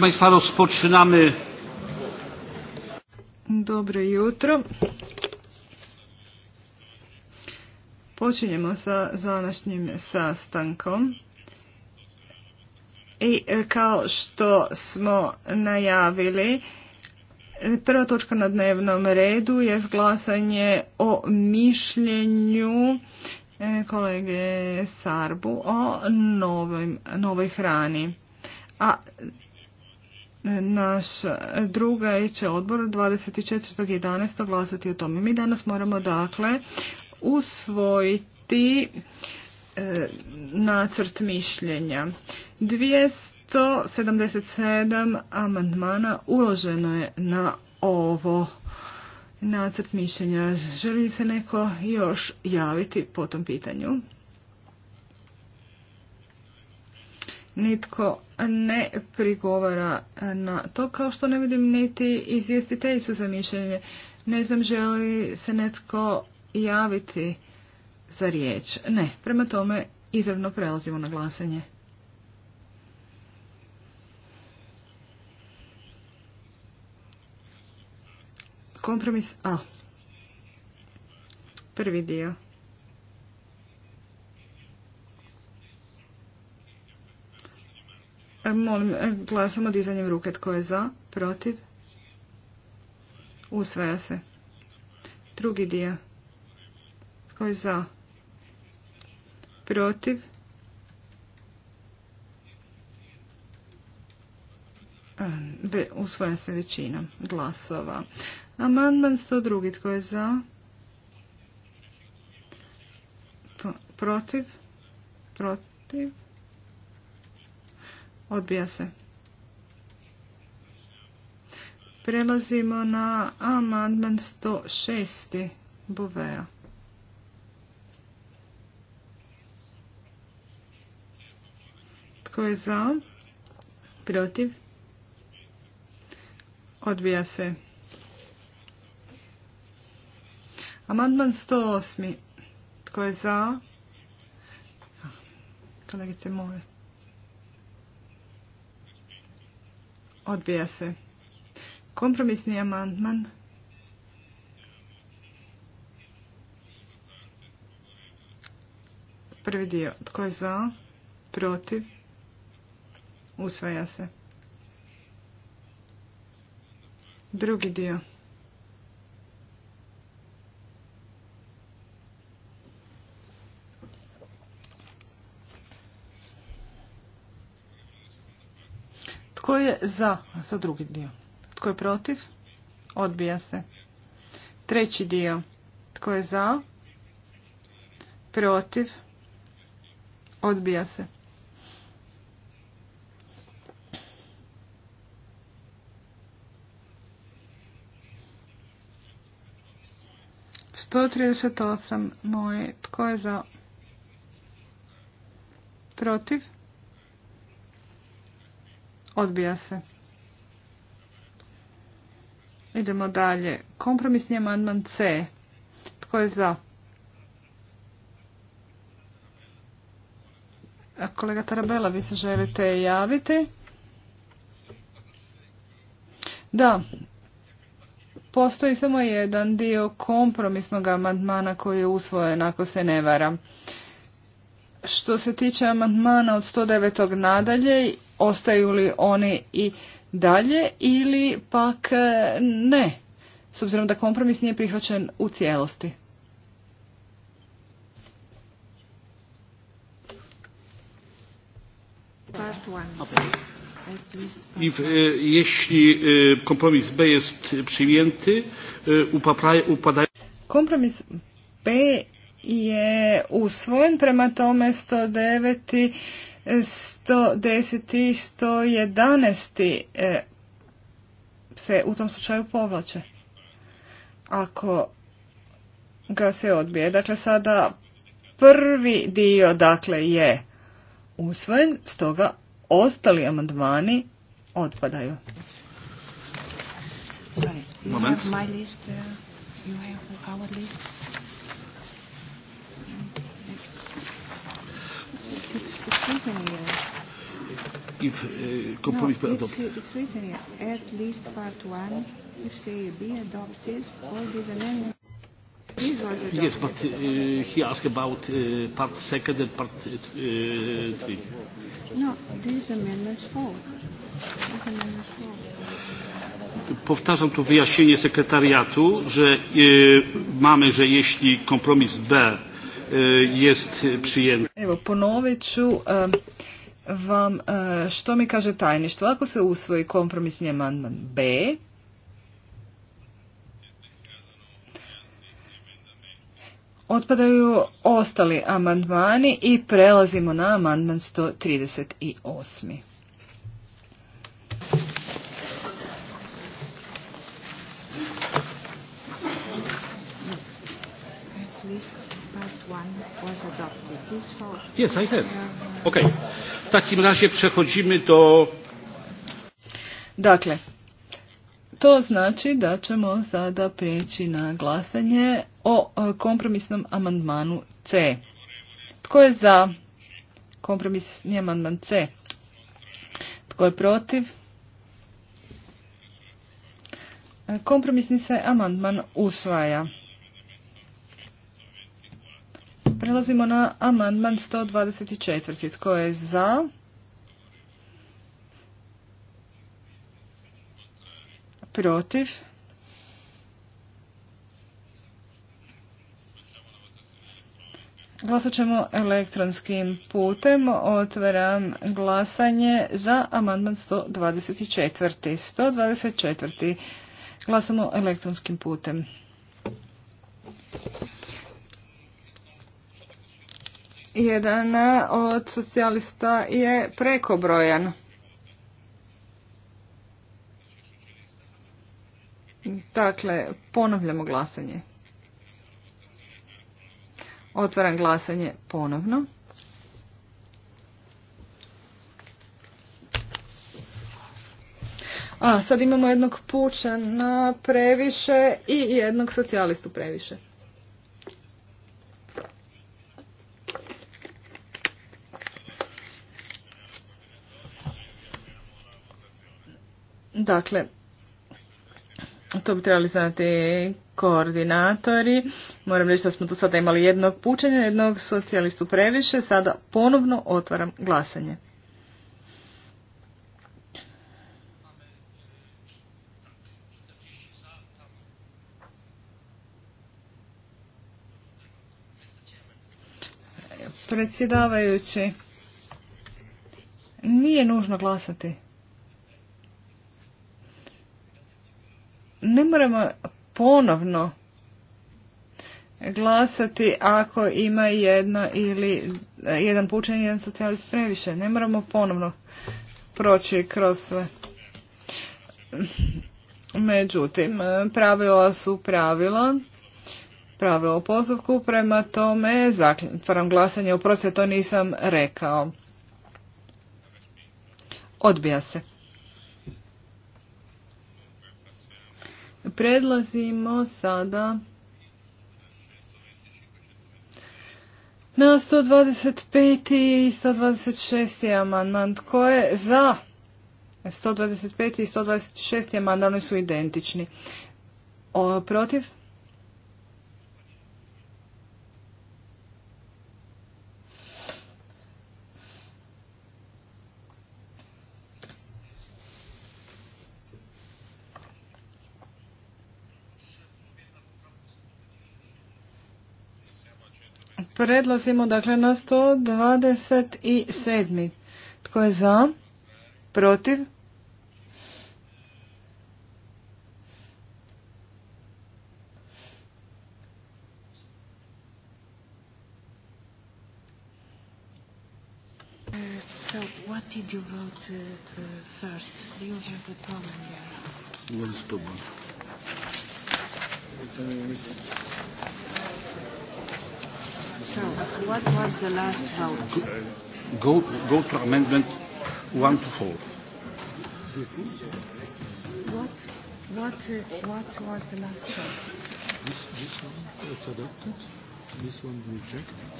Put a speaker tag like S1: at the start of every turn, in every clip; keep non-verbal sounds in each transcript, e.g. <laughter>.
S1: Proszę rozpoczynamy.
S2: Dobre jutro. Počinjemo sa današnjim sastankom. I e, kao što smo najavili, prva točka na dnevnom redu je glasanje o mišljenju e, kolege Sarbu o novoj hrani. A naš druga će odbor 24.11. glasati o tome. Mi danas moramo dakle usvojiti e, nacrt mišljenja. 277 amandmana uloženo je na ovo nacrt mišljenja. Želi se neko još javiti po tom pitanju? nitko ne prigovara e, na to, kao što ne vidim niti izvjestiteljicu za mišljenje. Ne znam, želi se netko javiti za riječ? Ne, prema tome izravno prelazimo na glasanje. Kompromis A. Prvi dio. Molim, e, glasamo dizanjem ruke. Tko je za? Protiv? Usvaja se. Drugi dio. Tko je za? Protiv? E, usvaja se većina glasova. Amandman 102. Tko je za? Protiv? Protiv? Odbija se. Prelazimo na amandman 106. Bovea. Tko je za? Protiv? Odbija se. Amandman 108. Tko je za? Kolegice moje. Odbija se. Kompromisni amandman. Prvi dio. Tko je za? Protiv? Usvaja se. Drugi dio. je za? Za drugi dio. Tko je protiv? Odbija se. Treći dio. Tko je za? Protiv? Odbija se. Sto trideset osam moje. Tko je za? Protiv? Odbija se. Idemo dalje. Kompromisni amandman C. Tko je za? Kolega Tarabela, vi se želite javiti? Da. Postoji samo jedan dio kompromisnog amandmana koji je usvojen, ako se ne varam. Što se tiče amandmana od 109. nadalje, ostaju li oni i dalje ili pak e, ne, s obzirom da kompromis nije prihvaćen u cijelosti.
S1: E, jeśli e, kompromis B jest przyjęty,
S2: Kompromis B je usvojen prema tome 109. 110. i 111. E, se u tom slučaju povlače. Ako ga se odbije. Dakle, sada prvi dio dakle je usvojen, stoga ostali amandmani odpadaju. Sorry, you Moment. have my list, uh, you have our list. It's, written here.
S1: If uh, compromise no, it's,
S2: it's written here. At least part one, if say be adopted, all these amendments. Yes,
S1: but uh, he asked about uh, part second and part uh, three.
S2: No, these amendments fall.
S1: These powtarzam to wyjaśnienie sekretariatu że e, mamy że jeśli kompromis b E, jest przyjęty.
S2: Evo, ponovit ću e, vam e, što mi kaže tajništvo. Ako se usvoji kompromisni amandman B, Otpadaju ostali amandmani i prelazimo na amandman 138. Thank Yes, I said.
S1: takim razie przechodzimy do...
S2: Dakle, to znači da ćemo sada prijeći na glasanje o e, kompromisnom amandmanu C. Tko je za kompromisni amandman C? Tko je protiv? E, kompromisni se amandman usvaja. Prelazimo na amandman 124. Tko je za? Protiv? Glasat ćemo elektronskim putem. Otvaram glasanje za amandman 124. 124. Glasamo elektronskim putem. Jedan od socijalista je prekobrojan. Dakle, ponovljamo glasanje. Otvaram glasanje ponovno. A, sad imamo jednog pučana previše i jednog socijalistu previše. Dakle, to bi trebali znati koordinatori. Moram reći da smo tu sada imali jednog pučenja, jednog socijalistu previše. Sada ponovno otvaram glasanje. Predsjedavajući, nije nužno glasati. ne moramo ponovno glasati ako ima jedna ili jedan pučan i jedan socijalist previše. Ne moramo ponovno proći kroz sve. Međutim, pravila su pravila. Pravila o pozivku, prema tome param glasanje. Oprostite, to nisam rekao. Odbija se. Predlazimo sada na 125. i 126. amandman. Tko je za 125. i 126. amandman su identični. O, protiv? Predlazimo dakle na 127. Tko je za? Protiv? So what did you vote uh, uh, first? Do you have a problem there?
S1: What is problem?
S3: So, what was the last vote?
S1: Go, go to amendment 1 to 4.
S2: What, what, uh, what was the last vote?
S1: This, this one was adopted. This one rejected.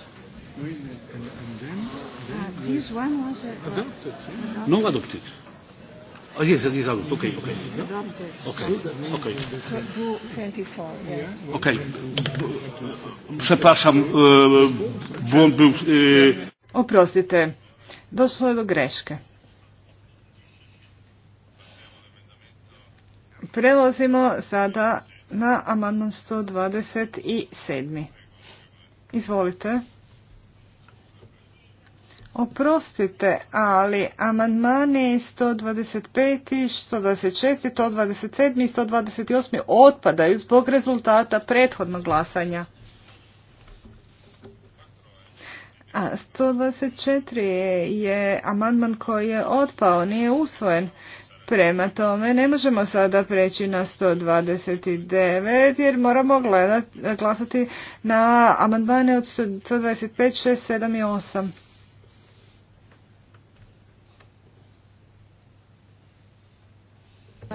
S1: And, and then, then ah, this one was uh, adopted. Yeah. adopted. No adopted. Oh, yes, it is out. Okay, okay. Okay,
S4: okay.
S1: okay. Przepraszam, e, błąd był... E,
S2: Oprostite, doszło do greške. Prelazimo sada na amandman 127. Izvolite. Oprostite, ali amandmani 125, 126, 127 i 128 otpadaju zbog rezultata prethodnog glasanja. A 124 je amandman koji je otpao, nije usvojen. Prema tome ne možemo sada preći na 129 jer moramo gledati, glasati na amandmane od 125, 6, 7 i 8.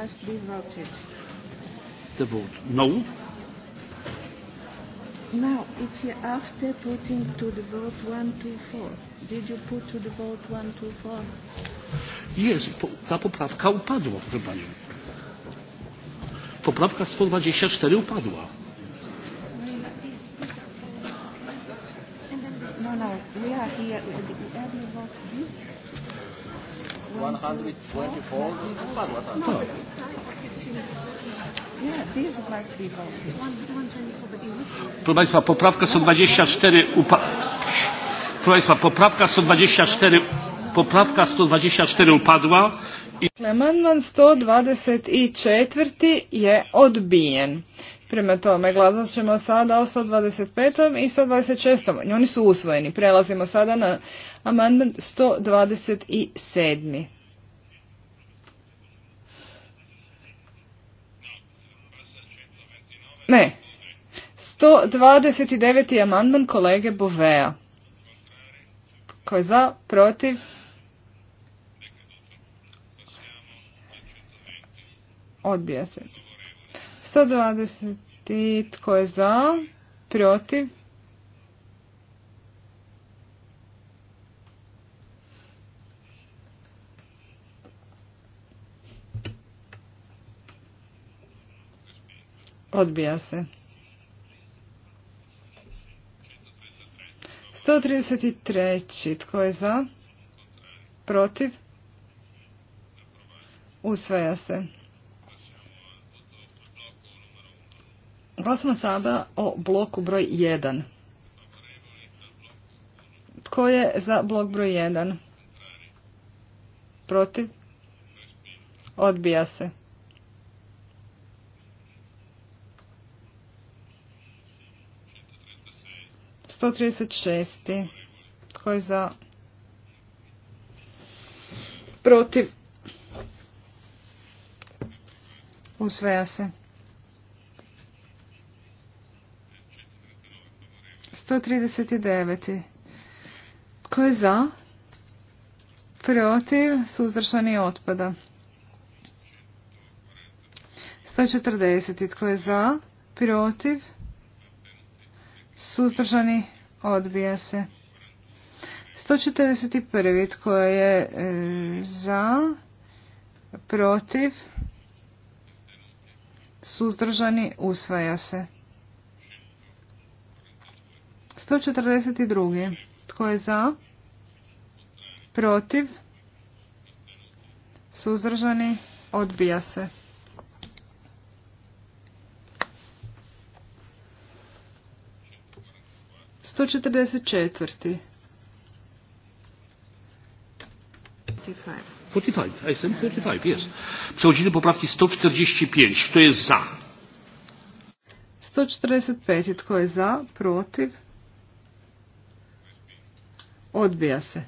S2: must be voted.
S1: The vote. No.
S2: Now it's after putting to the vote one two four.
S3: Did you put to the vote one two four?
S1: Yes, ta poprawka upadła, proszę Pani. Poprawka 124 upadła.
S2: No, no, we are here. Have you voted?
S1: 124. Proszę Państwa, poprawka 124 upa... Proszę Państwa, poprawka 124 poprawka 124 upadła.
S2: I... Amandman 124 je odbijen. Prema tome, glasat ćemo sada o 125. i 126. Oni su usvojeni. Prelazimo sada na amandman 127. Ne. 129. amandman kolege Bovea. Koji je za, protiv? Odbija se. 120. I tko je za? Protiv? Odbija se. 133. Tko je za? Protiv? Usvaja se. Glasimo sada o bloku broj 1. Tko je za blok broj 1? Protiv? Odbija se. Sto trideset šest. Tko je za? Protiv. Usvaja se. 139. Tko je za? Protiv, suzdržani otpada. 140. Tko je za? Protiv, suzdržani odbija se. 141. Tko je e, za? Protiv, suzdržani usvaja se. 142. Tko je za? Protiv? Suzdržani? Odbija se.
S1: Przechodzimy do poprawki 145. Kto jest za?
S2: 145. Kto jest za? Protiv? Odbija se.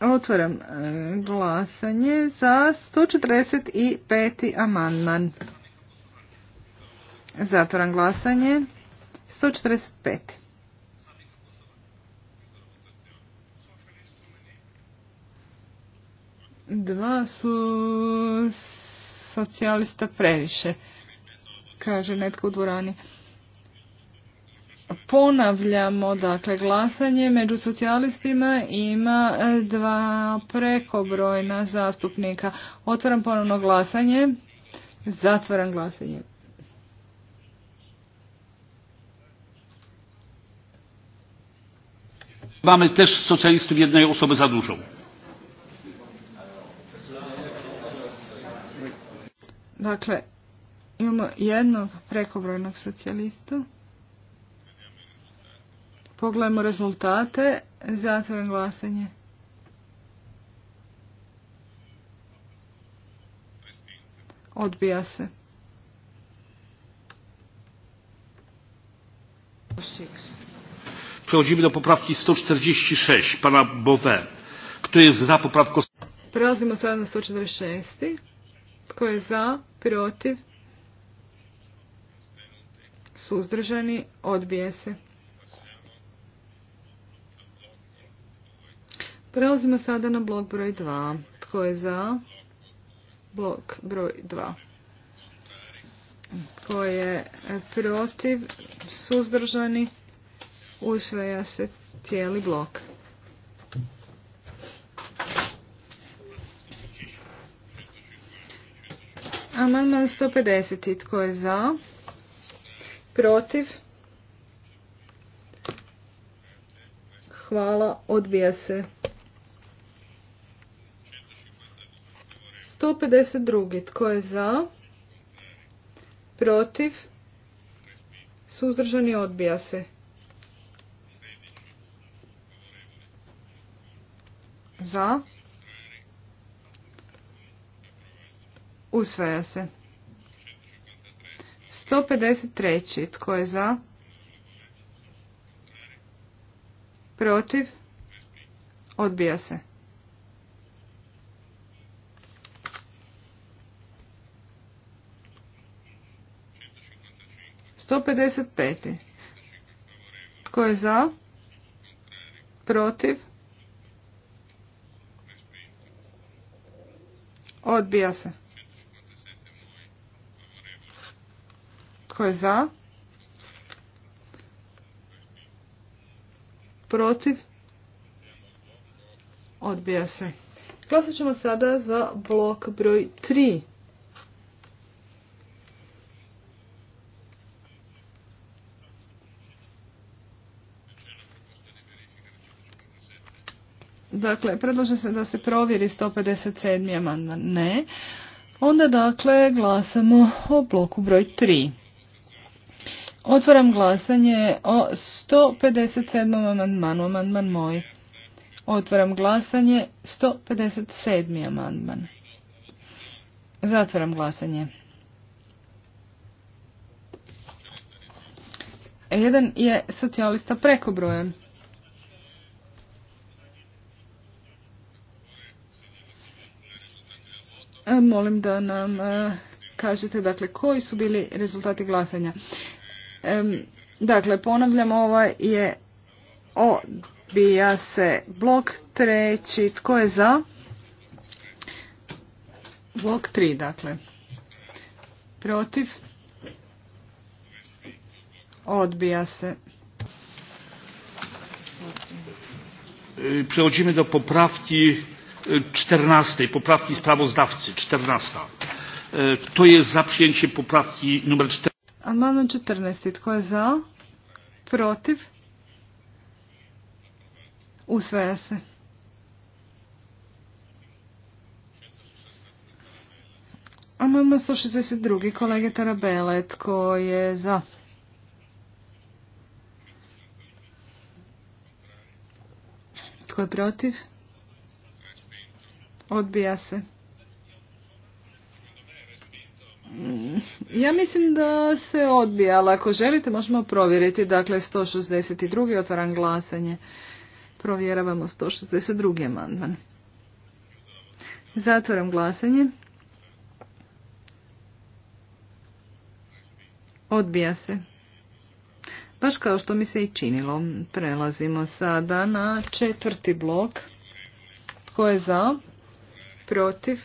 S2: Otvoram e, glasanje za 145. amandman. Zatvoram glasanje. 145. Dva su socijalista previše, kaže netko u dvorani. Ponavljamo, dakle, glasanje među socijalistima ima e, dva prekobrojna zastupnika. Otvaram ponovno glasanje, zatvaram glasanje.
S1: Mamy też socjalistów jednej osobe za
S2: Dakle, imamo jednog prekobrojnog socijalista. Pogledajmo rezultate. Zatvoren glasanje. Odbija se.
S1: Przechodzimy do poprawki 146 pana Bowe. Kto jest za poprawką?
S2: Prelazimo sada na 146. Tko je za? Protiv? Suzdržani? Odbije se. Prelazimo sada na blok broj 2. Tko je za? Blok broj 2. Tko je protiv? Suzdržani? Usvaja se cijeli blok. Amandman 150. Tko je za? Protiv? Hvala. Odbija se. 152. Tko je za? Protiv? Suzdržani odbija se. Za? Usvaja se. 153. Tko je za? Protiv? Odbija se. Sto pedeset pet. Tko je za? Protiv? Odbija se. Tko je za? Protiv? Odbija se. Glasat ćemo sada za blok broj 3. Dakle, predlaže se da se provjeri 157. amandman. Ne. Onda dakle glasamo o bloku broj 3. Otvaram glasanje o 157. amandmanu, amandman moj. Otvaram glasanje 157. amandman. Zatvaram glasanje. Jedan je socijalista prekobrojan. E, molim da nam e, kažete dakle koji su bili rezultati glasanja. Dakle, ponavljam, ovo je odbija se blok treći. Tko je za? Blok tri, dakle. Protiv? Odbija se.
S1: E, przechodzimy do poprawki 14, e, poprawki sprawozdawcy 14. E, kto jest za przyjęciem poprawki numer
S2: 14? Amandman 14. Tko je za? Protiv? Usvaja se. Amandman 162. Kolege Tarabele. Tko je za? Tko je protiv? Odbija se. Ja mislim da se odbija, ali ako želite možemo provjeriti. Dakle, 162. otvaram glasanje. Provjeravamo 162. amandman. Zatvaram glasanje. Odbija se. Baš kao što mi se i činilo. Prelazimo sada na četvrti blok. Tko je za? Protiv?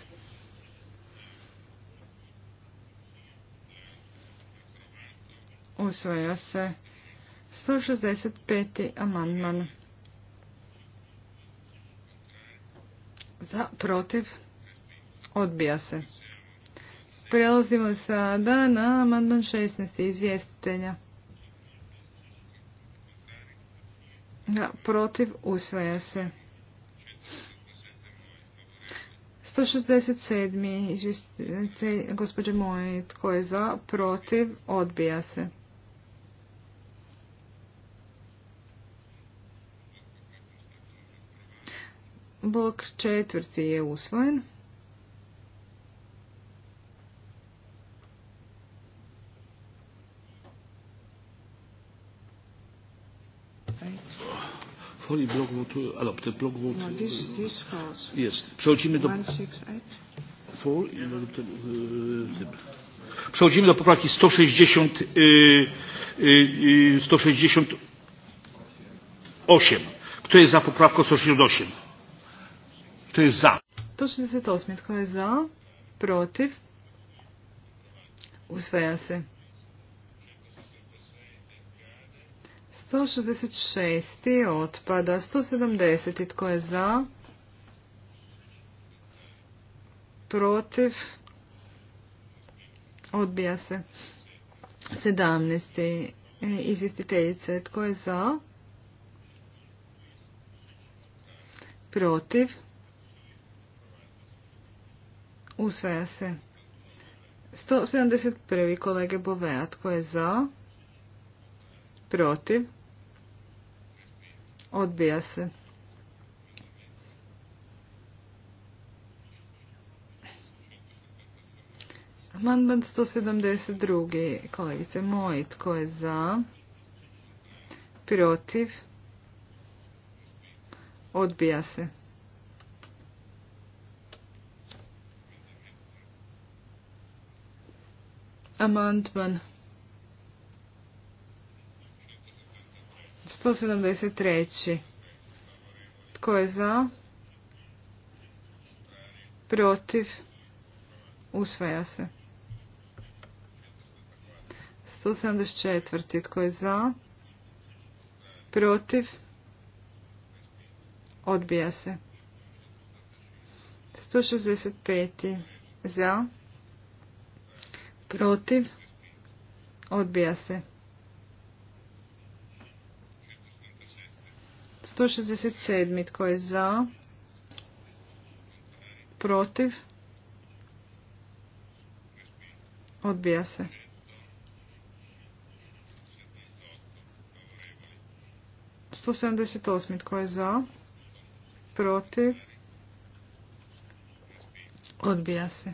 S2: usvaja se. 165. amandman. Za, protiv, odbija se. Prelazimo sada na amandman 16. izvjestitelja. Da, protiv, usvaja se. 167. Gospođe moje, tko je za, protiv, odbija se. Blok četvrti je usvojen.
S1: Holy blok votu, alors peut-être blok votu. No, this, this falls. Yes. Przechodzimy do... One, six, e, Przechodzimy do poprawki 160, 168. E, e, Kto jest za poprawką 168? To je za.
S2: 168. Tko je za? Protiv? Usvaja se. 166. Otpada. 170. Tko je za? Protiv? Odbija se. 17. E, izvjestiteljice. Tko je za? Protiv? Usvaja se. 171. kolege Bovea. Tko je za? Protiv? Odbija se. Amandman 172. Kolegice Moj. Tko je za? Protiv? Odbija se. amandman 173. Tko je za? Protiv? Usvaja se. 174. Tko je za? Protiv? Odbija se. 165. Za? Protiv protiv, odbija se. 167. Tko je za? Protiv? Odbija se. Sto sedamdeset tko je za? Protiv? Odbija se.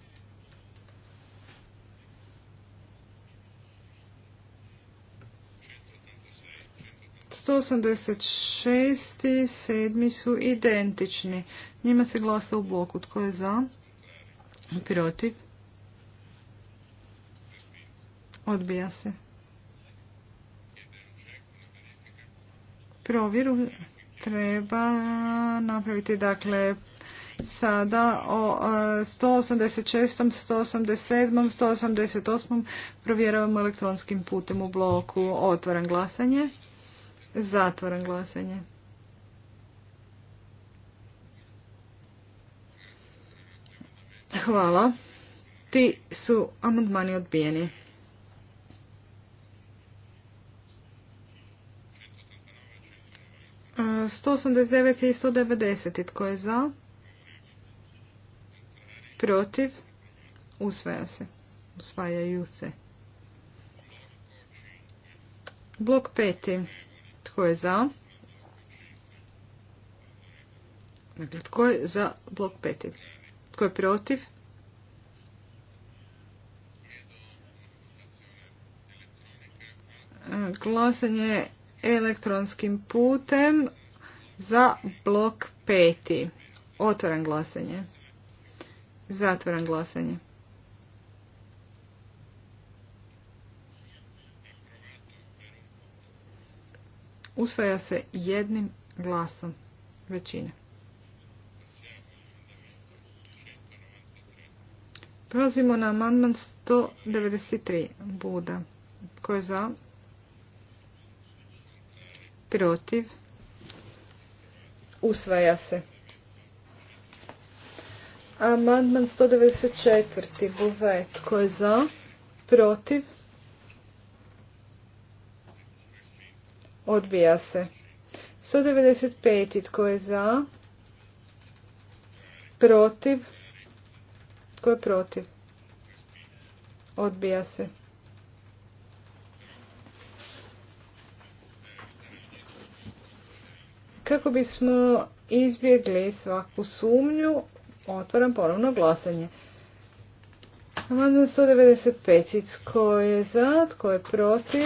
S2: 186 i 7 su identični. Njima se glasa u bloku. Tko je za? Protiv? Odbija se. Provjeru treba napraviti. Dakle, sada o 186, 187, 188 provjeravamo elektronskim putem u bloku. Otvaram glasanje. Zatvoren glasanje. Hvala. Ti su amandmani odbijeni. Uh, 189 i 190. Tko je za? Protiv? Usvaja se. Usvajaju se. Blok peti. Tko je za? Dakle, tko je za blok peti? Tko je protiv? E, glasanje elektronskim putem za blok peti. Otvoran glasanje. Zatvoran glasanje. Usvaja se jednim glasom većine. Prelazimo na amandman 193 Buda. Tko je za? Protiv? Usvaja se. Amandman 194. Buvet. Tko je za? Protiv? Odbija se. 195. Tko je za? Protiv? Tko je protiv? Odbija se. Kako bismo izbjegli svaku sumnju, otvaram ponovno glasanje. Amandman 195. Tko je za? Tko je protiv?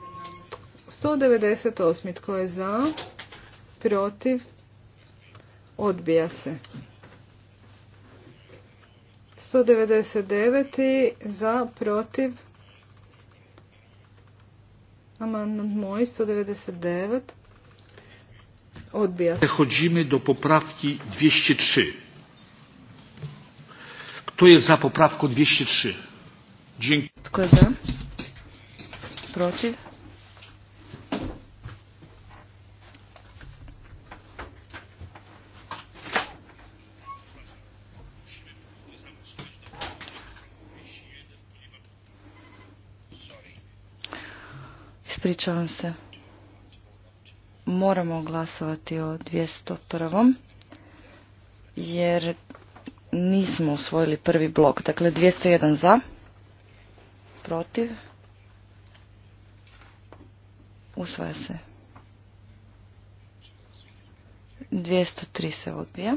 S2: 198. Tko je za? Protiv? Odbija se. 199. Za? Protiv? amandant moj, 199. Odbija
S1: se. Przechodzimy do popravki 203. Kto jest za poprawką 203? Dziękuję.
S3: Tko je za? Protiv? Ispričavam se. Moramo glasovati o 201. Jer nismo usvojili prvi blok. Dakle, 201 za. Protiv. Usvaja se. 203 se odbija.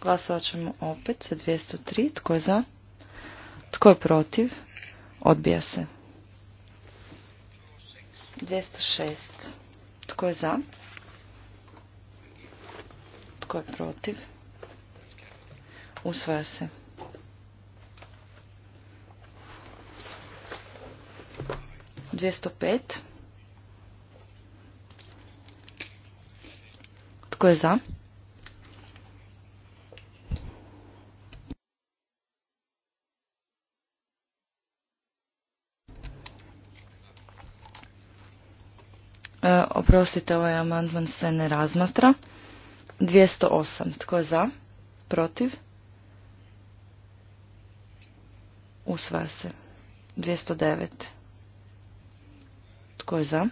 S3: Glasovat ćemo opet sa 203. Tko je za? Tko je protiv? Odbija se. 206. Tko je za? Tko je protiv? Usvaja se. Dvijesto pet. Tko je za? Oprostite, ovaj amandman se ne razmatra. 208. Tko je za? Protiv? Usvaja se. 209. Tko je za?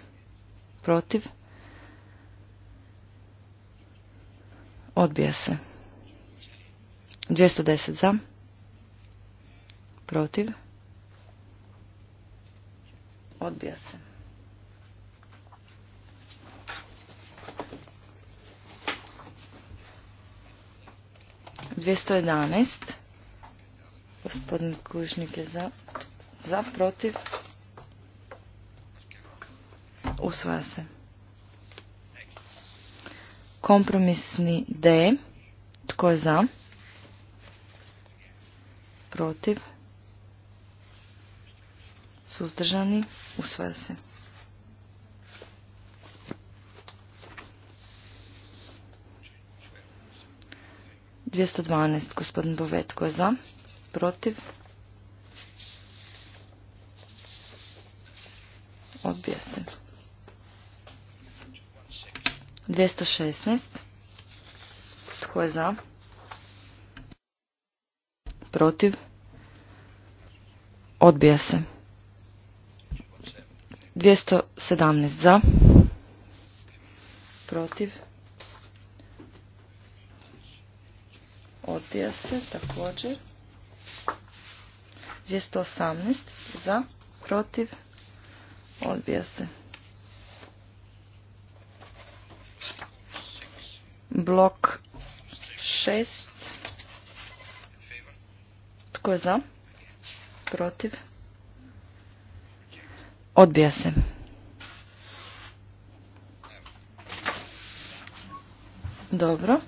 S3: Protiv? Odbija se. 210 za. Protiv? Odbija se. 211. Gospodin Kužnik je za, za protiv. Usvaja se. Kompromisni D. Tko je za? Protiv. Suzdržani. Usvaja se. 212, gospodin Bovetko je za, protiv, odbija se. 216, tko je za, protiv, odbija se. 217 za, protiv, odbija se. odbija se također. 218 za, protiv, odbija se. Blok 6. Tko je za? Protiv. Odbija se. Dobro.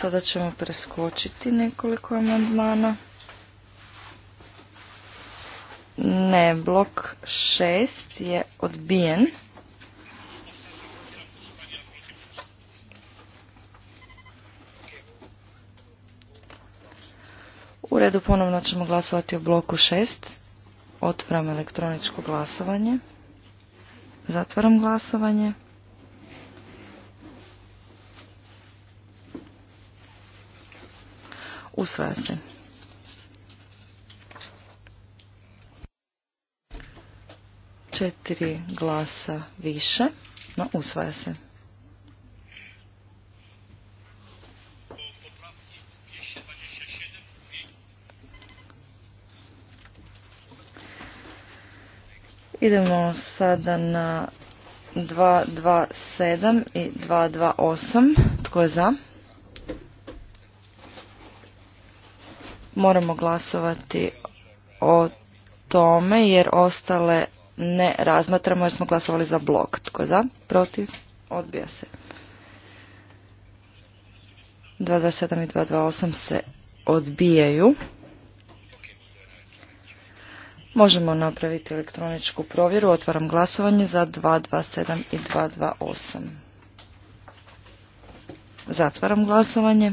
S3: Sada ćemo preskočiti nekoliko amandmana. Ne, blok šest je odbijen. U redu ponovno ćemo glasovati o bloku šest. Otvaram elektroničko glasovanje. Zatvaram glasovanje. usvaja se. Četiri glasa više, no usvaja se. Idemo sada na 227 i 228. Tko je za? moramo glasovati o tome jer ostale ne razmatramo jer smo glasovali za blok. Tko za? Protiv? Odbija se. 227 i 228 se odbijaju. Možemo napraviti elektroničku provjeru. Otvaram glasovanje za 227 i 228. Zatvaram glasovanje.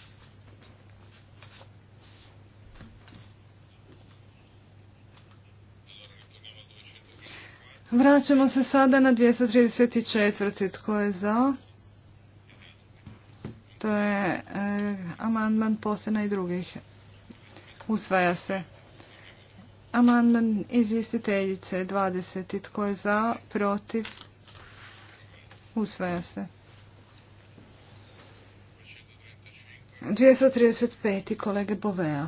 S2: Vraćamo se sada na 234. Tko je za? To je e, amandman posljedna i drugih. Usvaja se. Amandman izvjestiteljice 20. Tko je za? Protiv? Usvaja se. 235. kolege Bovea.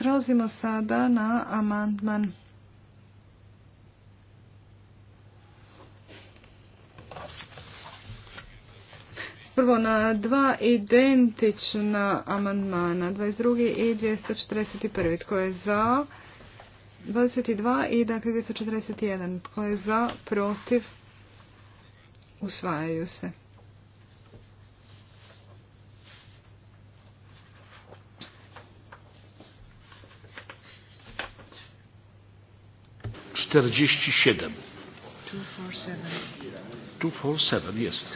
S2: Prelazimo sada na amandman. Prvo na dva identična amandmana, 22. i 241. Tko je za? 22 i dakle 241. Tko je za? Protiv? Usvajaju se.
S1: 247. 247 jest.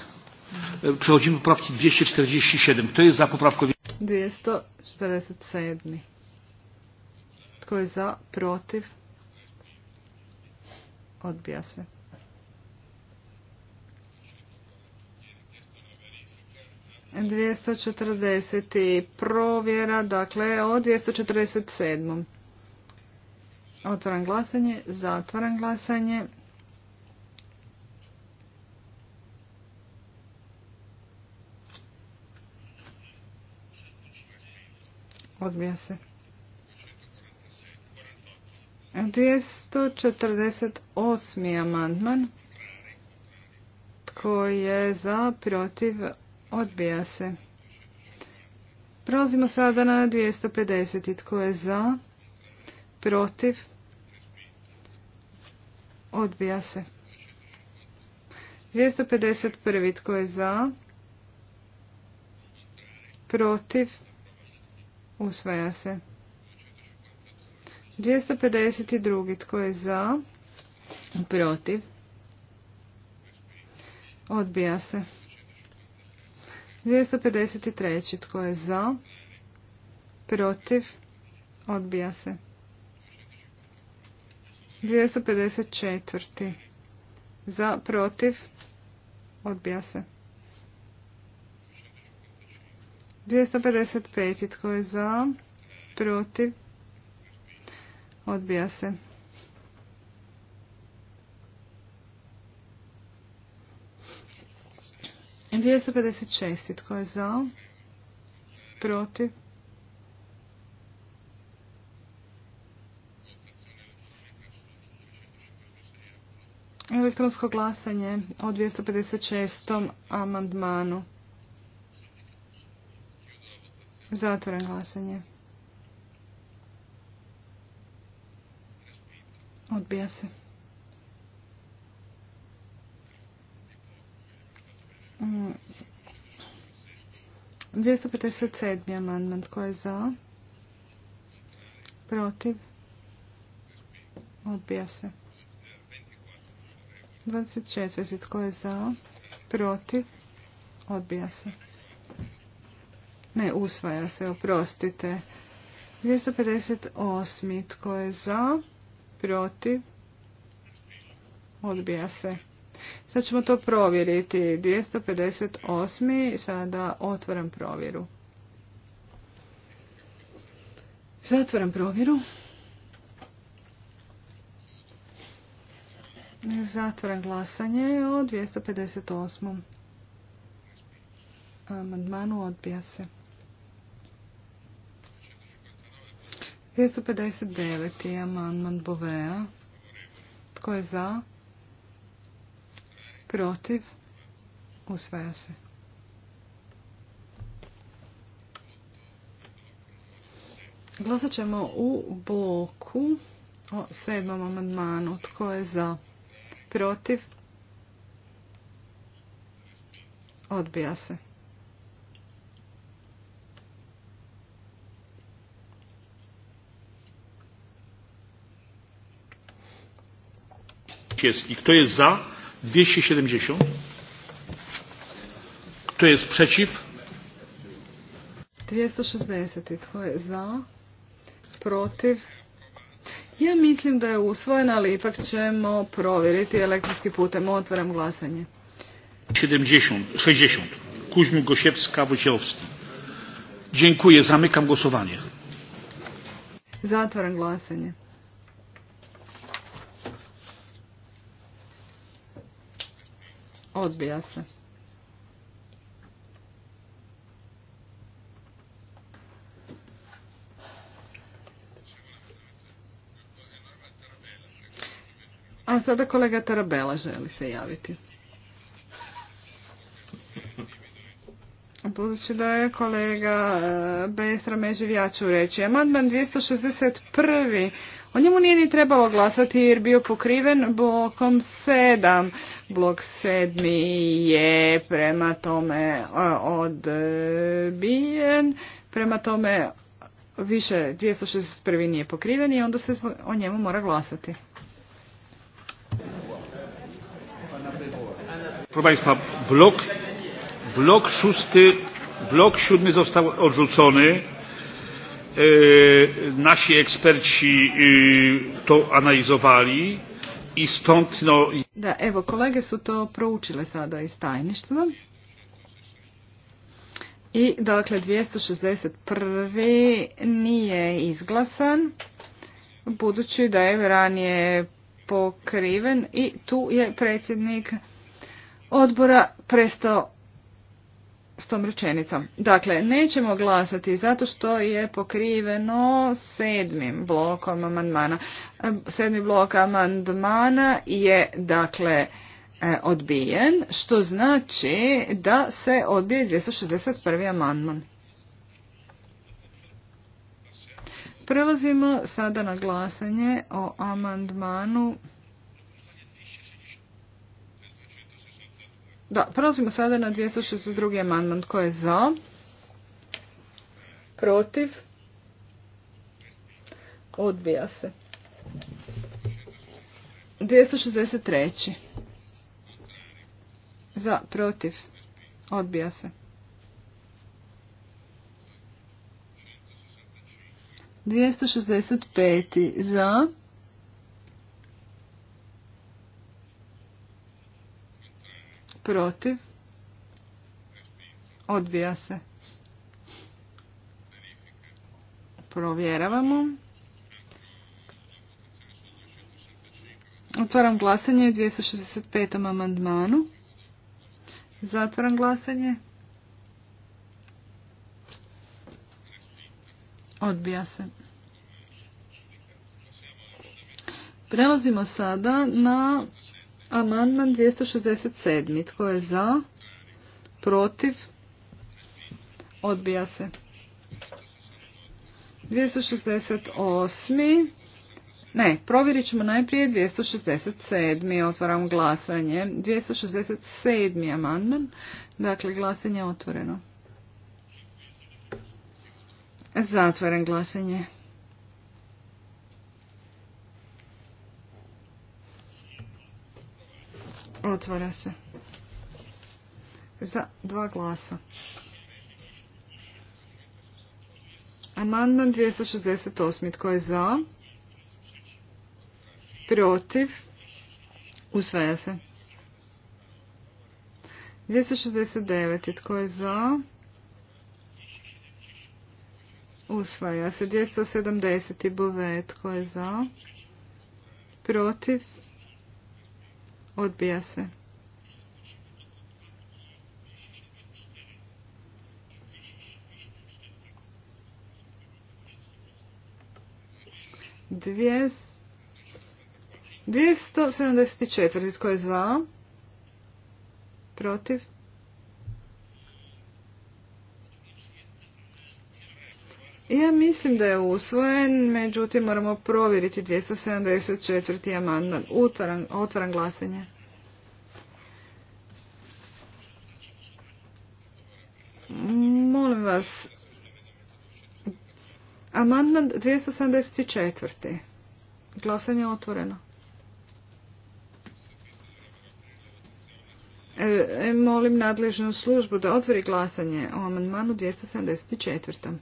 S1: Przechodzimy do poprawki 247. Kto jest za poprawką?
S2: 247. Tko jest za? Protiv? Odbija se. Dvijesto četrdeset provjera, dakle o dvijesto četrdeset sedam Otvaram glasanje, zatvaram glasanje. Odbija se. 248. amandman. Tko je za, protiv, odbija se. Prelazimo sada na 250. Tko je za, protiv, Odbija se. 251. Tko je za? Protiv? Usvaja se. 252. Tko je za? Protiv? Odbija se. 253. Tko je za? Protiv? Odbija se. 254. Za, protiv, odbija se. 255. Tko je za, protiv, odbija se. dvjesto pedeset šest tko je za protiv elektronsko glasanje o 256. amandmanu. Zatvoren glasanje. Odbija se. Mm. 257. amandman. Tko je za? Protiv? Odbija se. 24. Tko je za? Protiv? Odbija se. Ne, usvaja se, oprostite. 258. Tko je za? Protiv? Odbija se. Sad ćemo to provjeriti. 258. Sada otvoram provjeru. Zatvaram provjeru. Zatvoren glasanje o 258. Amandmanu odbija se. 259. amandman Bovea. Tko je za? Protiv? Usvaja se. Glasat ćemo u bloku o sedmom amandmanu. Tko je za? protiv, odbija se.
S1: I kto jest za 270 kto jest
S2: przeciw 260 Kto je za protiv ja mislim da je usvojena, ali ipak ćemo provjeriti elektronski putem. Otvaram glasanje.
S1: 70, 60. Kuzmi Gosiewska, Wojciechowski. Dziękuję, zamykam głosowanie.
S2: Zatvaram glasanje. Odbija se. sada kolega Tarabela želi se javiti. Budući da je kolega e, Besra Međev, ja ću reći. Amandman 261. O njemu nije ni trebalo glasati jer bio pokriven blokom 7. Blok 7 je prema tome e, odbijen. Prema tome više 261. nije pokriven i onda se o njemu mora glasati.
S1: Proszę Państwa, blok, blok szósty, blok siódmy został odrzucony. E, nasi eksperci e, to analizowali i stąd no...
S2: Da, evo, kolege su to proučile sada iz tajništva. I dakle 261. nije izglasan budući da je ranije pokriven i tu je predsjednik odbora prestao s tom rečenicom. Dakle, nećemo glasati zato što je pokriveno sedmim blokom amandmana. Sedmi blok amandmana je, dakle, e, odbijen, što znači da se odbije 261. amandman. Prelazimo sada na glasanje o amandmanu Da, prelazimo sada na 262. amandman. Tko je za? Protiv? Odbija se. 263. Za, protiv. Odbija se. 265. Za. protiv, odbija se. Provjeravamo. Otvaram glasanje u 265. amandmanu. Zatvaram glasanje. Odbija se. Prelazimo sada na Amandman 267. Tko je za? Protiv? Odbija se. 268. Ne, provjerit ćemo najprije 267. Otvaram glasanje. 267. amandman. Dakle, glasanje je otvoreno. Zatvoren glasanje. Otvara se. Za dva glasa. Amandman 268. Tko je za? Protiv? Usvaja se. 269. Tko je za? Usvaja se. 270. Bove. Tko je za? Protiv? Odbija se. Dvijest 274. Tko je zvao? Protiv? Ja mislim da je usvojen, međutim moramo provjeriti 274. amandman. Otvaram, glasanje. Molim vas. Amandman 274. Glasanje je otvoreno. E, e, molim nadležnu službu da otvori glasanje o amandmanu 274.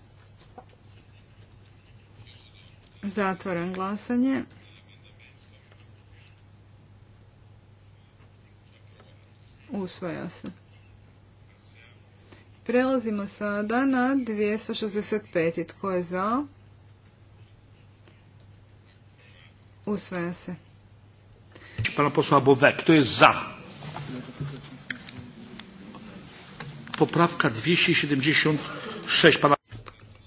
S2: Zatvaram glasanje. Usvaja se. Prelazimo sada na 265. Tko je za? Usvaja se.
S1: Pana posla bovek to je za? Poprawka 276.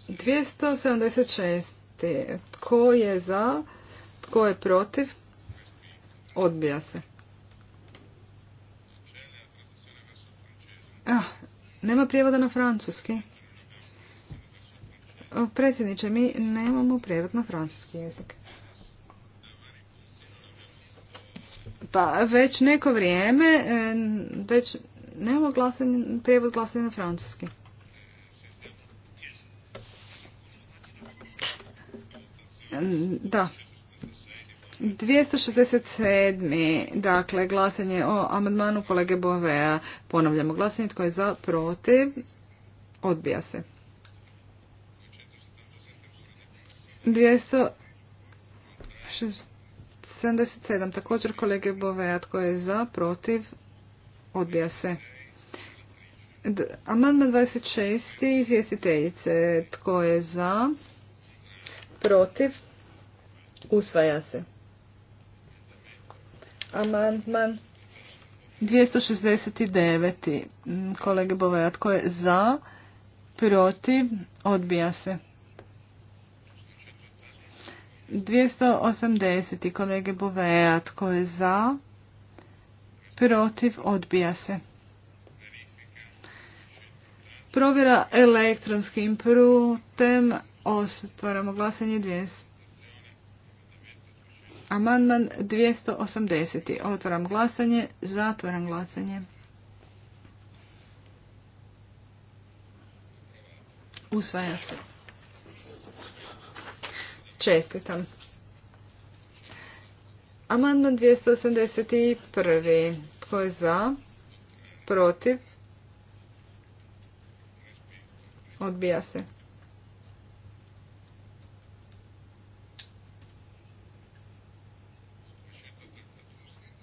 S2: 276. Tko je za? Tko je protiv? Odbija se. Ah, nema prijevoda na francuski. predsjedniče, mi nemamo prijevod na francuski jezik. Pa već neko vrijeme, e, već nemamo prijevod glasanja na francuski. Da. 267. Dakle, glasanje o amandmanu kolege Bovea. Ponavljamo glasanje. Tko je za, protiv? Odbija se. 277. Također kolege Bovea. Tko je za, protiv? Odbija se. Amandman 26. Izvjestiteljice. Tko je za? protiv, usvaja se. Amandman 269. Kolege Bovaja, tko je za, protiv, odbija se. 280. Kolege Boveat, tko je za, protiv, odbija se. Provjera elektronskim putem Otvaramo glasanje 200. Amandman 280. Otvaram glasanje. Zatvaram glasanje. Usvaja se. Čestitam. Amandman 281. Tko je za? Protiv? Odbija se.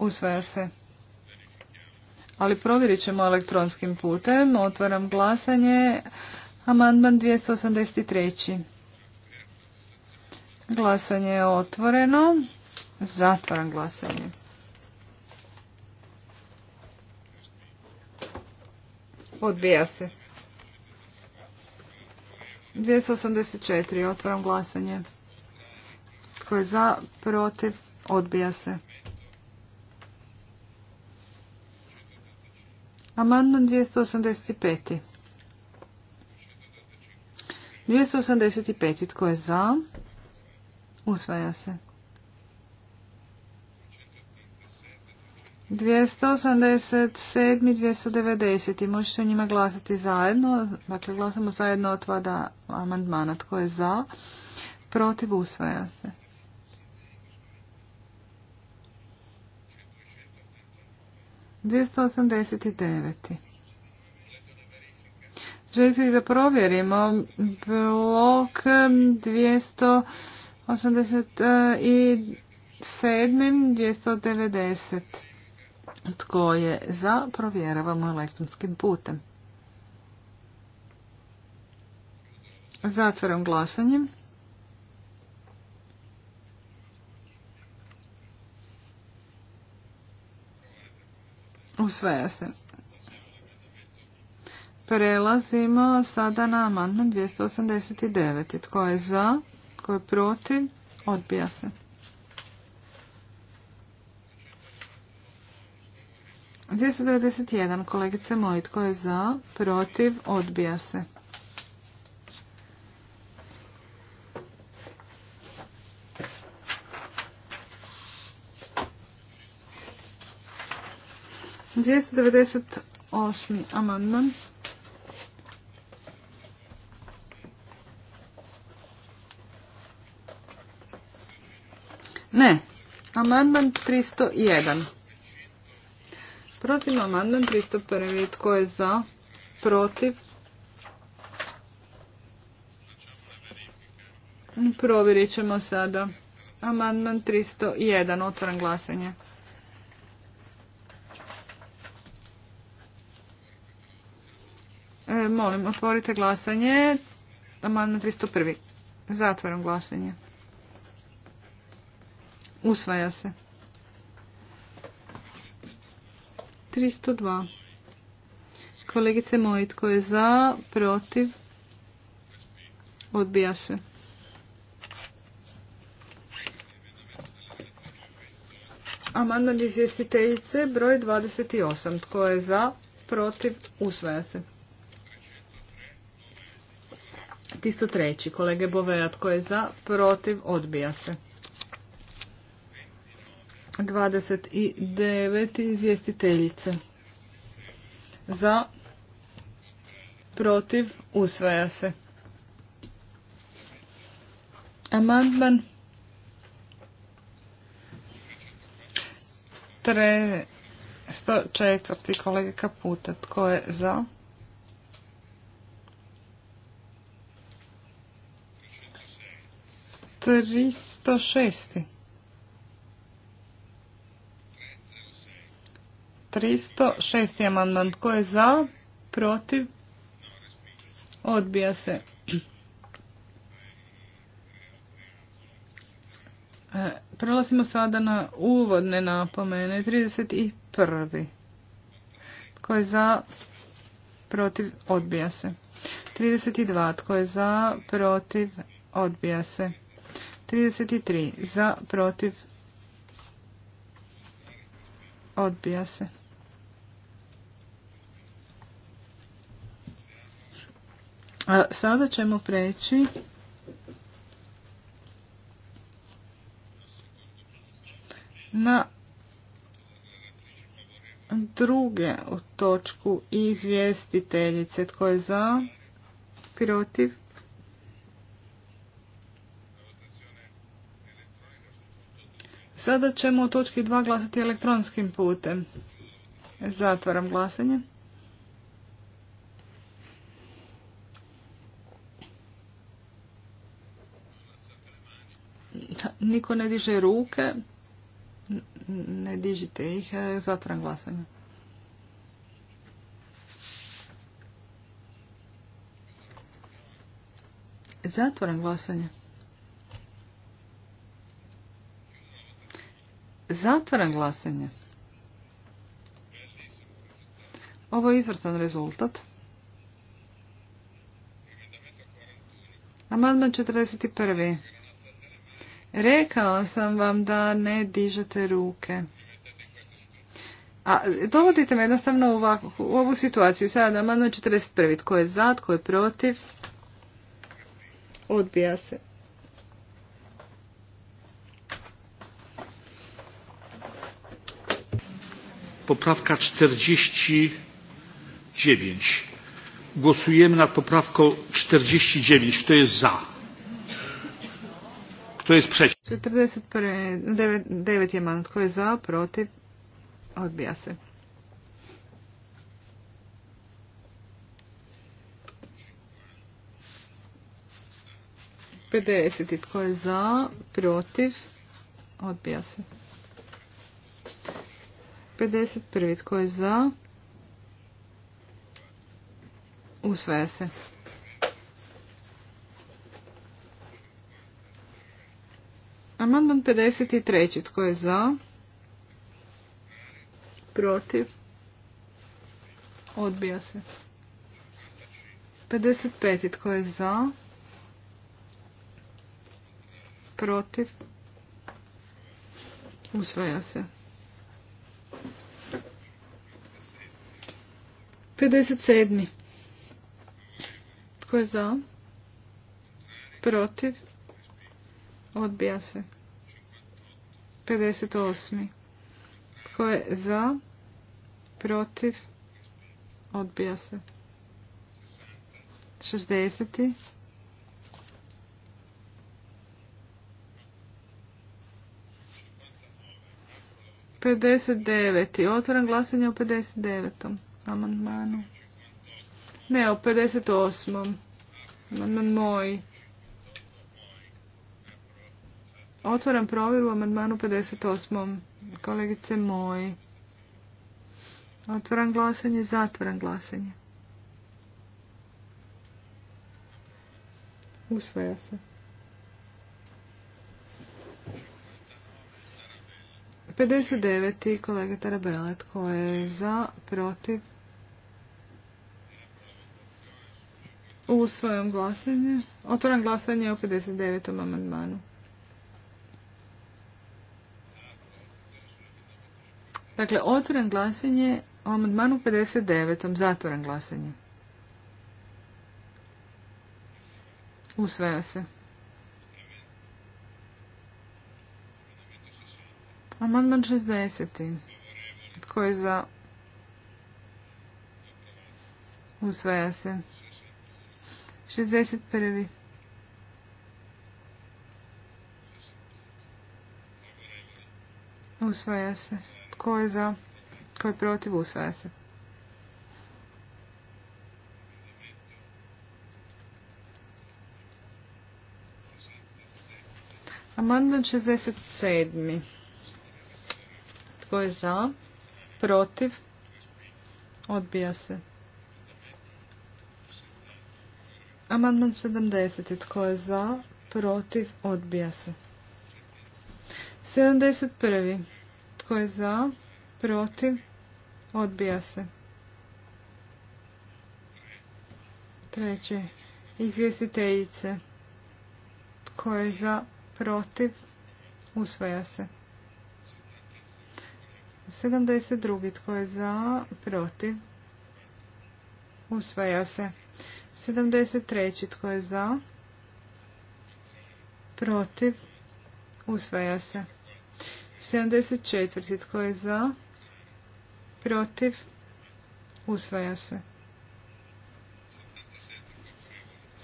S2: Usvaja se. Ali provjerit ćemo elektronskim putem. Otvaram glasanje. Amandman 283. Glasanje je otvoreno. Zatvaram glasanje. Odbija se. 284. Otvaram glasanje. Tko je za, protiv, odbija se. Amandman 285. 285. Tko je za? Usvaja se. 287 i 290. Možete o njima glasati zajedno. Dakle, glasamo zajedno od amandmana. Tko je za? Protiv usvaja se. 289. Želite li da provjerimo blok 287. devedeset Tko je za, provjeravamo elektronskim putem. Zatvaram glasanjem. Usvaja se. Prelazimo sada na amandman 289. Tko je za? Tko je protiv? Odbija se. 291. Kolegice moji, tko je za? Protiv? Odbija se. 298. amandman. Ne, amandman 301. Protiv amandman 301. Tko je za? Protiv? Provjerit ćemo sada. Amandman 301. Otvoram glasanje. Molim, otvorite glasanje. Amandman 301. Zatvaram glasanje. Usvaja se. 302. Kolegice moji, tko je za, protiv, odbija se. Amandman izvjestiteljice broj 28. Tko je za, protiv, usvaja se. 303. Kolege Boveja, tko je za, protiv, odbija se. 29. Izvjestiteljice. Za, protiv, usvaja se. Amandman Tre... 104. kolege Kaputa. Tko je za? 306. 306. amandman. Tko je za? Protiv? Odbija se. E, prelazimo sada na uvodne napomene. 31. Tko je za? Protiv? Odbija se. 32. Tko je za? Protiv? Odbija se. 33 za protiv odbija se. sada ćemo preći na druge točku izvjestiteljice. Tko je za? Protiv? Sada ćemo u točki 2 glasati elektronskim putem. Zatvaram glasanje. Niko ne diže ruke. Ne dižite ih. E, zatvaram glasanje. Zatvaram glasanje. Zatvaram glasanje. Ovo je izvrstan rezultat. Amandman 41. Rekao sam vam da ne dižete ruke. A dovodite me jednostavno u, u ovu situaciju. Sada amandman 41. Tko je za, tko je protiv? Odbija se.
S1: poprawka 49. Głosujemy nad poprawką 49. Kto jest za? Kto jest
S2: przeciw? 49 je manut. Kto jest za? Protiv? Odbija se. Pedeset i tko je za, protiv, odbija se. 51. Tko je za? Usvaja se. Amandman 53. Tko je za? Protiv? Odbija se. 55. Tko je za? Protiv? Usvaja se. 57. Tko je za? Protiv? Odbija se. 58. Tko je za? Protiv? Odbija se. 60. 59. devet. Otvaram glasanje u pedeset devetom amandmanu. Ne, o 58. Amandman moj. Otvaram provjeru u amandmanu 58. Kolegice moj. Otvoram glasanje, zatvaram glasanje. Usvaja se. 59. kolega Tarabela, tko je za, protiv? U svojom glasanju. Otvoram glasanje o 59. amandmanu. Dakle, otvoram glasanje o amandmanu 59. Zatvoram glasanje. Usvaja se. Amandman 60. Tko je za? Usvaja se. 61. Usvaja se. Tko je za? Tko je protiv? Usvaja se. Amandman 67. Tko je za? Protiv? Odbija se. Amandman 70. Tko je za? Protiv? Odbija se. 71. Tko je za? Protiv? Odbija se. Treće. Izvjestiteljice. Tko je za? Protiv? Usvaja se. 72. Tko je za? Protiv? Usvaja se. 73. Tko je za? Protiv? Usvaja se. 74. Tko je za? Protiv? Usvaja se.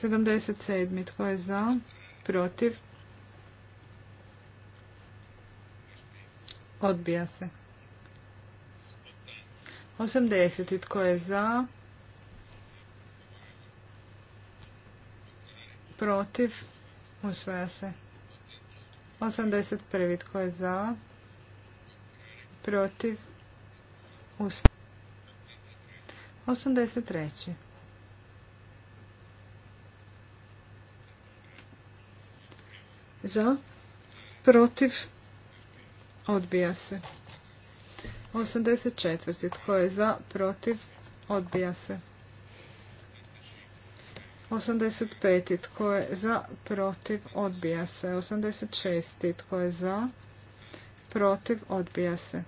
S2: 77. Tko je za? Protiv? Odbija se. 80. Tko je za? Protiv? Usvoja se. 81. Tko je za? Protiv? Usvoja. 83. Za? Protiv? Odbija se. 84. Tko je za? Protiv? Odbija se. 85. Tko je za? Protiv? Odbija se. 86. Tko je za? Protiv? Odbija se.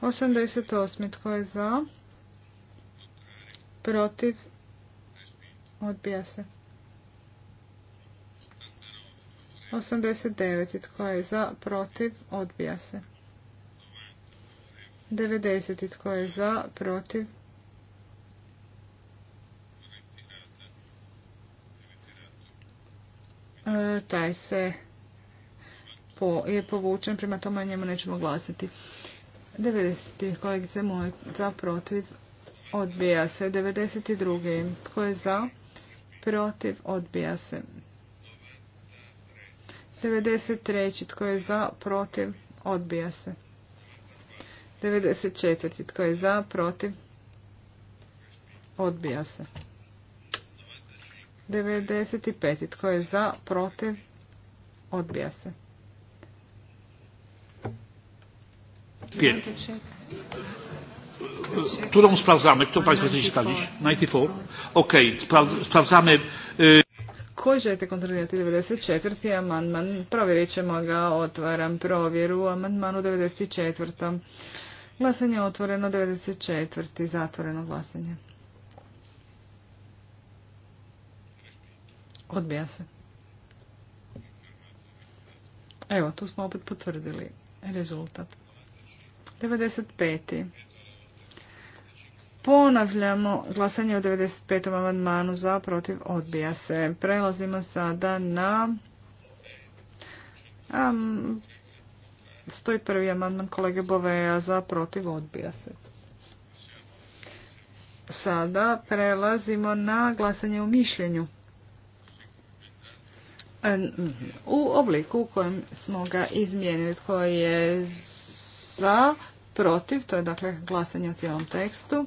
S2: 88. Tko je za? Protiv? Odbija se. 89. Tko je za? Protiv? Odbija se. 90. Tko je za? Protiv? E, taj se je povučen, prema tome njemu nećemo glasiti. 90. kolegice moje za protiv odbija se. 92. Tko je za? Protiv odbija se. 93. Tko je za? Protiv? Odbija se. 94. Tko je za? Protiv? Odbija se. 95. Tko je za? Protiv? Odbija se.
S1: Którą sprawdzamy? Kto Państwo czytali? 94? Ok, sprawdzamy
S2: koji želite kontrolirati 94. amandman. Provjerit ćemo ga, otvaram provjeru u amandmanu 94. Glasanje je otvoreno 94. Zatvoreno glasanje. Odbija se. Evo, tu smo opet potvrdili rezultat. 95. Ponavljamo glasanje o 95. amandmanu za protiv odbija se. Prelazimo sada na um, 101. amandman kolege Boveja za protiv odbija se. Sada prelazimo na glasanje u mišljenju u obliku u kojem smo ga izmijenili. koji je za, protiv, to je dakle glasanje u cijelom tekstu.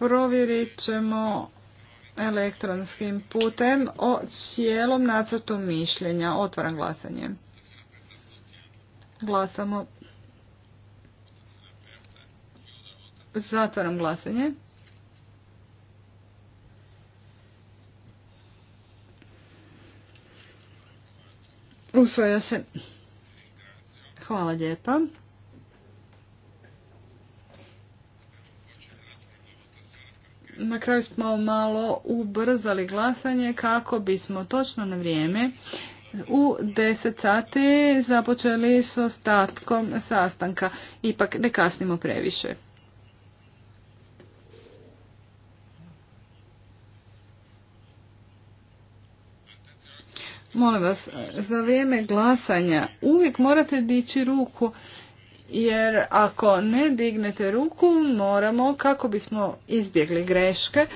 S2: provjerit ćemo elektronskim putem o cijelom nacrtu mišljenja. Otvaram glasanje. Glasamo. Zatvaram glasanje. Usvoja se. Hvala lijepa. na kraju smo malo ubrzali glasanje kako bismo točno na vrijeme u 10 sati započeli s ostatkom sastanka. Ipak ne kasnimo previše. Molim vas, za vrijeme glasanja uvijek morate dići ruku jer ako ne dignete ruku moramo kako bismo izbjegli greške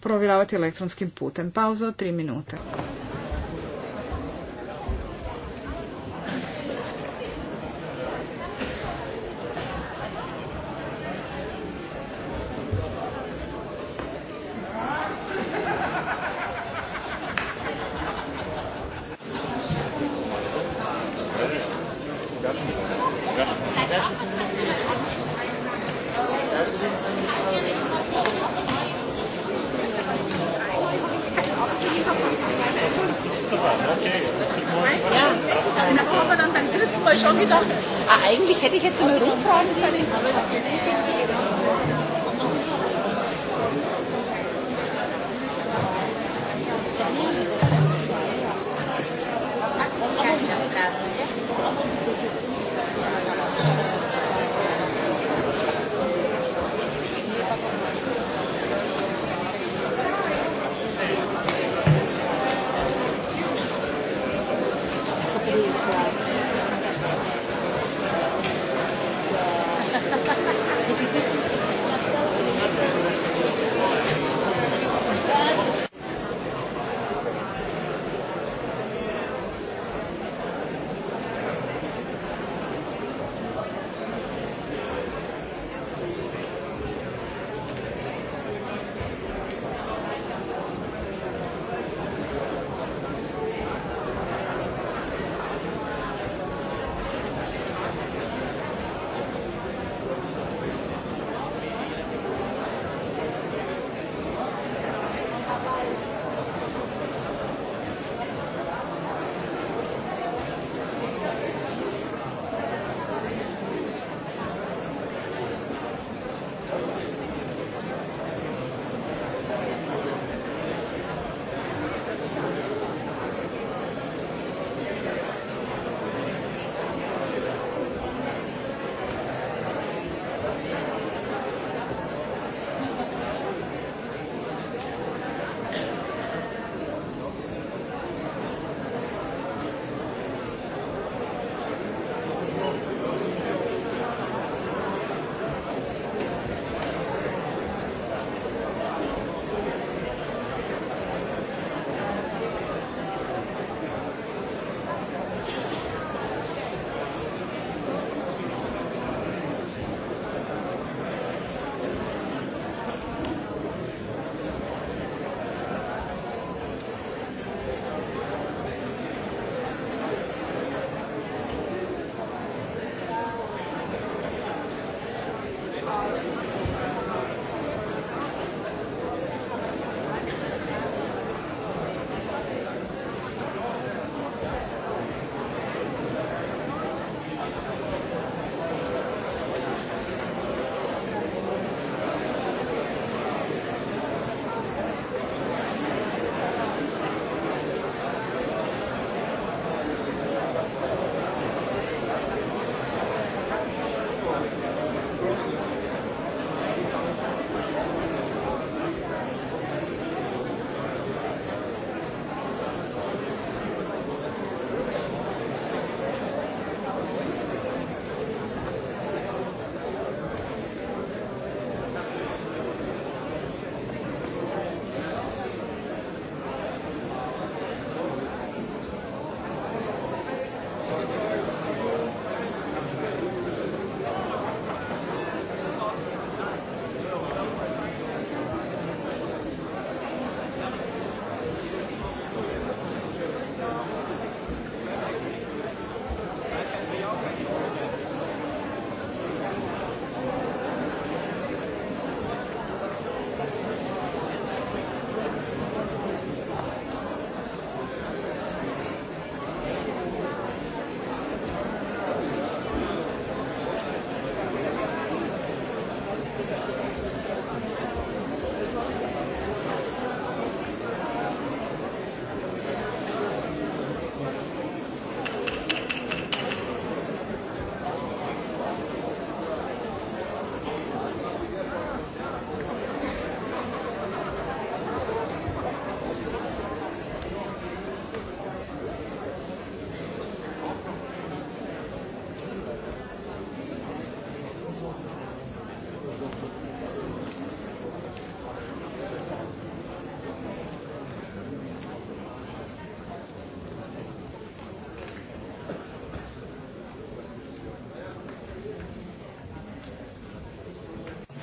S2: provjeravati elektronskim putem. Pauza od 3 minute.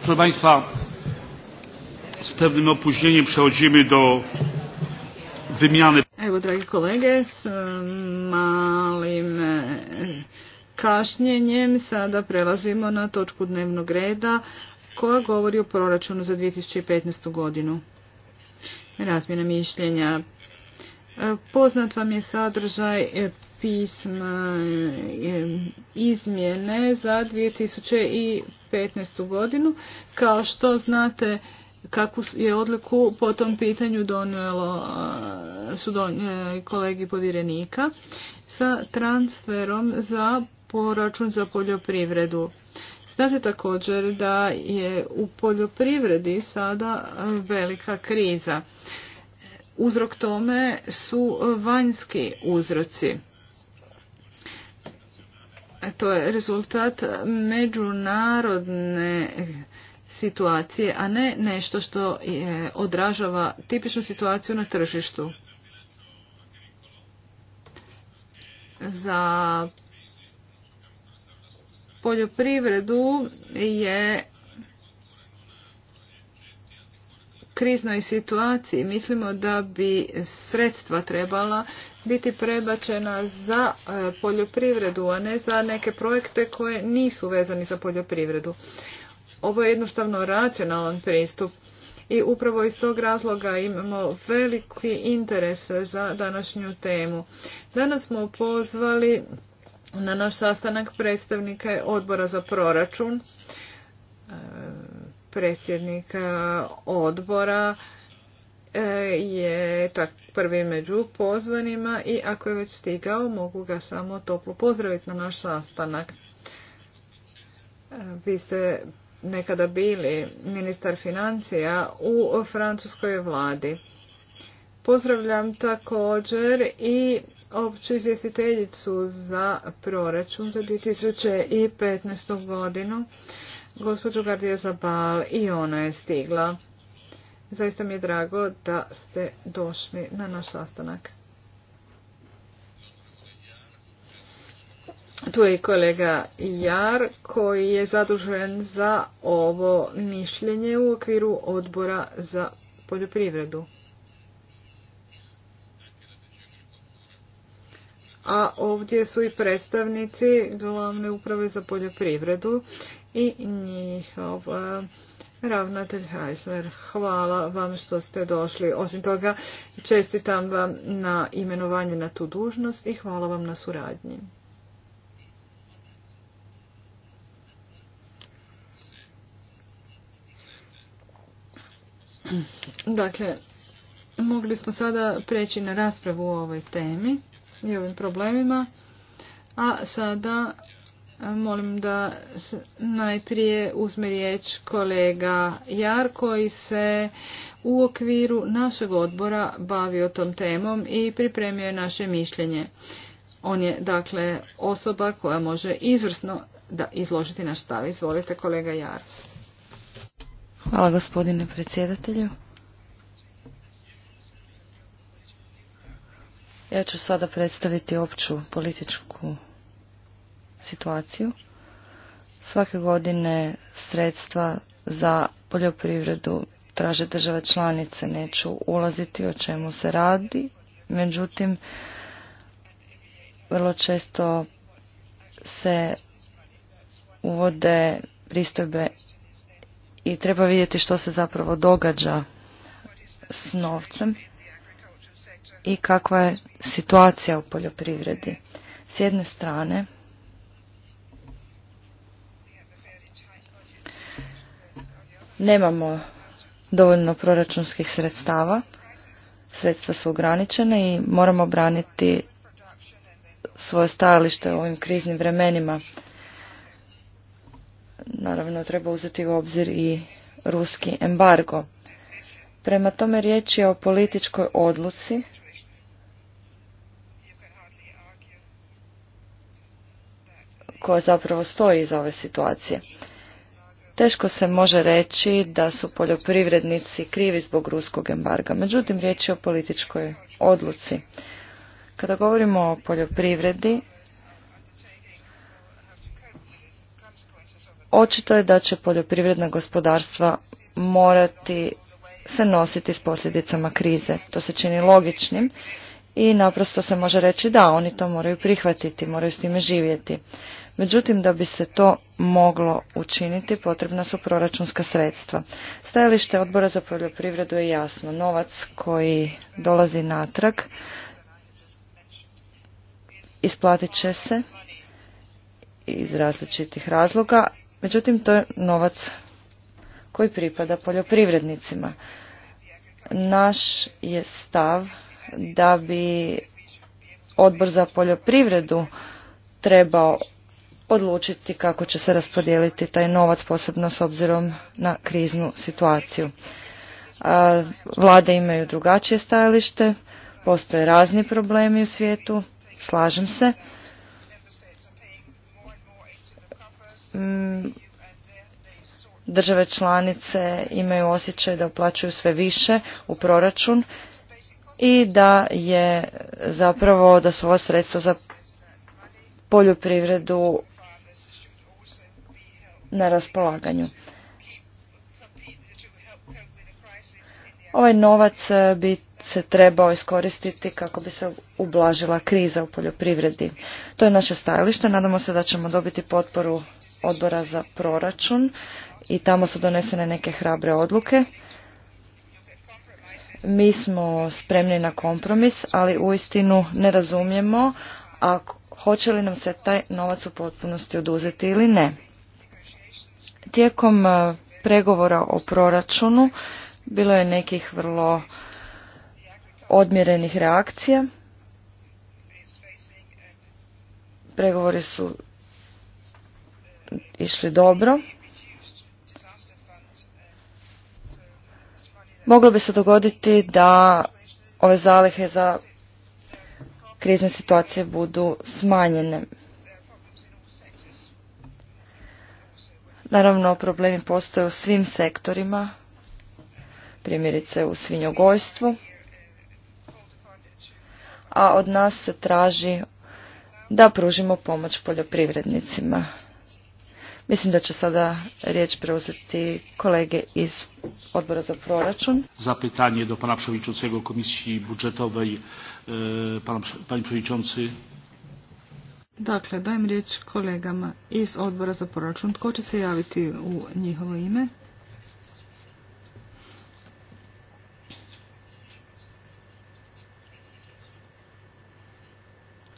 S1: Proszę Państwa, z pewnym opóźnieniem przechodzimy do wymiany.
S2: Evo, dragi kolege, s malim e, kašnjenjem sada prelazimo na točku dnevnog reda koja govori o proračunu za 2015. godinu. Razmjena mišljenja. E, poznat vam je sadržaj e, pisma e, izmjene za 2015. godinu. Kao što znate, kakvu je odliku po tom pitanju donijelo e, su donijeli kolegi povjerenika sa transferom za poračun za poljoprivredu. Znate također da je u poljoprivredi sada velika kriza. Uzrok tome su vanjski uzroci to je rezultat međunarodne situacije, a ne nešto što je, odražava tipičnu situaciju na tržištu. Za poljoprivredu je kriznoj situaciji. Mislimo da bi sredstva trebala biti prebačena za e, poljoprivredu, a ne za neke projekte koje nisu vezani za poljoprivredu. Ovo je jednostavno racionalan pristup i upravo iz tog razloga imamo veliki interes za današnju temu. Danas smo pozvali na naš sastanak predstavnike odbora za proračun e, predsjednika odbora e, je tak prvi među pozvanima i ako je već stigao mogu ga samo toplo pozdraviti na naš sastanak. E, vi ste nekada bili ministar financija u francuskoj vladi. Pozdravljam također i opću izvjestiteljicu za proračun za 2015. godinu gospođu Gardija Zabal i ona je stigla. Zaista mi je drago da ste došli na naš sastanak. Tu je i kolega Jar koji je zadužen za ovo mišljenje u okviru odbora za poljoprivredu. A ovdje su i predstavnici glavne uprave za poljoprivredu i njihov e, ravnatelj Heisler. Hvala vam što ste došli. Osim toga, čestitam vam na imenovanju na tu dužnost i hvala vam na suradnji. Dakle, mogli smo sada preći na raspravu o ovoj temi i ovim problemima. A sada Molim da najprije uzme riječ kolega Jar koji se u okviru našeg odbora bavio tom temom i pripremio je naše mišljenje. On je dakle osoba koja može izvrsno da izložiti naš stav. Izvolite kolega Jar.
S3: Hvala gospodine predsjedatelju. Ja ću sada predstaviti opću političku situaciju. Svake godine sredstva za poljoprivredu traže države članice, neću ulaziti o čemu se radi, međutim vrlo često se uvode pristojbe i treba vidjeti što se zapravo događa s novcem i kakva je situacija u poljoprivredi. S jedne strane nemamo dovoljno proračunskih sredstava, sredstva su ograničena i moramo braniti svoje stajalište u ovim kriznim vremenima. Naravno, treba uzeti u obzir i ruski embargo. Prema tome riječ je o političkoj odluci koja zapravo stoji za ove situacije. Teško se može reći da su poljoprivrednici krivi zbog ruskog embarga, međutim riječ je o političkoj odluci. Kada govorimo o poljoprivredi, očito je da će poljoprivredna gospodarstva morati se nositi s posljedicama krize. To se čini logičnim i naprosto se može reći da, oni to moraju prihvatiti, moraju s time živjeti. Međutim, da bi se to moglo učiniti, potrebna su proračunska sredstva. Stajalište odbora za poljoprivredu je jasno. Novac koji dolazi natrag isplatit će se iz različitih razloga, međutim to je novac koji pripada poljoprivrednicima. Naš je stav da bi odbor za poljoprivredu trebao odlučiti kako će se raspodijeliti taj novac posebno s obzirom na kriznu situaciju. Vlade imaju drugačije stajalište, postoje razni problemi u svijetu, slažem se. Mm, države članice imaju osjećaj da uplaćuju sve više u proračun i da je zapravo da su ova sredstva za poljoprivredu na raspolaganju. Ovaj novac e, bi se trebao iskoristiti kako bi se ublažila kriza u poljoprivredi. To je naše stajalište. Nadamo se da ćemo dobiti potporu odbora za proračun i tamo su donesene neke hrabre odluke. Mi smo spremni na kompromis, ali uistinu ne razumijemo ako, hoće li nam se taj novac u potpunosti oduzeti ili ne. Tijekom e, pregovora o proračunu bilo je nekih vrlo odmjerenih reakcija. Pregovori su išli dobro. Moglo bi se dogoditi da ove zalihe za krizne situacije budu smanjene. Naravno, problemi postoje u svim sektorima, primjerice u svinjogojstvu, a od nas se traži da pružimo pomoć poljoprivrednicima. Mislim da će sada riječ preuzeti kolege iz odbora za proračun.
S1: Za pitanje do pana przewodniczącego komisji budżetowej, e, pana, przewodniczący.
S2: Dakle, dajem riječ kolegama iz odbora za proračun. Tko će se javiti u njihovo ime?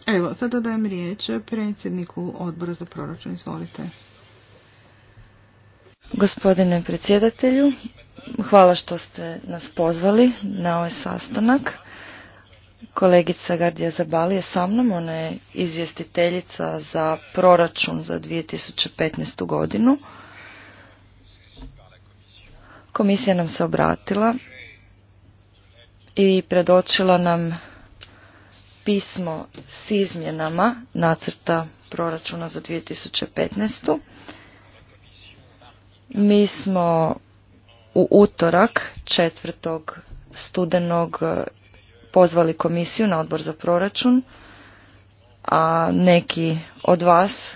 S2: Evo, sada dajem riječ predsjedniku odbora za proračun. Izvolite.
S3: Gospodine predsjedatelju, hvala što ste nas pozvali na ovaj sastanak. Kolegica Gardija Zabali je sa mnom, ona je izvjestiteljica za proračun za 2015. godinu. Komisija nam se obratila i predočila nam pismo s izmjenama nacrta proračuna za 2015. Mi smo u utorak četvrtog studenog e, pozvali komisiju na odbor za proračun, a neki od vas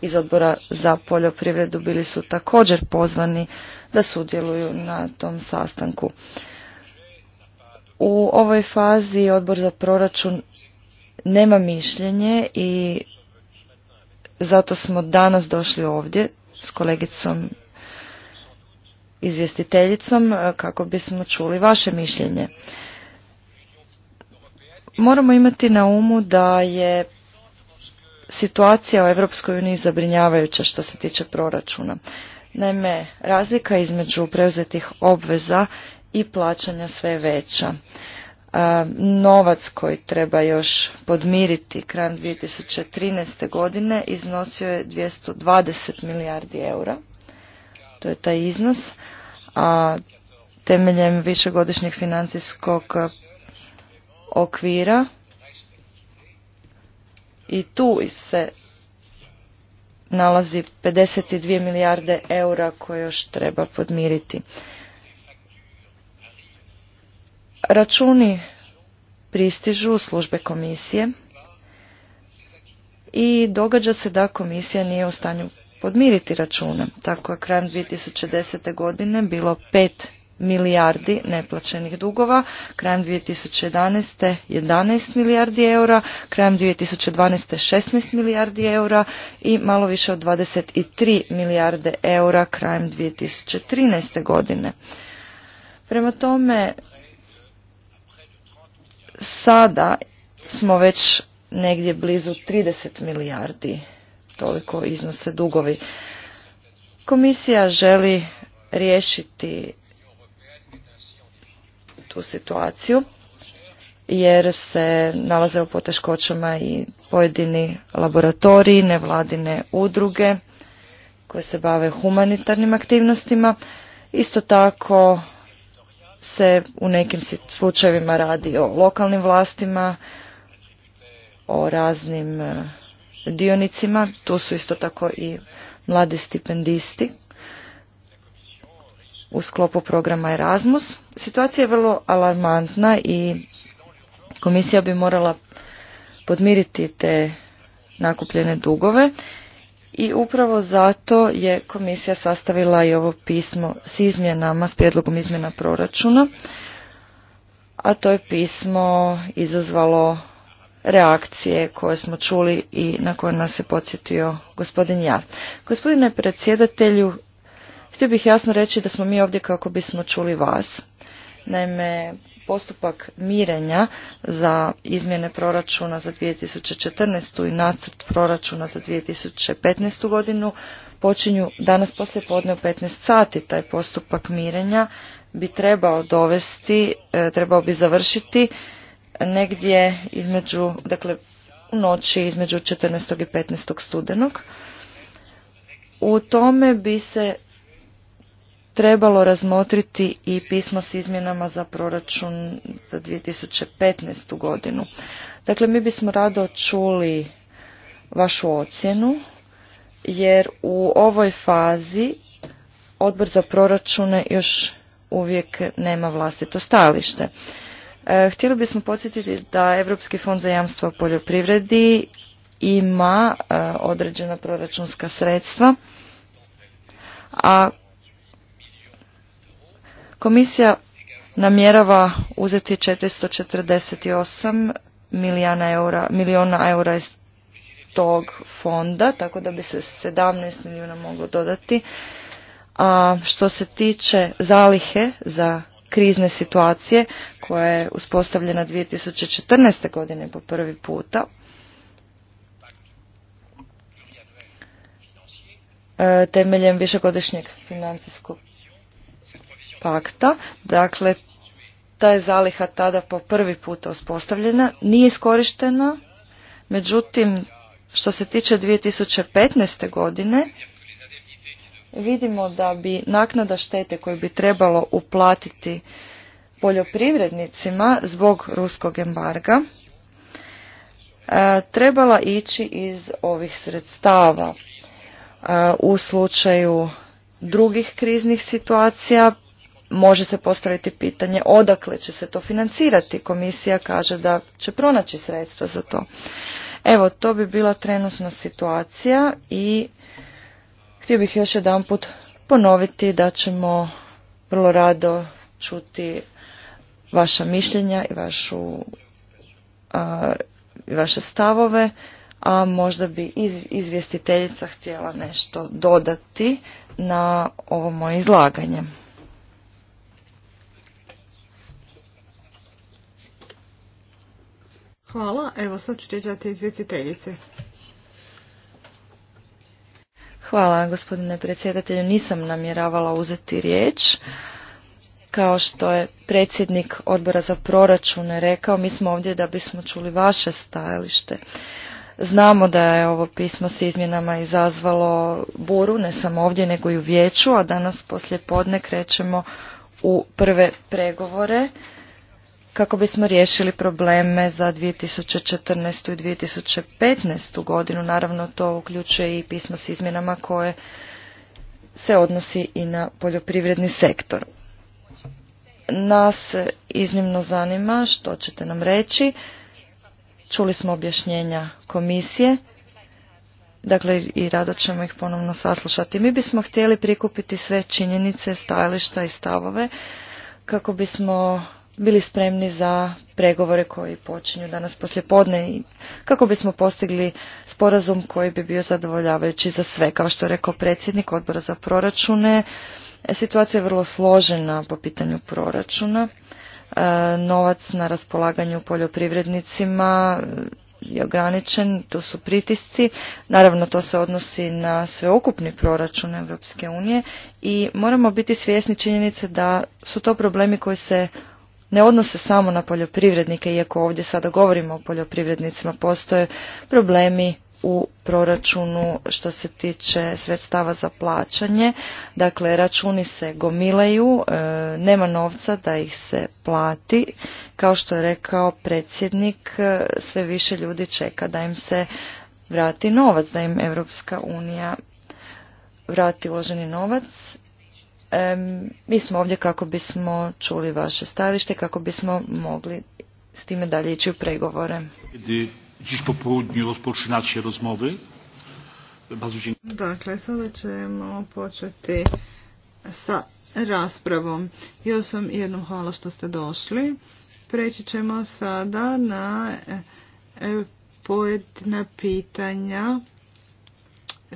S3: iz odbora za poljoprivredu bili su također pozvani da sudjeluju na tom sastanku. U ovoj fazi odbor za proračun nema mišljenje i zato smo danas došli ovdje s kolegicom izvjestiteljicom e, kako bismo čuli vaše mišljenje. Moramo imati na umu da je situacija u Europskoj uniji zabrinjavajuća što se tiče proračuna. Naime, razlika između preuzetih obveza i plaćanja sve je veća. E, novac koji treba još podmiriti krajem 2013. godine iznosio je 220 milijardi eura to je taj iznos, a temeljem višegodišnjeg financijskog e, okvira i tu se nalazi 52 milijarde eura koje još treba podmiriti. Računi pristižu službe komisije i događa se da komisija nije u stanju podmiriti račune. Tako je krajem 2010. godine bilo 5 milijardi neplaćenih dugova, krajem 2011. 11 milijardi eura, krajem 2012. 16 milijardi eura i malo više od 23 milijarde eura krajem 2013. godine. Prema tome, sada smo već negdje blizu 30 milijardi toliko iznose dugovi. Komisija želi riješiti tu situaciju jer se nalaze u poteškoćama i pojedini laboratoriji, nevladine udruge koje se bave humanitarnim aktivnostima. Isto tako se u nekim slučajevima radi o lokalnim vlastima, o raznim dionicima, tu su isto tako i mladi stipendisti u sklopu programa Erasmus. Situacija je vrlo alarmantna i komisija bi morala podmiriti te nakupljene dugove i upravo zato je komisija sastavila i ovo pismo s izmjenama, s prijedlogom izmjena proračuna, a to je pismo izazvalo reakcije koje smo čuli i na koje nas je podsjetio gospodin ja. Gospodine predsjedatelju, htio bih jasno reći da smo mi ovdje kako bismo čuli vas. Naime, postupak mirenja za izmjene proračuna za 2014. i nacrt proračuna za 2015. godinu počinju danas poslije podne u 15 sati. Taj postupak mirenja bi trebao dovesti, e, trebao bi završiti negdje između, dakle u noći između 14. i 15. studenog. U tome bi se trebalo razmotriti i pismo s izmjenama za proračun za 2015. godinu. Dakle, mi bismo rado čuli vašu ocjenu, jer u ovoj fazi odbor za proračune još uvijek nema vlastito stajalište. E, htjeli bismo podsjetiti da Europski fond za jamstvo poljoprivredi ima e, određena proračunska sredstva, a komisija namjerava uzeti 448 milijuna eura, milijuna eura iz tog fonda, tako da bi se 17 milijuna moglo dodati. A što se tiče zalihe za krizne situacije koja je uspostavljena 2014. godine po prvi puta. E, temeljem višegodišnjeg financijskog pakta. Dakle, ta je zaliha tada po prvi puta uspostavljena, nije iskorištena, međutim, što se tiče 2015. godine, vidimo da bi naknada štete koju bi trebalo uplatiti poljoprivrednicima zbog ruskog embarga e, trebala ići iz ovih sredstava e, u slučaju drugih kriznih situacija može se postaviti pitanje odakle će se to financirati komisija kaže da će pronaći sredstva za to evo to bi bila trenutna situacija i Htio bih još jedanput ponoviti da ćemo vrlo rado čuti vaša mišljenja i vašu vaše stavove, a možda bi izvjestiteljica htjela nešto dodati na ovo moje izlaganje.
S2: Hvala. Evo sad ću izvjestiteljice.
S3: Hvala gospodine predsjedatelju. Nisam namjeravala uzeti riječ. Kao što je predsjednik odbora za proračune rekao, mi smo ovdje da bismo čuli vaše stajalište. Znamo da je ovo pismo s izmjenama izazvalo buru, ne samo ovdje nego i u vijeću, a danas poslije podne krećemo u prve pregovore kako bismo riješili probleme za 2014. i 2015. godinu. Naravno to uključuje i pismo s izmjenama koje se odnosi i na poljoprivredni sektor. Nas iznimno zanima što ćete nam reći. Čuli smo objašnjenja komisije. Dakle, i rado ćemo ih ponovno saslušati. Mi bismo htjeli prikupiti sve činjenice, stajališta i stavove kako bismo bili spremni za pregovore koji počinju danas poslijepodne i kako bismo postigli sporazum koji bi bio zadovoljavajući za sve. Kao što je rekao predsjednik odbora za proračune, situacija je vrlo složena po pitanju proračuna. E, novac na raspolaganju poljoprivrednicima je ograničen, to su pritisci. Naravno, to se odnosi na sveukupni proračun Europske unije i moramo biti svjesni činjenice da su to problemi koji se ne odnose samo na poljoprivrednike, iako ovdje sada govorimo o poljoprivrednicima, postoje problemi u proračunu što se tiče sredstava za plaćanje. Dakle, računi se gomilaju, e, nema novca da ih se plati. Kao što je rekao predsjednik, e, sve više ljudi čeka da im se vrati novac, da im Europska unija vrati uloženi novac mi smo ovdje kako bismo čuli vaše stavište, kako bismo mogli s time dalje ići u pregovore.
S2: Dakle, sada ćemo početi sa raspravom. Još vam jednom hvala što ste došli. Preći ćemo sada na e, e, pojedna pitanja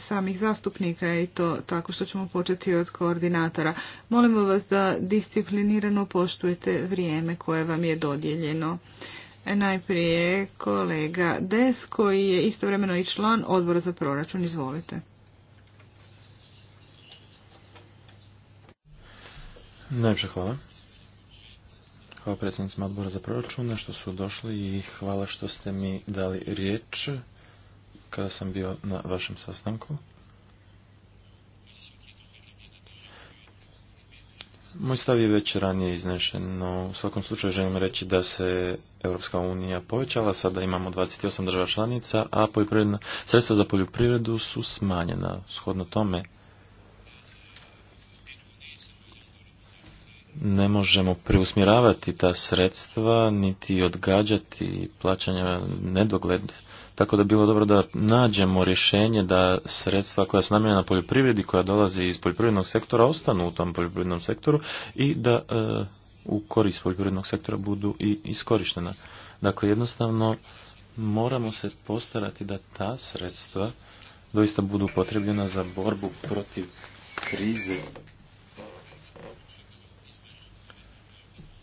S2: samih zastupnika i to tako što ćemo početi od koordinatora. Molimo vas da disciplinirano poštujete vrijeme koje vam je dodijeljeno. E, najprije kolega Des koji je istovremeno i član odbora za proračun. Izvolite.
S4: Najprije hvala. Hvala predsjednicima odbora za proračun što su došli i hvala što ste mi dali riječ kada sam bio na vašem sastanku. Moj stav je već ranije iznešen, no u svakom slučaju želim reći da se Europska unija povećala, sada imamo 28 država članica, a poljoprivredna sredstva za poljoprivredu su smanjena. Shodno tome ne možemo preusmjeravati ta sredstva, niti odgađati plaćanja nedogled tako da bi bilo dobro da nađemo rješenje da sredstva koja su namijenjena na poljoprivredi, koja dolaze iz poljoprivrednog sektora, ostanu u tom poljoprivrednom sektoru i da e, u korist poljoprivrednog sektora budu i iskorištena. Dakle, jednostavno moramo se postarati da ta sredstva doista budu potrebljena za borbu protiv krize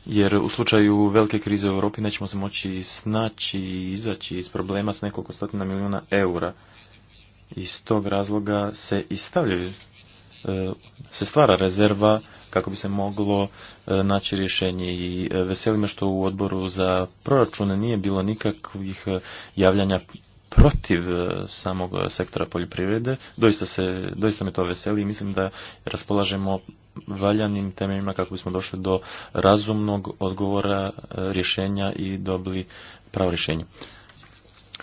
S4: jer u slučaju velike krize u Europi nećemo se moći snaći i izaći iz problema s nekoliko stotina milijuna eura. Iz tog razloga se i e, se stvara rezerva kako bi se moglo e, naći rješenje i e, veseli što u odboru za proračune nije bilo nikakvih javljanja protiv e, samog e, sektora poljoprivrede. Doista, se, me to veseli i mislim da raspolažemo valjanim temeljima kako bismo došli do razumnog odgovora e, rješenja i dobili pravo rješenje.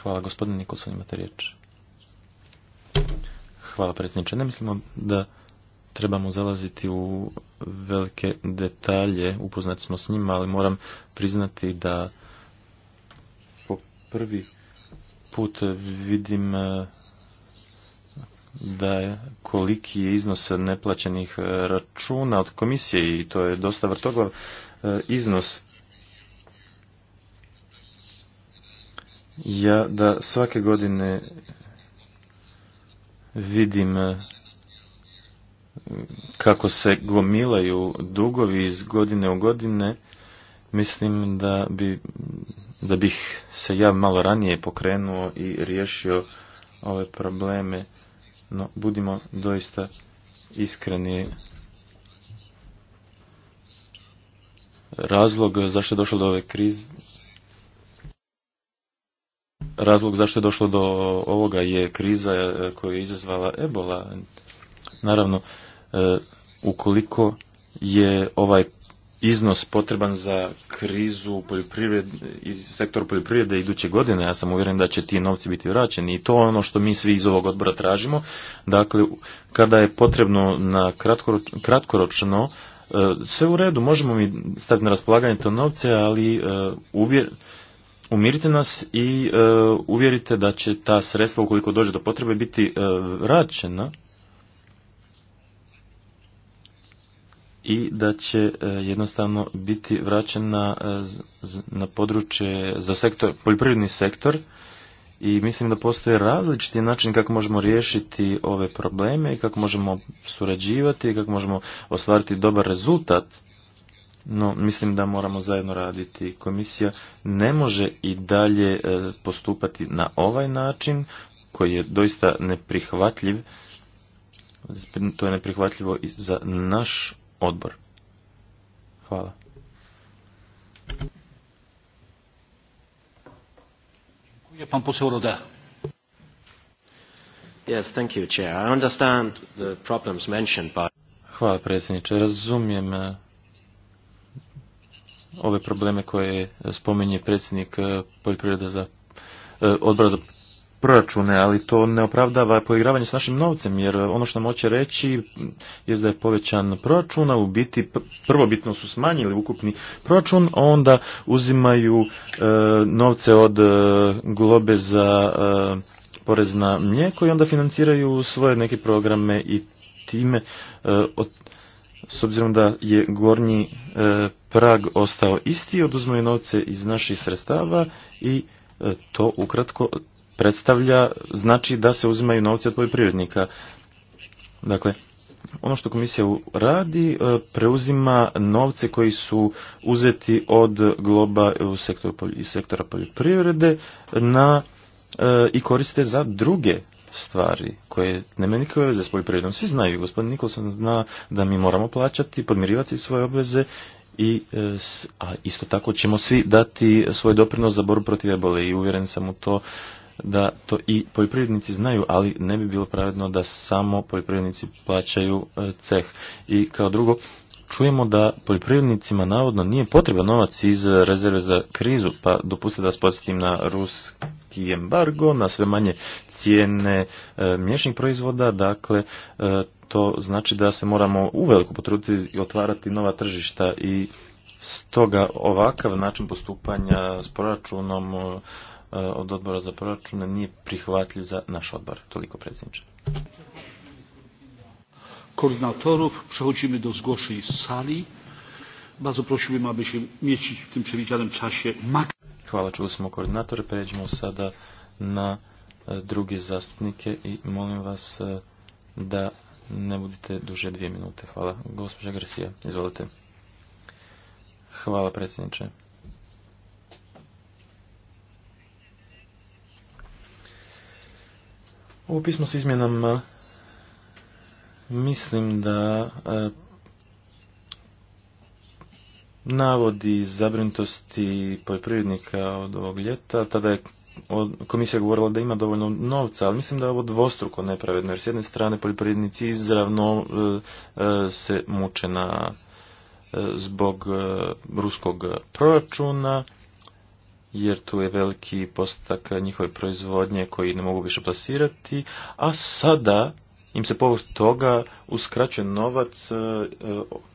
S4: Hvala gospodine Nikolson, imate riječ. Hvala predsjedniče. Ne mislimo da trebamo zalaziti u velike detalje, upoznati smo s njima, ali moram priznati da po prvi put eh, vidim eh, da je koliki je iznos neplaćenih eh, računa od komisije i to je dosta vrtoglav iznos. Ja da svake godine vidim kako se gomilaju dugovi iz godine u godine mislim da, bi, da bih se ja malo ranije pokrenuo i riješio ove probleme, no budimo doista iskreni. Razlog zašto je došlo do ove krize, razlog zašto je došlo do ovoga je kriza koju je izazvala ebola. Naravno, e, ukoliko je ovaj iznos potreban za krizu i sektor poljoprivrede iduće godine. Ja sam uvjeren da će ti novci biti vraćeni i to je ono što mi svi iz ovog odbora tražimo. Dakle, kada je potrebno na kratkoročno, e, sve u redu, možemo mi staviti na raspolaganje to novce, ali e, uvjer, umirite nas i e, uvjerite da će ta sredstva, ukoliko dođe do potrebe, biti vraćena i da će e, jednostavno biti vraćena e, na područje za sektor, poljoprivredni sektor i mislim da postoje različiti način kako možemo riješiti ove probleme i kako možemo surađivati i kako možemo ostvariti dobar rezultat no mislim da moramo zajedno raditi. Komisija ne može i dalje e, postupati na ovaj način koji je doista neprihvatljiv. To je neprihvatljivo i za naš odbor. Hvala.
S1: Dziękuję Pan poseł Roda. Yes, thank you, Chair. I understand the problems mentioned
S4: by... Hvala predsjedniče. Razumijem eh, ove probleme koje spominje predsjednik eh, poljoprivreda za eh, odbora za proračune, ali to ne opravdava poigravanje s našim novcem, jer ono što nam hoće reći je da je povećan proračun, a u biti prvobitno su smanjili ukupni proračun, a onda uzimaju e, novce od e, globe za e, porez na mlijeko i onda financiraju svoje neke programe i time e, s obzirom da je gornji prag ostao isti, oduzmaju novce iz naših sredstava i to ukratko predstavlja znači da se uzimaju novci od poljoprivrednika. Dakle, ono što komisija radi e, preuzima novce koji su uzeti od globa u iz sektora poljoprivrede na, e, i koriste za druge stvari koje nema nikakve veze s poljoprivredom. Svi znaju, gospodin Nikolson zna da mi moramo plaćati, podmirivati svoje obveze i e, a isto tako ćemo svi dati svoj doprinos za borbu protiv ebole i uvjeren sam u to da to i poljoprivrednici znaju, ali ne bi bilo pravedno da samo poljoprivrednici plaćaju e, ceh. I kao drugo, čujemo da poljoprivrednicima navodno nije potreban novac iz rezerve za krizu, pa dopustite da spostim na ruski embargo, na sve manje cijene e, proizvoda, dakle e, to znači da se moramo uveliko potruditi i otvarati nova tržišta i stoga ovakav način postupanja s proračunom Eh, od odbora za proračune nije
S1: prihvatljiv za naš odbor. Toliko predsjedniče. koordinatorov przechodzimy do zgłoszeń z sali. Bardzo prosiłbym, aby się mieścić w tym przewidzianym czasie. Hvala, čuli smo koordinatore. Pređemo sada na
S4: eh, druge zastupnike i molim vas eh, da ne budite duže dvije minute. Hvala. Gospođa Gresija, izvolite. Hvala predsjedniče. Ovo pismo s izmjenama e, mislim da e, navodi zabrinutosti poljoprivrednika od ovog ljeta. Tada je komisija govorila da ima dovoljno novca, ali mislim da je ovo dvostruko nepravedno, jer s jedne strane poljoprivrednici izravno e, se muče na zbog ruskog proračuna, jer tu je veliki postak njihove proizvodnje koji ne mogu više plasirati, a sada im se povrst toga uskraćuje novac e, e,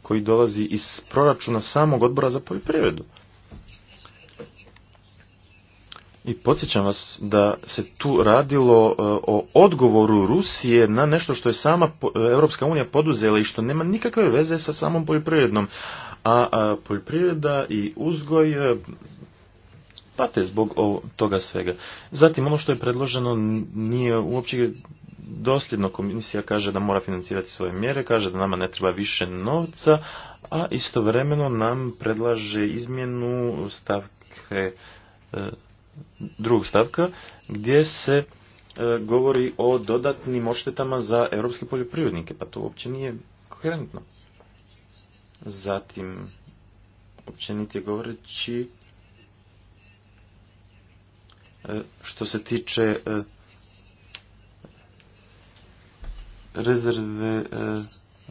S4: koji dolazi iz proračuna samog odbora za poljoprivredu. I podsjećam vas da se tu radilo e, o odgovoru Rusije na nešto što je sama Europska unija poduzela i što nema nikakve veze sa samom poljoprivrednom. A poljoprivreda i uzgoj pate zbog toga svega. Zatim, ono što je predloženo nije uopće dosljedno. Komisija kaže da mora financirati svoje mjere, kaže da nama ne treba više novca, a istovremeno nam predlaže izmjenu stavke e, drugog stavka gdje se e, govori o dodatnim odštetama za europske poljoprivrednike, pa to uopće nije koherentno. Zatim, niti govoreći, što se tiče e, rezerve e,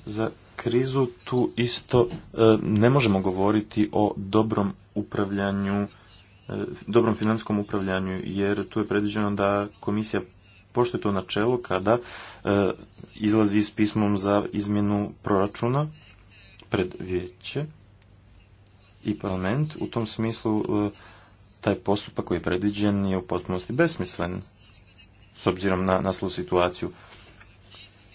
S4: za krizu, tu isto e, ne možemo govoriti o dobrom upravljanju, dobrom financijskom upravljanju, jer tu je predviđeno da komisija poštuje to načelo kada izlazi s pismom za izmjenu proračuna pred vijeće i parlament. U tom smislu taj postupak koji je predviđen je u potpunosti besmislen s obzirom na naslu situaciju.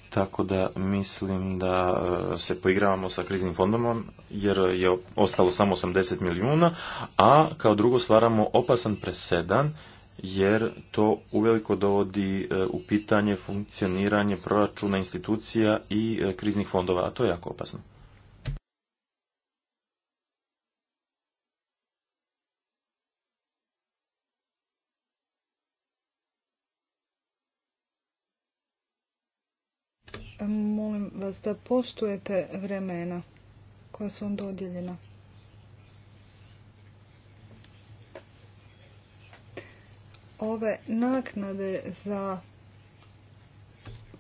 S4: Tako da mislim da e, se poigravamo sa kriznim fondom jer je ostalo samo 80 milijuna, a kao drugo stvaramo opasan presedan jer to uveliko dovodi e, u pitanje funkcioniranje proračuna institucija i e, kriznih fondova, a to je jako opasno.
S2: da poštujete vremena koja su vam dodjeljena. Ove naknade za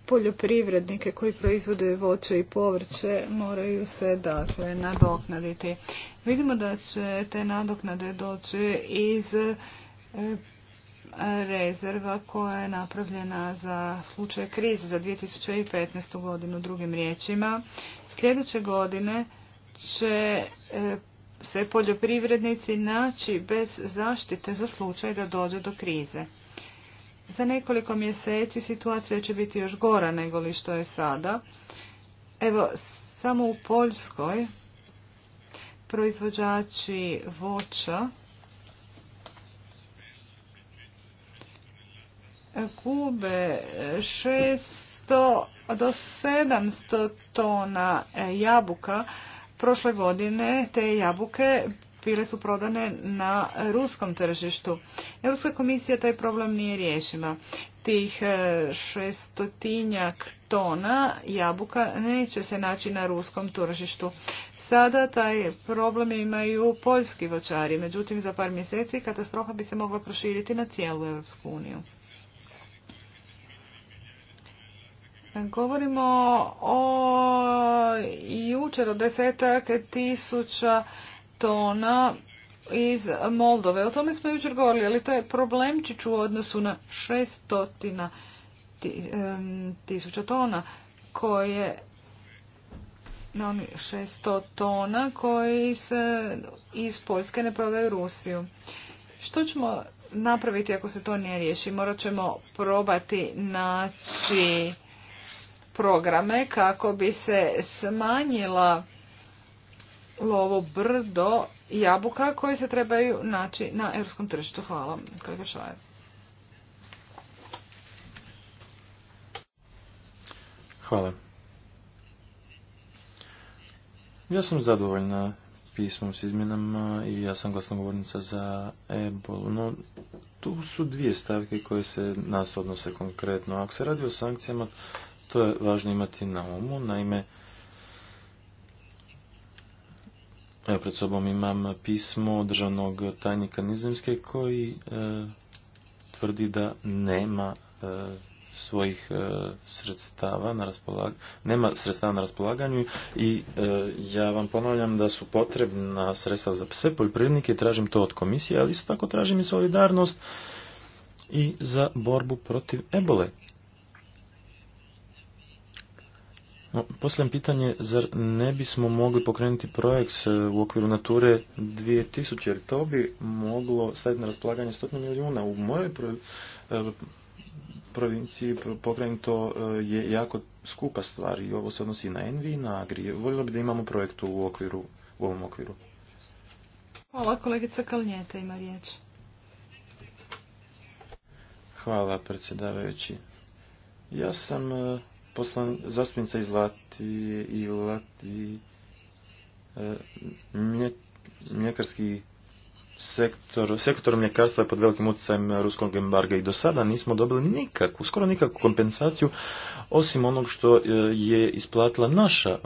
S2: poljoprivrednike koji proizvode voće i povrće moraju se dakle nadoknaditi. Vidimo da će te nadoknade doći iz eh, rezerva koja je napravljena za slučaj krize za 2015. godinu drugim riječima. Sljedeće godine će e, se poljoprivrednici naći bez zaštite za slučaj da dođe do krize. Za nekoliko mjeseci situacija će biti još gora nego li što je sada. Evo, samo u Poljskoj proizvođači voća kube 600 do 700 tona e, jabuka prošle godine te jabuke bile su prodane na ruskom tržištu. Europska komisija taj problem nije riješila. Tih e, šestotinjak tona jabuka neće se naći na ruskom tržištu. Sada taj problem imaju poljski voćari, međutim za par mjeseci katastrofa bi se mogla proširiti na cijelu Europsku uniju. Govorimo o jučer o desetak tisuća tona iz Moldove. O tome smo jučer govorili, ali to je problemčić u odnosu na šestotina tisuća tona koje na oni 600 tona koji se iz Poljske ne prodaju Rusiju. Što ćemo napraviti ako se to ne riješi? Morat ćemo probati naći programe kako bi se smanjila lovo brdo jabuka koje se trebaju naći na europskom tržištu. Hvala.
S4: Hvala. Ja sam zadovoljna pismom s izmjenama i ja sam glasnogovornica za ebolu. No, tu su dvije stavke koje se nas odnose konkretno. Ako se radi o sankcijama, to je važno imati na umu. Naime, evo pred sobom imam pismo državnog tajnika Nizemske koji e, tvrdi da nema e, svojih e, sredstava na raspolaganju, nema sredstava na raspolaganju i ja vam ponavljam da su potrebna sredstva za sve poljoprivrednike, tražim to od komisije, ali isto tako tražim i solidarnost i za borbu protiv ebole. No, posljedno pitanje, zar ne bismo mogli pokrenuti projekt e, u okviru Nature 2000, jer to bi moglo staviti na raspolaganje 100 milijuna. U mojoj e, provinciji pokrenuto e, je jako skupa stvar i ovo se odnosi na Envi i na Agri. Voljelo bi da imamo projektu u, okviru, u ovom okviru.
S2: Hvala, kolegica Kalnjeta ima riječ.
S4: Hvala, predsjedavajući. Ja sam poslan, zastupnica iz Latije i Lati e, mljekarski sektor, sektor mljekarstva je pod velikim utjecajem ruskog embarga i do sada nismo dobili nikakvu, skoro nikakvu kompensaciju osim onog što e, je isplatila naša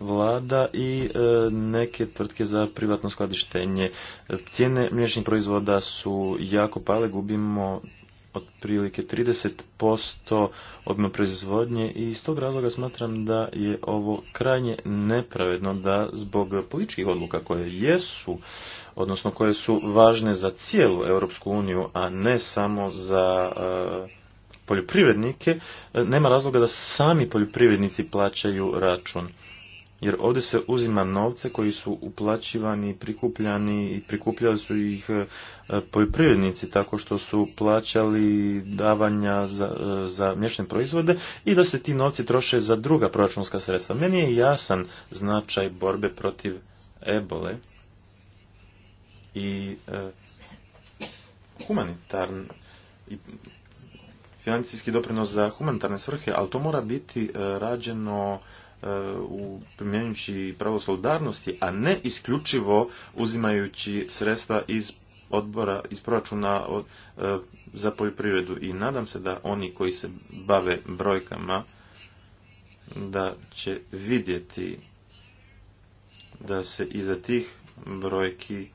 S4: vlada i e, neke tvrtke za privatno skladištenje. Cijene mliječnih proizvoda su jako pale, gubimo otprilike 30% obima proizvodnje i iz tog razloga smatram da je ovo krajnje nepravedno da zbog političkih odluka koje jesu, odnosno koje su važne za cijelu Europsku uniju, a ne samo za e, poljoprivrednike, e, nema razloga da sami poljoprivrednici plaćaju račun jer ovdje se uzima novce koji su uplaćivani, prikupljani i prikupljali su ih e, poljoprivrednici tako što su plaćali davanja za, e, za proizvode i da se ti novci troše za druga proračunska sredstva. Meni je jasan značaj borbe protiv ebole i e, i financijski doprinos za humanitarne svrhe, ali to mora biti e, rađeno u primjenjujući pravo solidarnosti, a ne isključivo uzimajući sredstva iz odbora iz proračuna e, za poljoprivredu i nadam se da oni koji se bave brojkama da će vidjeti da se iza tih brojki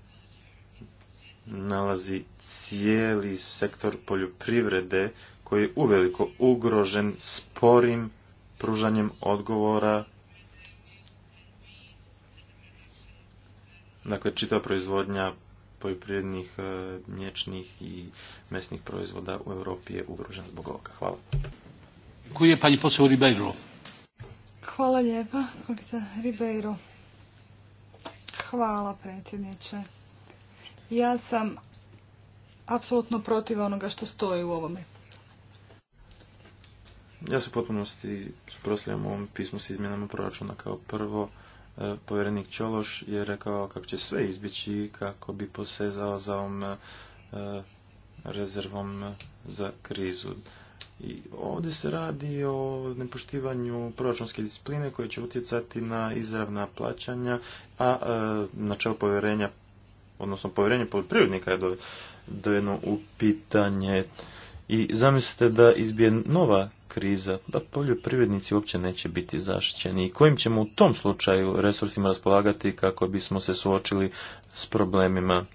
S4: nalazi cijeli sektor poljoprivrede koji je uveliko ugrožen sporim pružanjem odgovora dakle čitava proizvodnja poljoprivrednih, e, mječnih i mesnih proizvoda u Europi je ugrožena zbog
S1: ovoga. Hvala. Koji pani posao Ribeiro?
S2: Hvala lijepa, Ribeiro. Hvala predsjedniče. Ja sam apsolutno protiv onoga što stoji u ovome
S4: ja se u potpunosti suprotstavljam ovom pismu s izmjenama proračuna kao prvo. E, povjerenik Čološ je rekao kako će sve izbjeći kako bi posezao za ovom e, rezervom e, za krizu. I ovdje se radi o nepoštivanju proračunske discipline koje će utjecati na izravna plaćanja, a načelo povjerenja, odnosno povjerenje poljoprivrednika je dojeno u pitanje i zamislite da izbije nova kriza, da poljoprivrednici uopće neće biti zaštićeni i kojim ćemo u tom slučaju resursima raspolagati kako bismo se suočili s problemima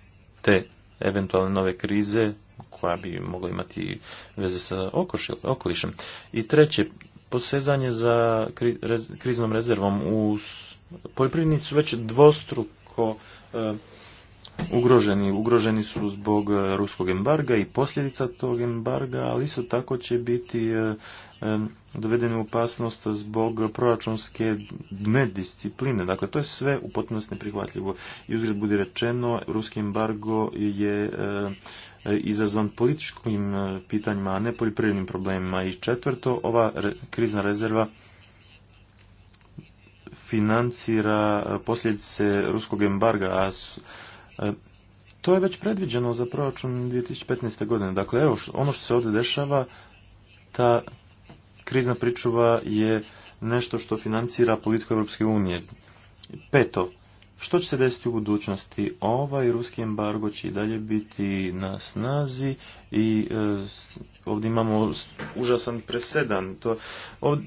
S4: te eventualne nove krize koja bi mogla imati veze sa okolišem. I treće, posezanje za kriznom rezervom. U, poljoprivrednici su već dvostruko e, ugroženi. Ugroženi su zbog e, ruskog embarga i posljedica tog embarga, ali isto tako će biti e, e, dovedeni u opasnost zbog proračunske nediscipline. Dakle, to je sve u potpunosti neprihvatljivo. I uzgled bude rečeno, ruski embargo je izazvan političkim pitanjima, a ne poljoprivrednim problemima. I četvrto, ova krizna rezerva financira posljedice ruskog embarga, a E, to je već predviđeno za proračun 2015. godine. Dakle, evo, ono što se ovdje dešava, ta krizna pričuva je nešto što financira politiku Europske unije. Peto, što će se desiti u budućnosti? Ovaj ruski embargo će i dalje biti na snazi i e, ovdje imamo užasan presedan. To, ovdje,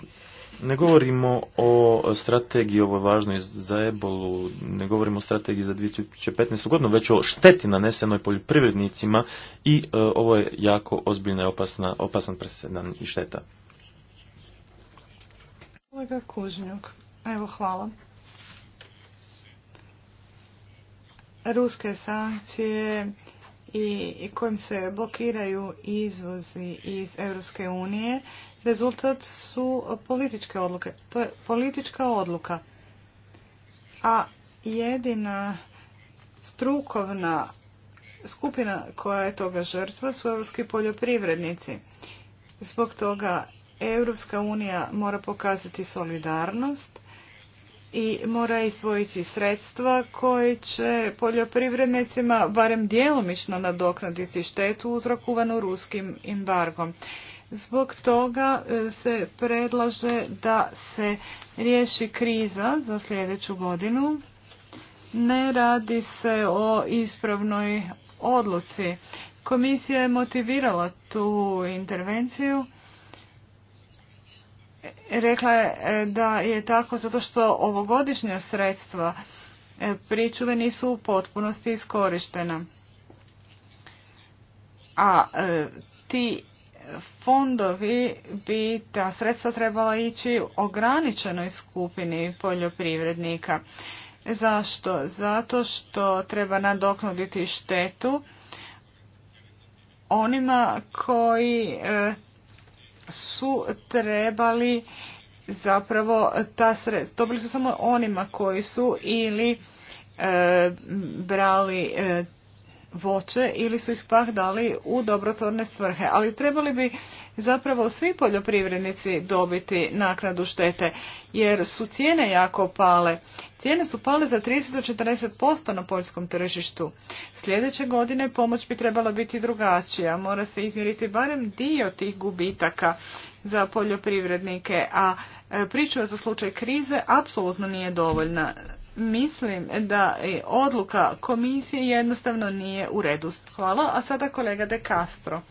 S4: ne govorimo o strategiji, ovo je važno za ebolu, ne govorimo o strategiji za 2015. godinu, već o šteti nanesenoj poljoprivrednicima i e, ovo je jako ozbiljna i opasna, opasan presedan i šteta.
S2: Kolega evo hvala. Ruske sankcije i kojim se blokiraju izvozi iz Europske unije rezultat su političke odluke. To je politička odluka. A jedina strukovna skupina koja je toga žrtva su europski poljoprivrednici. Zbog toga Europska unija mora pokazati solidarnost i mora isvojiti sredstva koje će poljoprivrednicima barem djelomično nadoknaditi štetu uzrokovanu ruskim embargom. Zbog toga e, se predlaže da se riješi kriza za sljedeću godinu. Ne radi se o ispravnoj odluci. Komisija je motivirala tu intervenciju rekla je e, da je tako zato što ovogodišnja sredstva e, pričuve nisu u potpunosti iskorištena. A e, ti fondovi bi ta sredstva trebala ići ograničenoj skupini poljoprivrednika. Zašto? Zato što treba nadoknaditi štetu onima koji su trebali zapravo ta sredstva, bili su samo onima koji su ili e, brali e, voće ili su ih pak dali u dobrotvorne svrhe. Ali trebali bi zapravo svi poljoprivrednici dobiti naknadu štete jer su cijene jako pale. Cijene su pale za 30-40% na poljskom tržištu. Sljedeće godine pomoć bi trebala biti drugačija. Mora se izmjeriti barem dio tih gubitaka za poljoprivrednike, a e, pričuva za slučaj krize apsolutno nije dovoljna mislim da odluka komisije jednostavno nije u redu. Hvala, a sada kolega De Castro.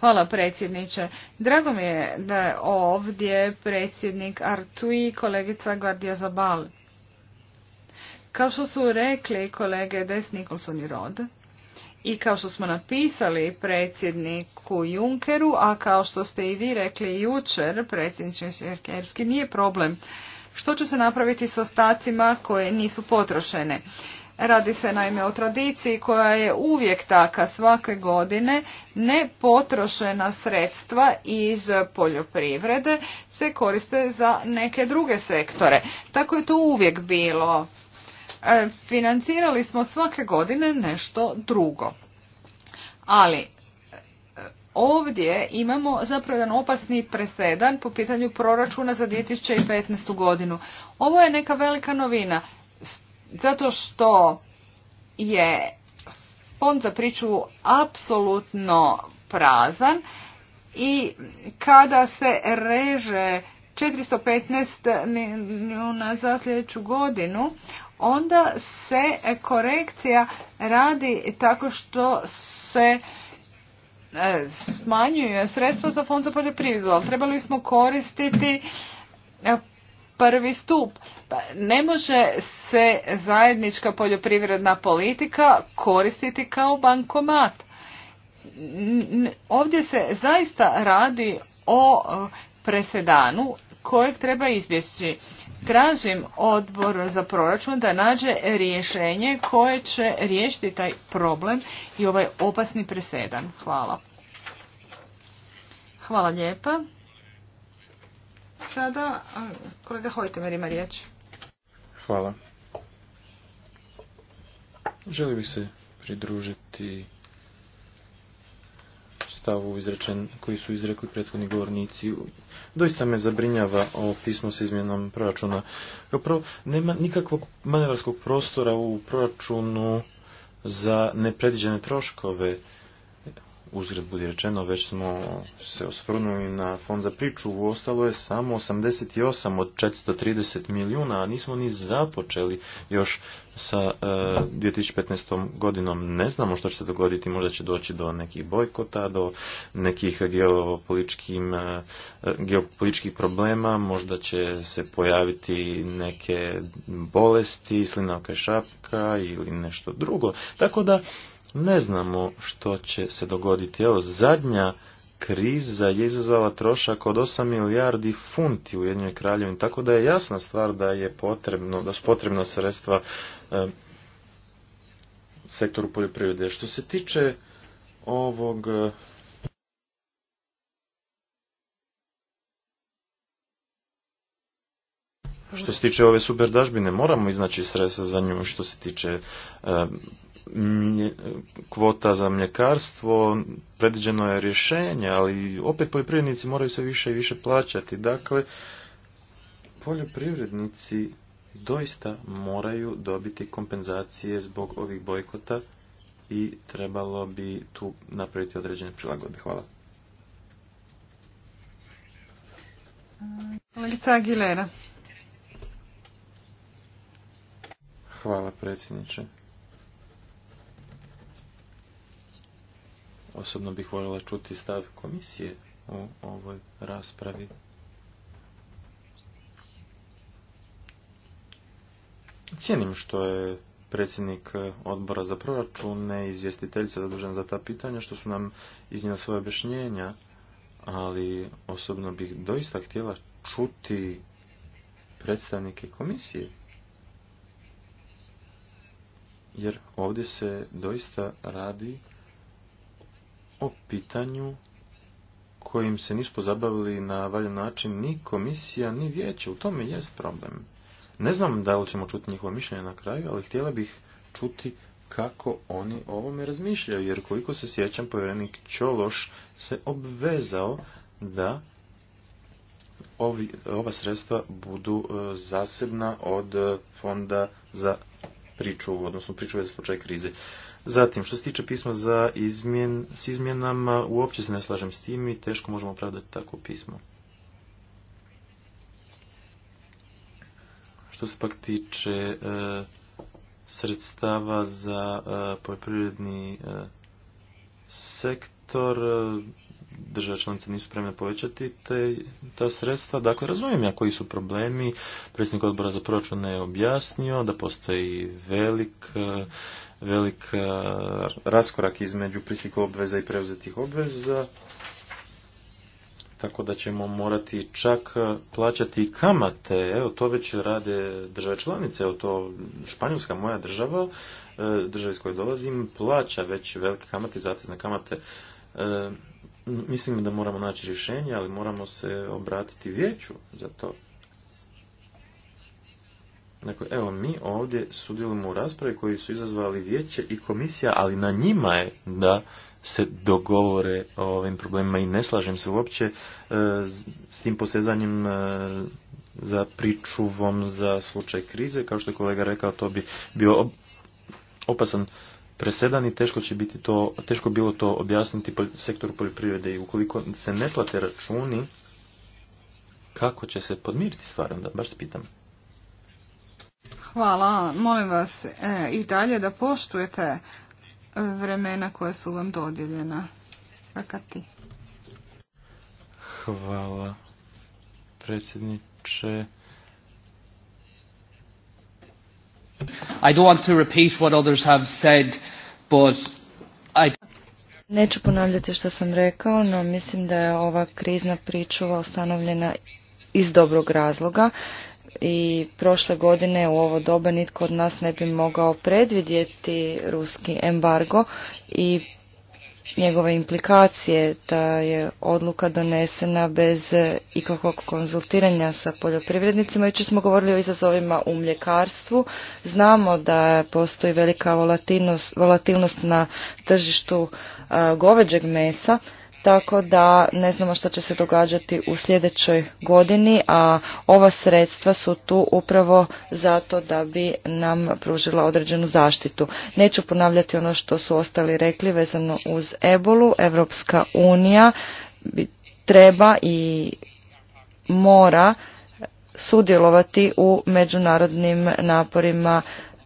S2: Hvala predsjedniče. Drago mi je da je ovdje predsjednik Artui i kolegica Guardia Zabal. Kao što su rekli kolege Des Nicholson i Rod, i kao što smo napisali predsjedniku Junkeru, a kao što ste i vi rekli jučer, predsjedniče Šerkerski, nije problem što će se napraviti s ostacima koje nisu potrošene? Radi se naime o tradiciji koja je uvijek taka svake godine nepotrošena sredstva iz poljoprivrede se koriste za neke druge sektore. Tako je to uvijek bilo. E, financirali smo svake godine nešto drugo. Ali ovdje imamo zapravo jedan opasni presedan po pitanju proračuna za 2015. godinu. Ovo je neka velika novina, zato što je fond za priču apsolutno prazan i kada se reže 415 milijuna za sljedeću godinu, onda se korekcija radi tako što se E, smanjuju sredstva za fond za poljoprivredu, ali trebali smo koristiti e, prvi stup. Pa, ne može se zajednička poljoprivredna politika koristiti kao bankomat. Ovdje se zaista radi o e, presedanu kojeg treba izbjeći tražim odbor za proračun da nađe rješenje koje će riješiti taj problem i ovaj opasni presedan. Hvala. Hvala lijepa. Sada kolega Hojtemer ima riječ.
S4: Hvala. Želio bih se pridružiti stavu izrečen, koji su izrekli prethodni govornici. Doista me zabrinjava o pismo s izmjenom proračuna. prvo nema nikakvog manevarskog prostora u proračunu za nepredviđene troškove uzred budi rečeno, već smo se osvrnuli na fond za priču. Ostalo je samo 88 od 430 milijuna, a nismo ni započeli još sa e, 2015. godinom. Ne znamo što će se dogoditi, možda će doći do nekih bojkota, do nekih geopolitičkim, e, geopolitičkih problema, možda će se pojaviti neke bolesti, slinavka šapka ili nešto drugo. Tako da ne znamo što će se dogoditi. Evo, zadnja kriza je izazvala trošak od 8 milijardi funti u jednoj kraljevini, tako da je jasna stvar da je potrebno, da su potrebna sredstva sektoru poljoprivrede. Što se tiče ovog Što se tiče ove super moramo iznaći sredstva za nju što se tiče kvota za mljekarstvo, predviđeno je rješenje, ali opet poljoprivrednici moraju se više i više plaćati. Dakle, poljoprivrednici doista moraju dobiti kompenzacije zbog ovih bojkota i trebalo bi tu napraviti određene prilagodbe. Hvala. Hvala predsjedniče. Osobno bih voljela čuti stav komisije u ovoj raspravi. Cijenim što je predsjednik odbora za proračune, izvjestiteljica zadužena za ta pitanja, što su nam iznijela svoje objašnjenja, ali osobno bih doista htjela čuti predstavnike komisije. Jer ovdje se doista radi o pitanju kojim se nismo zabavili na valjan način ni komisija, ni vijeće. U tome jest problem. Ne znam da li ćemo čuti njihovo mišljenje na kraju, ali htjela bih čuti kako oni o ovome razmišljaju, jer koliko se sjećam, povjerenik Čološ se obvezao da ovi, ova sredstva budu e, zasebna od fonda za pričuvu, odnosno pričuve za slučaj krize. Zatim, što se tiče pisma za s izmjenama, uopće se ne slažem s tim i teško možemo opravdati takvo pismo. Što se pak tiče e, sredstava za e, poljoprivredni e, sektor, države članice nisu spremne povećati te, ta sredstva. Dakle, razumijem ja koji su problemi. Predsjednik odbora za proračun je objasnio da postoji velik velik eh, raskorak između prislika obveza i preuzetih obveza, tako da ćemo morati čak eh, plaćati kamate. Evo, to već rade države članice, evo to Španjolska moja država, eh, država iz koje dolazim, plaća već velike kamate, zatezne kamate. mislim da moramo naći rješenje, ali moramo se obratiti vijeću za to. Dakle, evo, mi ovdje sudjelujemo u raspravi koji su izazvali vijeće i komisija, ali na njima je da se dogovore o ovim problemima i ne slažem se uopće e, s tim posezanjem e, za pričuvom za slučaj krize. Kao što je kolega rekao, to bi bio opasan presedan i teško će biti to, teško bilo to objasniti sektoru poljoprivrede i ukoliko se ne plate računi, kako će se podmiriti stvar, da baš se pitam.
S2: Hvala. Molim vas e, i dalje da poštujete vremena koja su vam dodjeljena. ti?
S1: Hvala predsjedniče. I don't want to repeat what others have said,
S2: but I...
S3: Neću ponavljati što sam rekao, no mislim da je ova krizna pričuva ustanovljena iz dobrog razloga i prošle godine u ovo doba nitko od nas ne bi mogao predvidjeti ruski embargo i njegove implikacije da je odluka donesena bez ikakvog konzultiranja sa poljoprivrednicima. Jučer smo govorili o izazovima u mljekarstvu. Znamo da postoji velika volatilnost, volatilnost na tržištu goveđeg mesa tako da ne znamo što će se događati u sljedećoj godini, a ova sredstva su tu upravo zato da bi nam pružila određenu zaštitu. Neću ponavljati ono što su ostali rekli vezano uz ebolu. Evropska unija treba i mora sudjelovati u međunarodnim naporima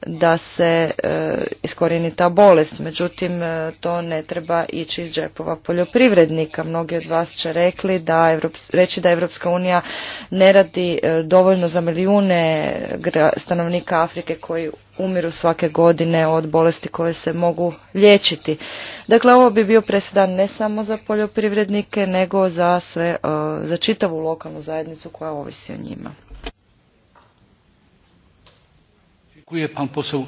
S3: da se e, ta bolest. Međutim, e, to ne treba ići iz džepova poljoprivrednika. Mnogi od vas će rekli da Evrops, reći da Evropska unija ne radi e, dovoljno za milijune stanovnika Afrike koji umiru svake godine od bolesti koje se mogu liječiti. Dakle, ovo bi bio presedan ne samo za poljoprivrednike, nego za sve, e, za čitavu lokalnu zajednicu koja ovisi o njima.
S1: Pan poseł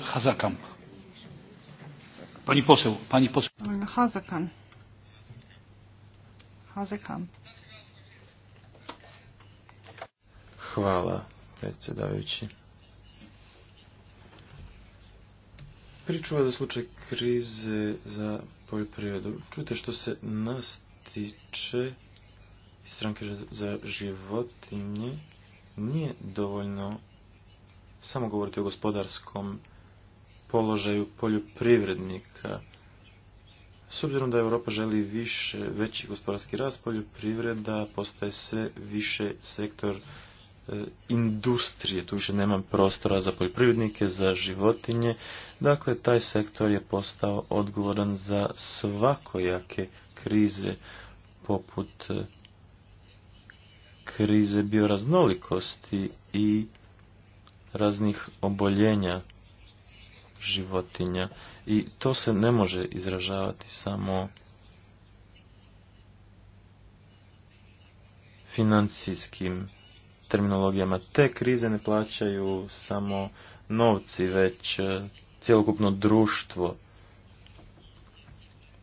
S1: Hvala, predsjedavajući.
S4: Pričuva za slučaj krize za poljoprivredu. Čujte što se nas tiče stranke za životinje nije dovoljno samo govoriti o gospodarskom položaju poljoprivrednika. S obzirom da Europa želi više, veći gospodarski rast, poljoprivreda postaje sve više sektor e, industrije, tu više nema prostora za poljoprivrednike, za životinje. Dakle, taj sektor je postao odgovoran za svakojake krize poput e, krize bioraznolikosti i raznih oboljenja životinja i to se ne može izražavati samo financijskim terminologijama. Te krize ne plaćaju samo novci, već e, cjelokupno društvo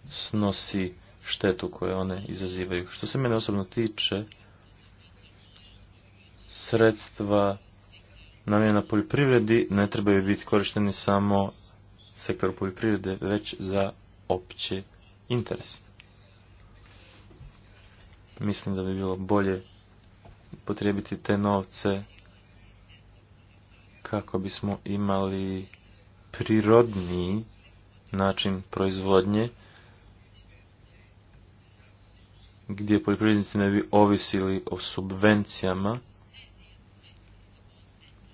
S4: snosi štetu koju one izazivaju. Što se mene osobno tiče, sredstva namjena poljoprivredi ne trebaju biti korišteni samo sektor poljoprivrede, već za opće interes. Mislim da bi bilo bolje potrebiti te novce kako bismo imali prirodni način proizvodnje gdje poljoprivrednici ne bi ovisili o subvencijama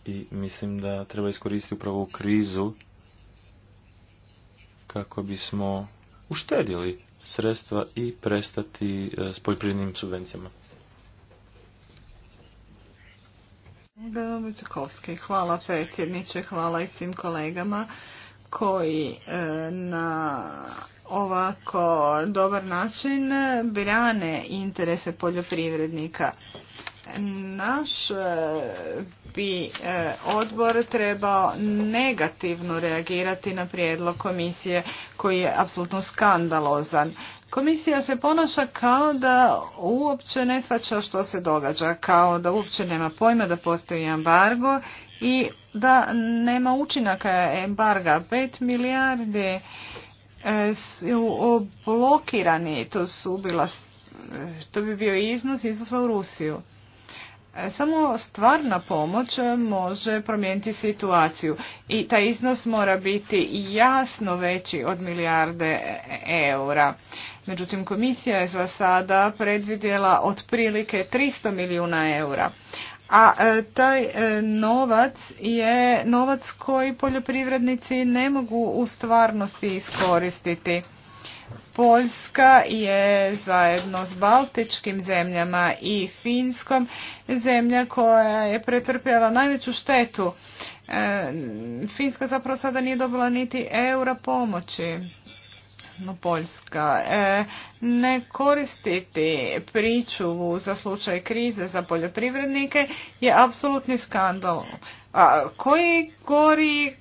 S4: i mislim da treba iskoristiti upravo krizu kako bismo uštedili sredstva i prestati e, s poljoprivrednim subvencijama.
S2: Hvala predsjedniče, hvala i svim kolegama koji e, na ovako dobar način brane interese poljoprivrednika naš e, bi e, odbor trebao negativno reagirati na prijedlog komisije koji je apsolutno skandalozan. Komisija se ponaša kao da uopće ne svača što se događa, kao da uopće nema pojma da postoji embargo i da nema učinaka embarga. 5 milijarde su blokirani, to su bila e, to bi bio iznos izvoza u Rusiju. E, samo stvarna pomoć može promijeniti situaciju i taj iznos mora biti jasno veći od milijarde eura. Međutim, komisija je za sada predvidjela otprilike 300 milijuna eura. A e, taj e, novac je novac koji poljoprivrednici ne mogu u stvarnosti iskoristiti. Poljska je zajedno s Baltičkim zemljama i Finskom zemlja koja je pretrpjela najveću štetu. E, Finska zapravo sada nije dobila niti eura pomoći. No, Poljska. E, ne koristiti priču za slučaj krize za poljoprivrednike je apsolutni skandal. A, koji gori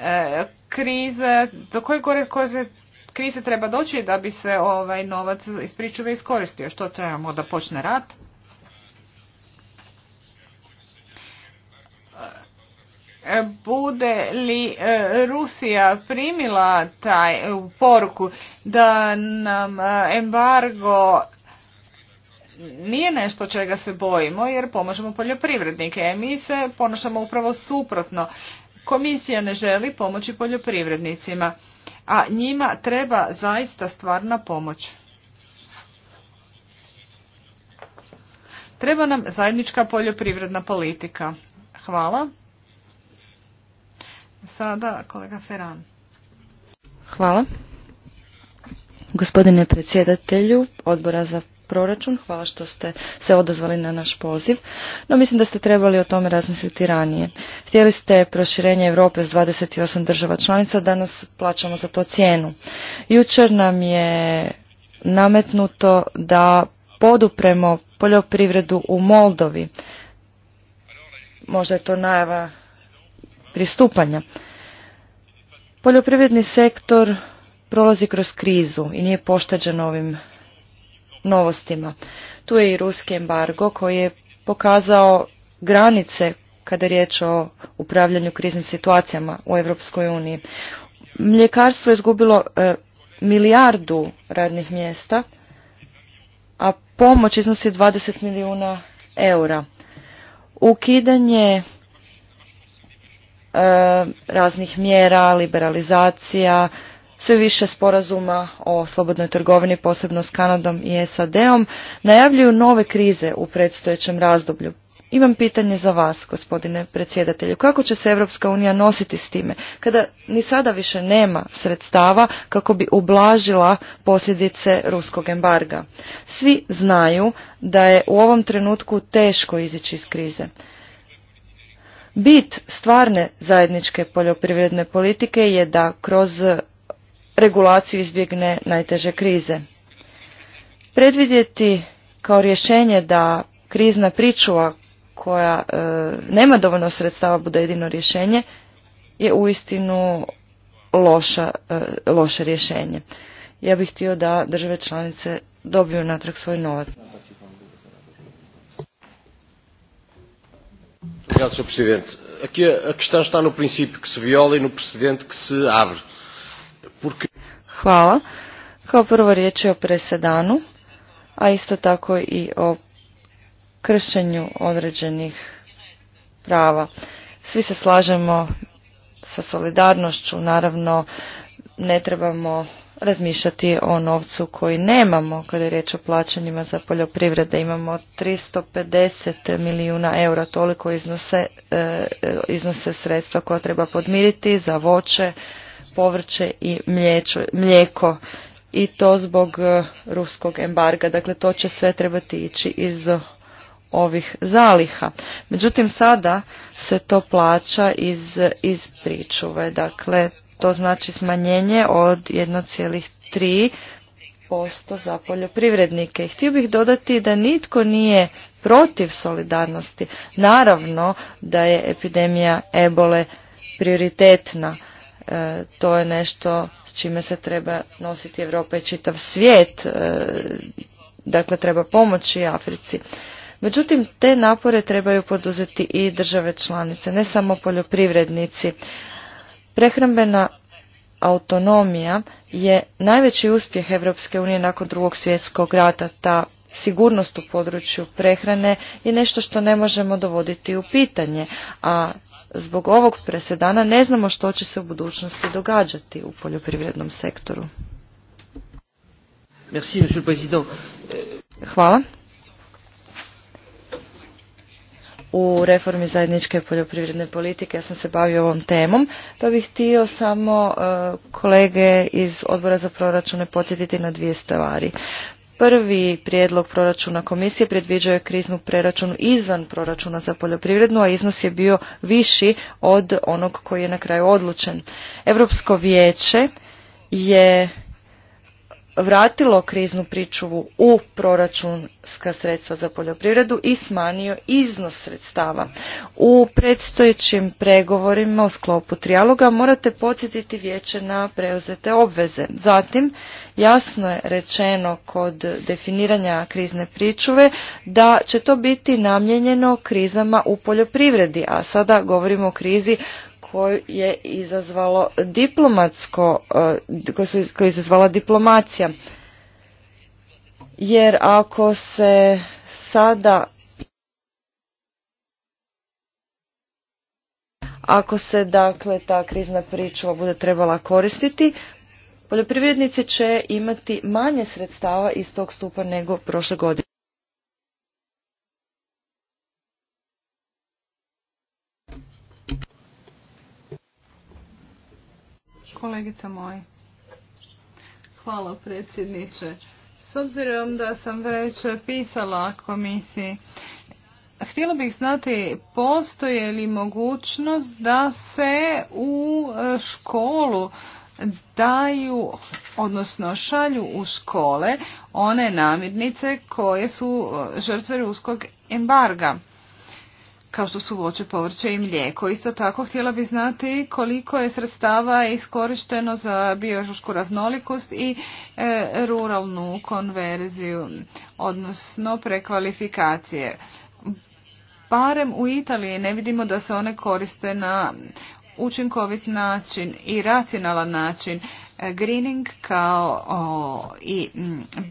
S2: e, krize, do koje gore koze se treba doći da bi se ovaj novac iz pričuve iskoristio. Što trebamo da počne rat? E, bude li e, Rusija primila taj e, poruku da nam embargo nije nešto čega se bojimo jer pomažemo poljoprivrednike. Mi se ponašamo upravo suprotno. Komisija ne želi pomoći poljoprivrednicima a njima treba zaista stvarna pomoć. Treba nam zajednička poljoprivredna politika. Hvala. Sada kolega Ferran.
S3: Hvala. Gospodine predsjedatelju odbora za proračun. Hvala što ste se odazvali na naš poziv. No mislim da ste trebali o tome razmisliti ranije. Htjeli ste proširenje Europe s 28 država članica, danas plaćamo za to cijenu. Jučer nam je nametnuto da podupremo poljoprivredu u Moldovi. Možda je to najava pristupanja. Poljoprivredni sektor prolazi kroz krizu i nije pošteđen ovim novostima. Tu je i ruski embargo koji je pokazao granice kada je riječ o upravljanju kriznim situacijama u Europskoj uniji. Mljekarstvo je izgubilo e, milijardu radnih mjesta, a pomoć iznosi 20 milijuna eura. Ukidanje e, raznih mjera, liberalizacija, sve više sporazuma o slobodnoj trgovini, posebno s Kanadom i SAD-om, najavljuju nove krize u predstojećem razdoblju. Imam pitanje za vas, gospodine predsjedatelju. Kako će se Europska unija nositi s time, kada ni sada više nema sredstava kako bi ublažila posljedice ruskog embarga? Svi znaju da je u ovom trenutku teško izići iz krize. Bit stvarne zajedničke poljoprivredne politike je da kroz regulaciju izbjegne najteže krize. Predvidjeti kao rješenje da krizna pričuva koja e, nema dovoljno sredstava bude jedino rješenje je uistinu loša, e, loše rješenje. Ja bih htio da države članice dobiju natrag svoj novac.
S1: Obrigado, Sr. Presidente. Aqui a questão está no princípio que se viola e no precedente que se abre. Porque...
S3: Hvala. Kao prvo riječ je o presedanu, a isto tako i o kršenju određenih prava. Svi se slažemo sa solidarnošću, naravno ne trebamo razmišljati o novcu koji nemamo kada je riječ o plaćanjima za poljoprivrede. Imamo 350 milijuna eura, toliko iznose, e, e, iznose sredstva koja treba podmiriti za voće, povrće i mlijeko i to zbog e, ruskog embarga. Dakle, to će sve trebati ići iz ovih zaliha. Međutim, sada se to plaća iz, pričuve. Dakle, to znači smanjenje od 1,3 posto za poljoprivrednike. htio bih dodati da nitko nije protiv solidarnosti. Naravno da je epidemija ebole prioritetna E, to je nešto s čime se treba nositi Europa i čitav svijet, e, dakle treba pomoći Africi. Međutim, te napore trebaju poduzeti i države članice, ne samo poljoprivrednici. Prehrambena autonomija je najveći uspjeh Europske unije nakon drugog svjetskog rata. Ta sigurnost u području prehrane je nešto što ne možemo dovoditi u pitanje, a zbog ovog presedana ne znamo što će se u budućnosti događati u poljoprivrednom sektoru. Merci, Hvala. U reformi zajedničke poljoprivredne politike ja sam se bavio ovom temom, pa bih htio samo e, kolege iz odbora za proračune podsjetiti na dvije stvari. Prvi prijedlog proračuna komisije predviđao kriznu preračunu izvan proračuna za poljoprivrednu, a iznos je bio viši od onog koji je na kraju odlučen. Europsko vijeće je vratilo kriznu pričuvu u proračunska sredstva za poljoprivredu i smanjio iznos sredstava. U predstojećim pregovorima o sklopu trijaloga morate podsjetiti vijeće na preuzete obveze. Zatim, jasno je rečeno kod definiranja krizne pričuve da će to biti namjenjeno krizama u poljoprivredi, a sada govorimo o krizi koju je izazvalo diplomatsko, e, koju, je izazvala diplomacija. Jer ako se sada ako se dakle ta krizna priča bude trebala koristiti, poljoprivrednici će imati manje sredstava iz tog stupa nego prošle godine.
S2: Kolegica moj. Hvala predsjedniče. S obzirom da sam već pisala komisiji, htjela bih znati postoje li mogućnost da se u e, školu daju, odnosno šalju u škole one namirnice koje su e, žrtve ruskog embarga kao što su voće, povrće i mlijeko. Isto tako htjela bi znati koliko je sredstava iskorišteno za biološku raznolikost i e, ruralnu konverziju, odnosno prekvalifikacije. Barem u Italiji ne vidimo da se one koriste na učinkovit način i racionalan način. E, greening kao o, i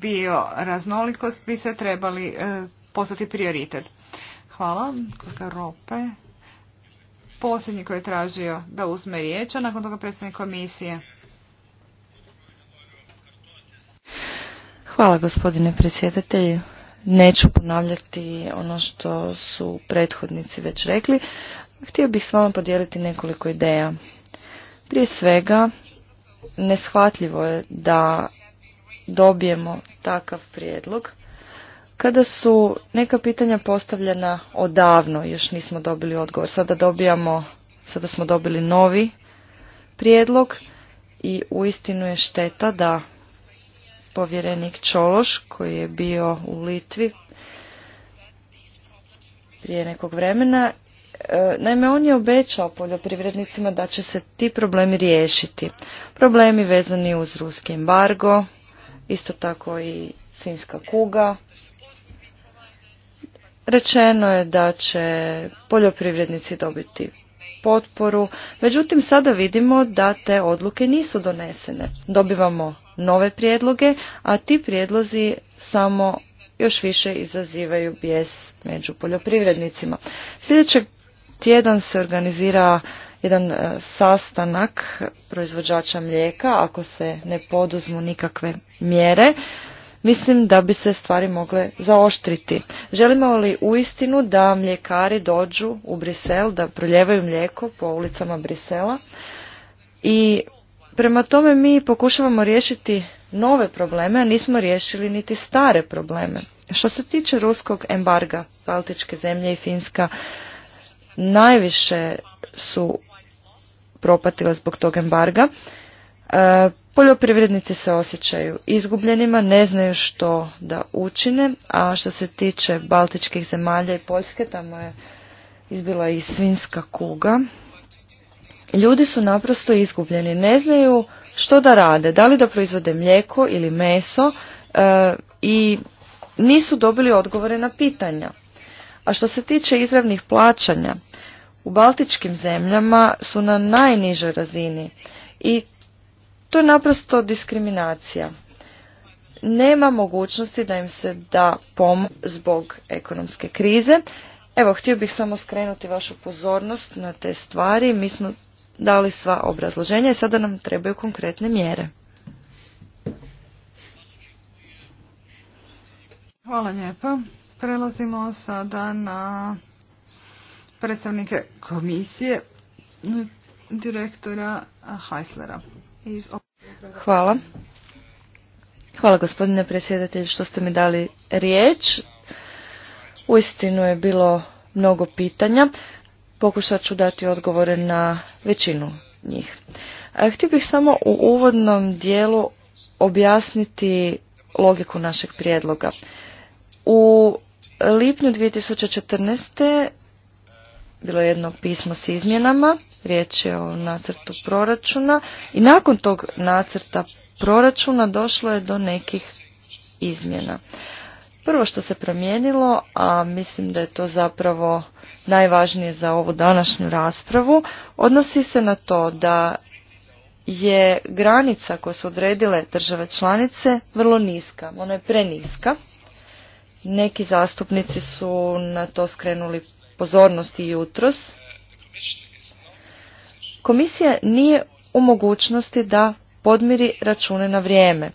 S2: bioraznolikost bi se trebali e, postati prioritet. Hvala, kolega Rope. Posljednji koji je tražio da uzme riječ, a nakon toga predstavnik komisije.
S3: Hvala gospodine predsjedatelju. Neću ponavljati ono što su prethodnici već rekli. Htio bih s vama podijeliti nekoliko ideja. Prije svega, neshvatljivo je da dobijemo takav prijedlog kada su neka pitanja postavljena odavno, još nismo dobili odgovor. Sada dobijamo, sada smo dobili novi prijedlog i uistinu je šteta da povjerenik Čološ koji je bio u Litvi prije nekog vremena. E, naime, on je obećao poljoprivrednicima da će se ti problemi riješiti. Problemi vezani uz ruski embargo, isto tako i sinska kuga, Rečeno je da će poljoprivrednici dobiti potporu, međutim sada vidimo da te odluke nisu donesene. Dobivamo nove prijedloge, a ti prijedlozi samo još više izazivaju bijes među poljoprivrednicima. Sljedećeg tjedan se organizira jedan e, sastanak proizvođača mlijeka ako se ne poduzmu nikakve mjere mislim da bi se stvari mogle zaoštriti. Želimo li uistinu da mljekari dođu u Brisel, da proljevaju mlijeko po ulicama Brisela i prema tome mi pokušavamo riješiti nove probleme, a nismo riješili niti stare probleme. Što se tiče ruskog embarga, Baltičke zemlje i Finska najviše su propatila zbog tog embarga. E, Poljoprivrednici se osjećaju izgubljenima, ne znaju što da učine, a što se tiče baltičkih zemalja i Poljske, tamo je izbila i svinska kuga. Ljudi su naprosto izgubljeni, ne znaju što da rade, da li da proizvode mlijeko ili meso e, i nisu dobili odgovore na pitanja. A što se tiče izravnih plaćanja, u baltičkim zemljama su na najnižoj razini i to je naprosto diskriminacija. Nema mogućnosti da im se da pom zbog ekonomske krize. Evo, htio bih samo skrenuti vašu pozornost na te stvari. Mi smo dali sva obrazloženja i sada nam trebaju konkretne mjere.
S2: Hvala lijepa. Prelazimo sada na predstavnike komisije direktora Heislera. Hvala.
S3: gospodine predsjedatelju što ste mi dali riječ. Uistinu je bilo mnogo pitanja. Pokušat ću dati odgovore na većinu njih. htio bih samo u uvodnom dijelu objasniti logiku našeg prijedloga. U lipnju 2014 bilo jedno pismo s izmjenama, riječ je o nacrtu proračuna i nakon tog nacrta proračuna došlo je do nekih izmjena. Prvo što se promijenilo, a mislim da je to zapravo najvažnije za ovu današnju raspravu, odnosi se na to da je granica koje su odredile države članice vrlo niska, ona je preniska. Neki zastupnici su na to skrenuli pozornosti jutros. Komisija nije u mogućnosti da podmiri račune na vrijeme.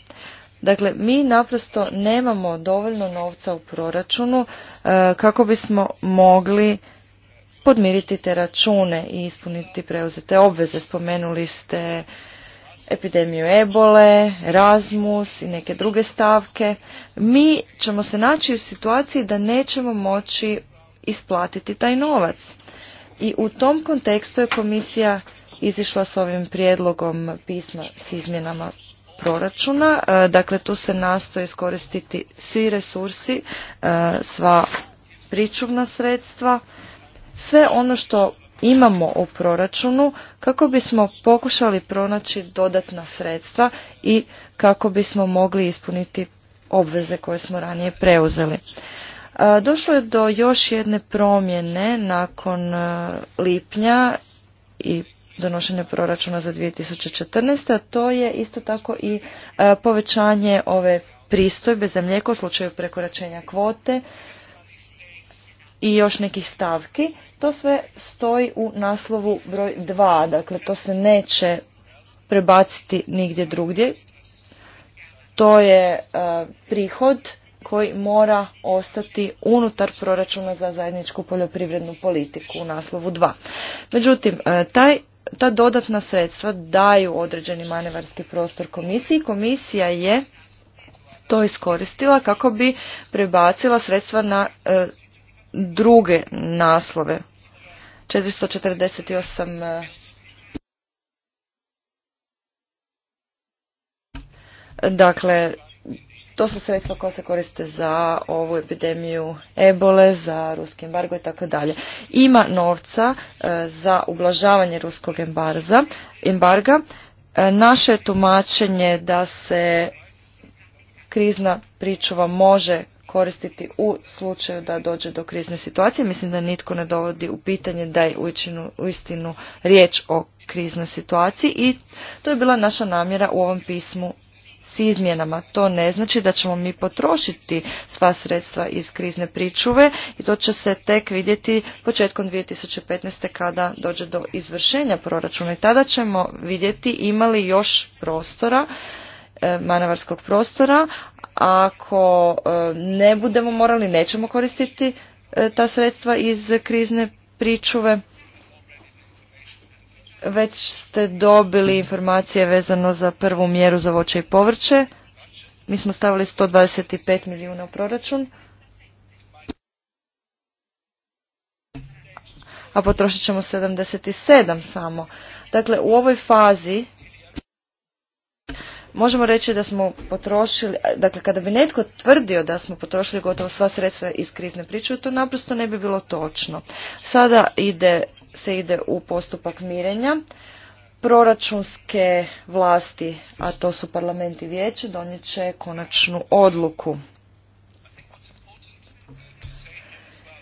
S3: Dakle, mi naprosto nemamo dovoljno novca u proračunu e, kako bismo mogli podmiriti te račune i ispuniti preuzete obveze. Spomenuli ste epidemiju ebole, razmus i neke druge stavke. Mi ćemo se naći u situaciji da nećemo moći isplatiti taj novac. I u tom kontekstu je komisija izišla s ovim prijedlogom pisma s izmjenama proračuna. E, dakle, tu se nastoje iskoristiti svi resursi, e, sva pričuvna sredstva, sve ono što imamo u proračunu kako bismo pokušali pronaći dodatna sredstva i kako bismo mogli ispuniti obveze koje smo ranije preuzeli. Došlo je do još jedne promjene nakon lipnja i donošenja proračuna za 2014. A to je isto tako i povećanje ove pristojbe za mlijeko u slučaju prekoračenja kvote i još nekih stavki. To sve stoji u naslovu broj 2, dakle to se neće prebaciti nigdje drugdje. To je prihod koji mora ostati unutar proračuna za zajedničku poljoprivrednu politiku u naslovu 2. Međutim, e, taj ta dodatna sredstva daju određeni manevarski prostor komisiji. Komisija je to iskoristila kako bi prebacila sredstva na e, druge naslove. 448 e, Dakle, to su sredstva koja se koriste za ovu epidemiju ebole, za ruski embargo i tako dalje. Ima novca e, za ublažavanje ruskog embarza, embarga. E, naše je tumačenje da se krizna pričuva može koristiti u slučaju da dođe do krizne situacije. Mislim da nitko ne dovodi u pitanje da je u istinu riječ o kriznoj situaciji i to je bila naša namjera u ovom pismu s izmjenama. To ne znači da ćemo mi potrošiti sva sredstva iz krizne pričuve i to će se tek vidjeti početkom 2015. kada dođe do izvršenja proračuna i tada ćemo vidjeti imali još prostora e, manevarskog prostora, ako e, ne budemo morali, nećemo koristiti e, ta sredstva iz krizne pričuve. Već ste dobili informacije vezano za prvu mjeru za voće i povrće. Mi smo stavili 125 milijuna u proračun. A potrošit ćemo 77 samo. Dakle, u ovoj fazi možemo reći da smo potrošili, dakle kada bi netko tvrdio da smo potrošili gotovo sva sredstva iz krizne priče, to naprosto ne bi bilo točno. Sada ide se ide u postupak mirenja. Proračunske vlasti, a to su parlament i vijeće, donijet će konačnu odluku.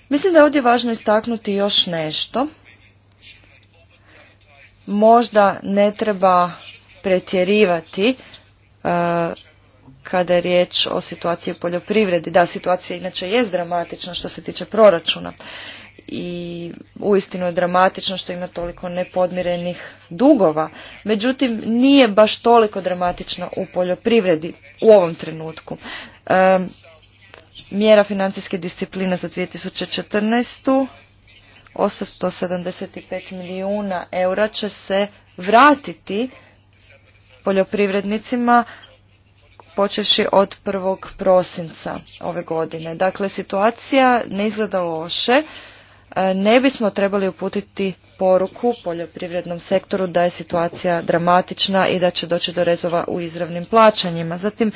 S3: Mislim da je ovdje važno istaknuti još nešto. Možda ne treba pretjerivati e, kada je riječ o situaciji u poljoprivredi. Da, situacija inače je dramatična što se tiče proračuna i uistinu je dramatično što ima toliko nepodmirenih dugova. Međutim, nije baš toliko dramatično u poljoprivredi u ovom trenutku. mjera financijske discipline za 2014. 875 milijuna eura će se vratiti poljoprivrednicima počevši od 1. prosinca ove godine. Dakle, situacija ne izgleda loše. E, ne bismo trebali uputiti poruku poljoprivrednom sektoru da je situacija dramatična i da će doći do rezova u izravnim plaćanjima. Zatim,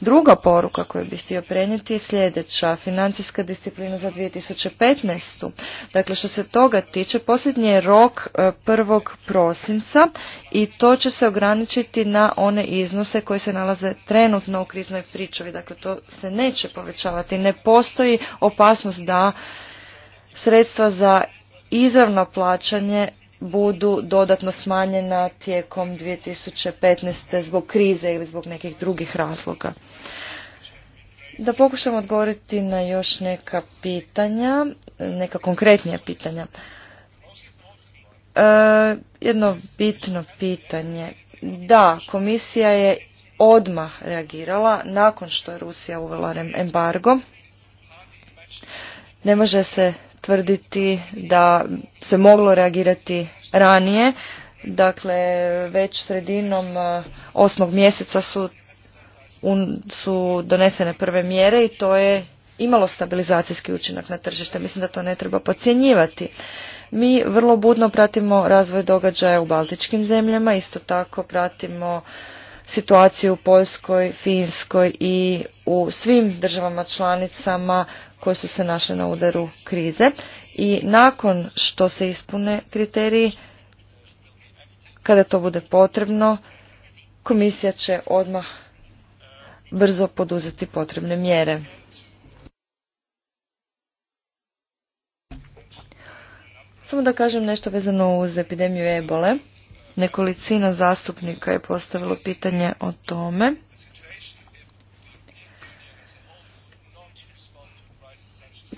S3: druga poruka koju bih htio prenijeti je sljedeća, financijska disciplina za 2015. Dakle, što se toga tiče, posljednji je rok 1. E, prosinca i to će se ograničiti na one iznose koji se nalaze trenutno u kriznoj pričovi. Dakle, to se neće povećavati. Ne postoji opasnost da sredstva za izravno plaćanje budu dodatno smanjena tijekom 2015. zbog krize ili zbog nekih drugih razloga. Da pokušam odgovoriti na još neka pitanja, neka konkretnija pitanja. E, jedno bitno pitanje. Da, komisija je odmah reagirala nakon što je Rusija uvela embargo. Ne može se tvrditi da se moglo reagirati ranije. Dakle, već sredinom e, osmog mjeseca su, su donesene prve mjere i to je imalo stabilizacijski učinak na tržište. Mislim da to ne treba pocijenjivati. Mi vrlo budno pratimo razvoj događaja u baltičkim zemljama, isto tako pratimo situaciju u Poljskoj, Finskoj i u svim državama članicama koje su se našle na udaru krize i nakon što se ispune kriteriji, kada to bude potrebno, komisija će odmah brzo poduzeti potrebne mjere. Samo da kažem nešto vezano uz epidemiju ebole. Nekolicina zastupnika je postavilo pitanje o tome.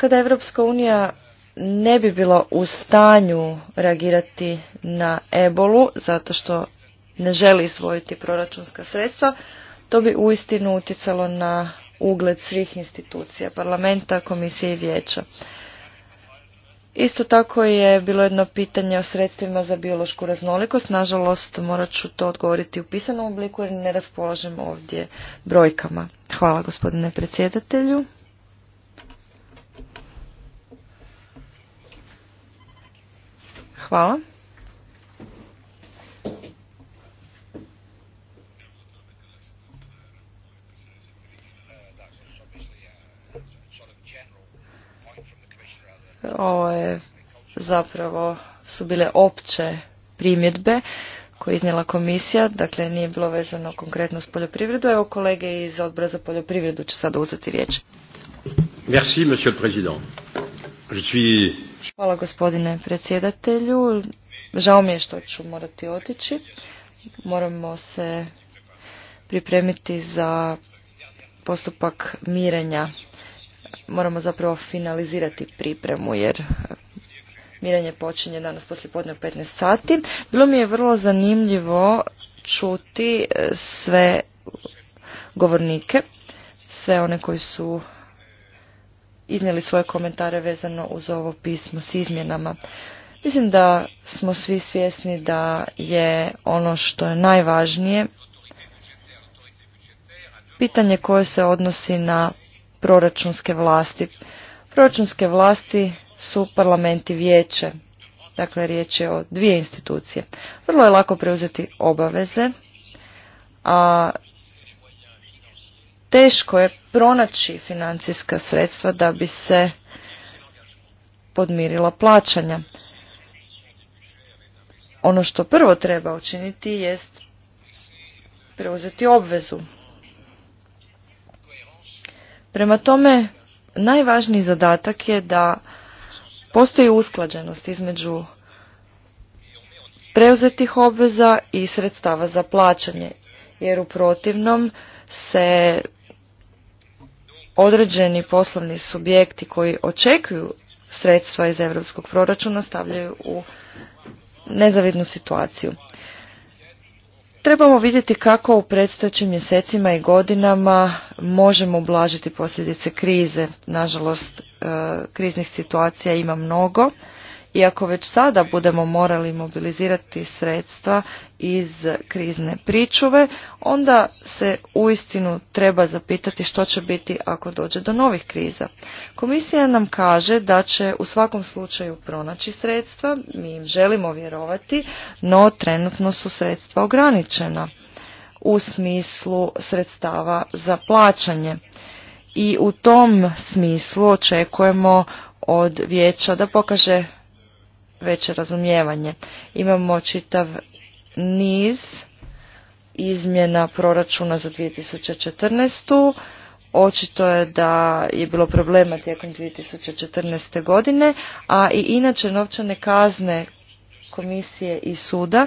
S3: Kada Evropska unija ne bi bila u stanju reagirati na ebolu zato što ne želi izvojiti proračunska sredstva, to bi uistinu utjecalo na ugled svih institucija, parlamenta, komisije i vijeća. Isto tako je bilo jedno pitanje o sredstvima za biološku raznolikost. Nažalost, morat ću to odgovoriti u pisanom obliku jer ne raspolažem ovdje brojkama. Hvala gospodine predsjedatelju. Hvala. Ovo zapravo su bile opće primjedbe koje je iznijela komisija, dakle nije bilo vezano konkretno s poljoprivredu. Evo kolege iz odbora za poljoprivredu će sada uzeti riječ.
S1: Merci, monsieur le président. Je suis
S3: Hvala gospodine predsjedatelju. Žao mi je što ću morati otići. Moramo se pripremiti za postupak mirenja. Moramo zapravo finalizirati pripremu jer mirenje počinje danas poslijepodne u 15 sati. Bilo mi je vrlo zanimljivo čuti sve govornike, sve one koji su iznijeli svoje komentare vezano uz ovo pismo s izmjenama. Mislim da smo svi svjesni da je ono što je najvažnije pitanje koje se odnosi na proračunske vlasti. Proračunske vlasti su parlamenti vijeće. Dakle, riječ je o dvije institucije. Vrlo je lako preuzeti obaveze, a teško je pronaći financijska sredstva da bi se podmirila plaćanja. Ono što prvo treba učiniti jest preuzeti obvezu. Prema tome, najvažniji zadatak je da postoji usklađenost između preuzetih obveza i sredstava za plaćanje, jer u protivnom se određeni poslovni subjekti koji očekuju sredstva iz europskog proračuna stavljaju u nezavidnu situaciju. Trebamo vidjeti kako u predstojećim mjesecima i godinama možemo ublažiti posljedice krize. Nažalost, e, kriznih situacija ima mnogo i ako već sada budemo morali mobilizirati sredstva iz krizne pričuve, onda se uistinu treba zapitati što će biti ako dođe do novih kriza. Komisija nam kaže da će u svakom slučaju pronaći sredstva, mi im želimo vjerovati, no trenutno su sredstva ograničena u smislu sredstava za plaćanje. I u tom smislu očekujemo od vijeća da pokaže veće razumijevanje. Imamo čitav niz izmjena proračuna za 2014. Očito je da je bilo problema tijekom 2014. godine, a i inače novčane kazne komisije i suda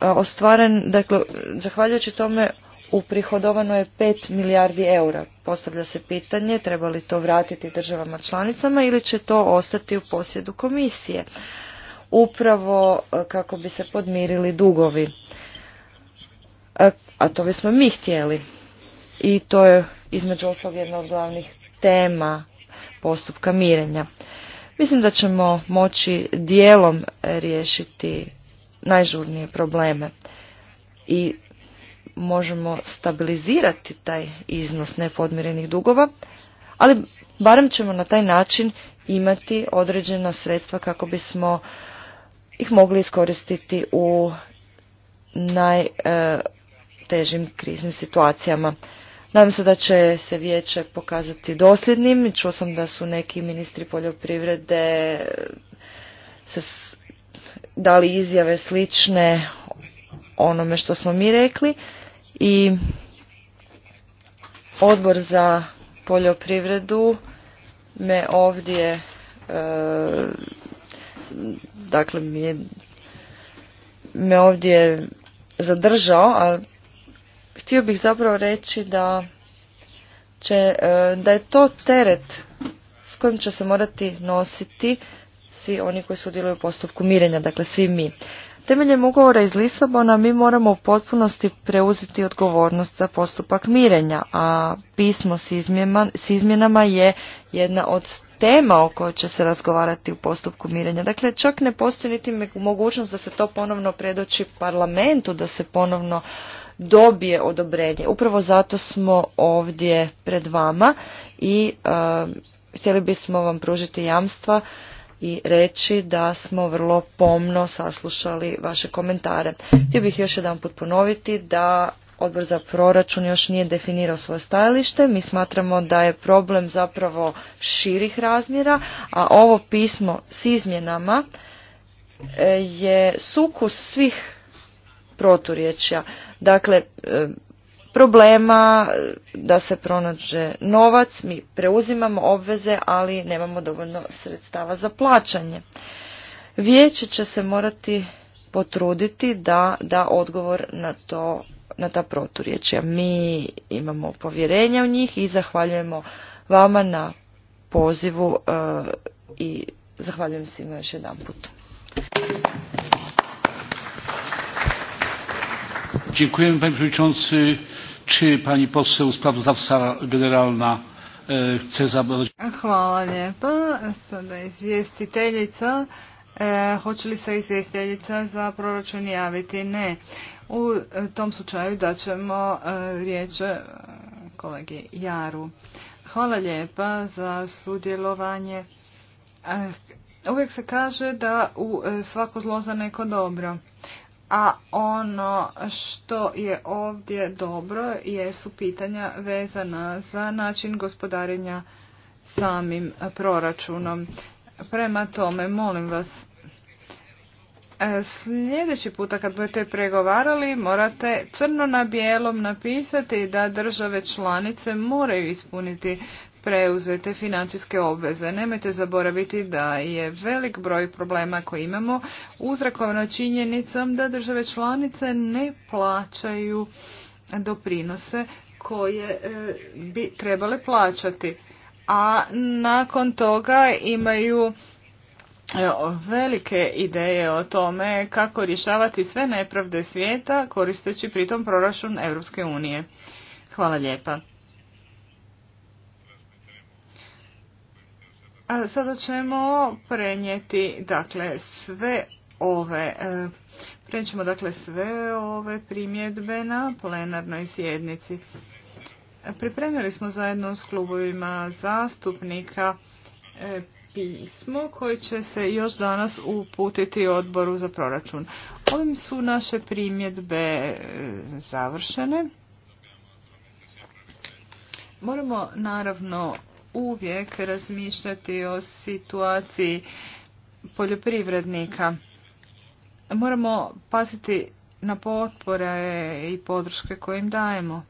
S3: e, ostvaren, dakle, zahvaljujući tome uprihodovano je 5 milijardi eura. Postavlja se pitanje treba li to vratiti državama članicama ili će to ostati u posjedu komisije upravo e, kako bi se podmirili dugovi. E, a to bismo mi htjeli. I to je između ostalog jedna od glavnih tema postupka mirenja. Mislim da ćemo moći dijelom riješiti najžurnije probleme i možemo stabilizirati taj iznos nepodmirenih dugova, ali barem ćemo na taj način imati određena sredstva kako bismo ih mogli iskoristiti u najtežim kriznim situacijama. Nadam se da će se vijeće pokazati dosljednim. Čuo sam da su neki ministri poljoprivrede se dali izjave slične onome što smo mi rekli i odbor za poljoprivredu me ovdje e, dakle mi je me ovdje zadržao a htio bih zapravo reći da će e, da je to teret s kojim će se morati nositi svi oni koji sudjeluju u postupku mirenja dakle svi mi Temeljem ugovora iz Lisabona mi moramo u potpunosti preuzeti odgovornost za postupak mirenja, a pismo s, s izmjenama je jedna od tema o kojoj će se razgovarati u postupku mirenja. Dakle, čak ne postoji niti mogućnost da se to ponovno predoči parlamentu, da se ponovno dobije odobrenje. Upravo zato smo ovdje pred vama i eh, htjeli bismo vam pružiti jamstva i reći da smo vrlo pomno saslušali vaše komentare. Htio bih još jedan put ponoviti da Odbor za proračun još nije definirao svoje stajalište. Mi smatramo da je problem zapravo širih razmjera, a ovo pismo s izmjenama e, je sukus svih proturječja. Dakle, e, problema da se pronađe novac, mi preuzimamo obveze, ali nemamo dovoljno sredstava za plaćanje. Vijeće će se morati potruditi da da odgovor na to na ta proturječja. Mi imamo povjerenja u njih i zahvaljujemo vama na pozivu e, i zahvaljujem svima još jedan put.
S1: Czy pani poseł sprawozdawca generalna e, chce zabrać?
S2: Hvala lijepa. Sada izvjestiteljica. E, hoće li se izvjestiteljica za proračun javiti? Ne. U tom slučaju da ćemo e, riječ e, kolegi Jaru. Hvala lijepa za sudjelovanje. E, uvijek se kaže da u svako zlo za neko dobro a ono što je ovdje dobro jesu pitanja vezana za način gospodarenja samim proračunom. Prema tome, molim vas, e, sljedeći puta kad budete pregovarali morate crno na bijelom napisati da države članice moraju ispuniti preuzete financijske obveze. Nemojte zaboraviti da je velik broj problema koji imamo uzrakovano činjenicom da države članice ne plaćaju doprinose koje e, bi trebale plaćati. A nakon toga imaju e, velike ideje o tome kako rješavati sve nepravde svijeta koristeći pritom proračun Europske unije. Hvala lijepa. sada ćemo prenijeti dakle sve ove e, prećemo dakle sve ove primjedbe na plenarnoj sjednici. Pripremili smo zajedno s klubovima zastupnika e, pismo koje će se još danas uputiti odboru za proračun. Ovim su naše primjedbe e, završene. Moramo naravno uvijek razmišljati o situaciji poljoprivrednika. Moramo paziti na potpore i podrške koje im dajemo.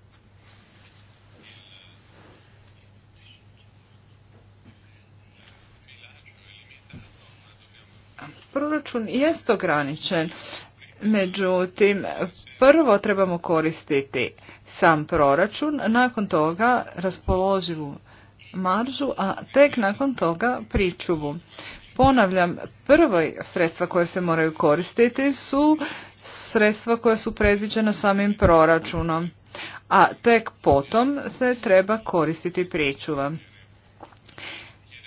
S2: Proračun jest ograničen, međutim, prvo trebamo koristiti sam proračun, nakon toga raspoloživu maržu, a tek nakon toga pričuvu. Ponavljam, prvo sredstva koje se moraju koristiti su sredstva koja su predviđena samim proračunom, a tek potom se treba koristiti pričuva.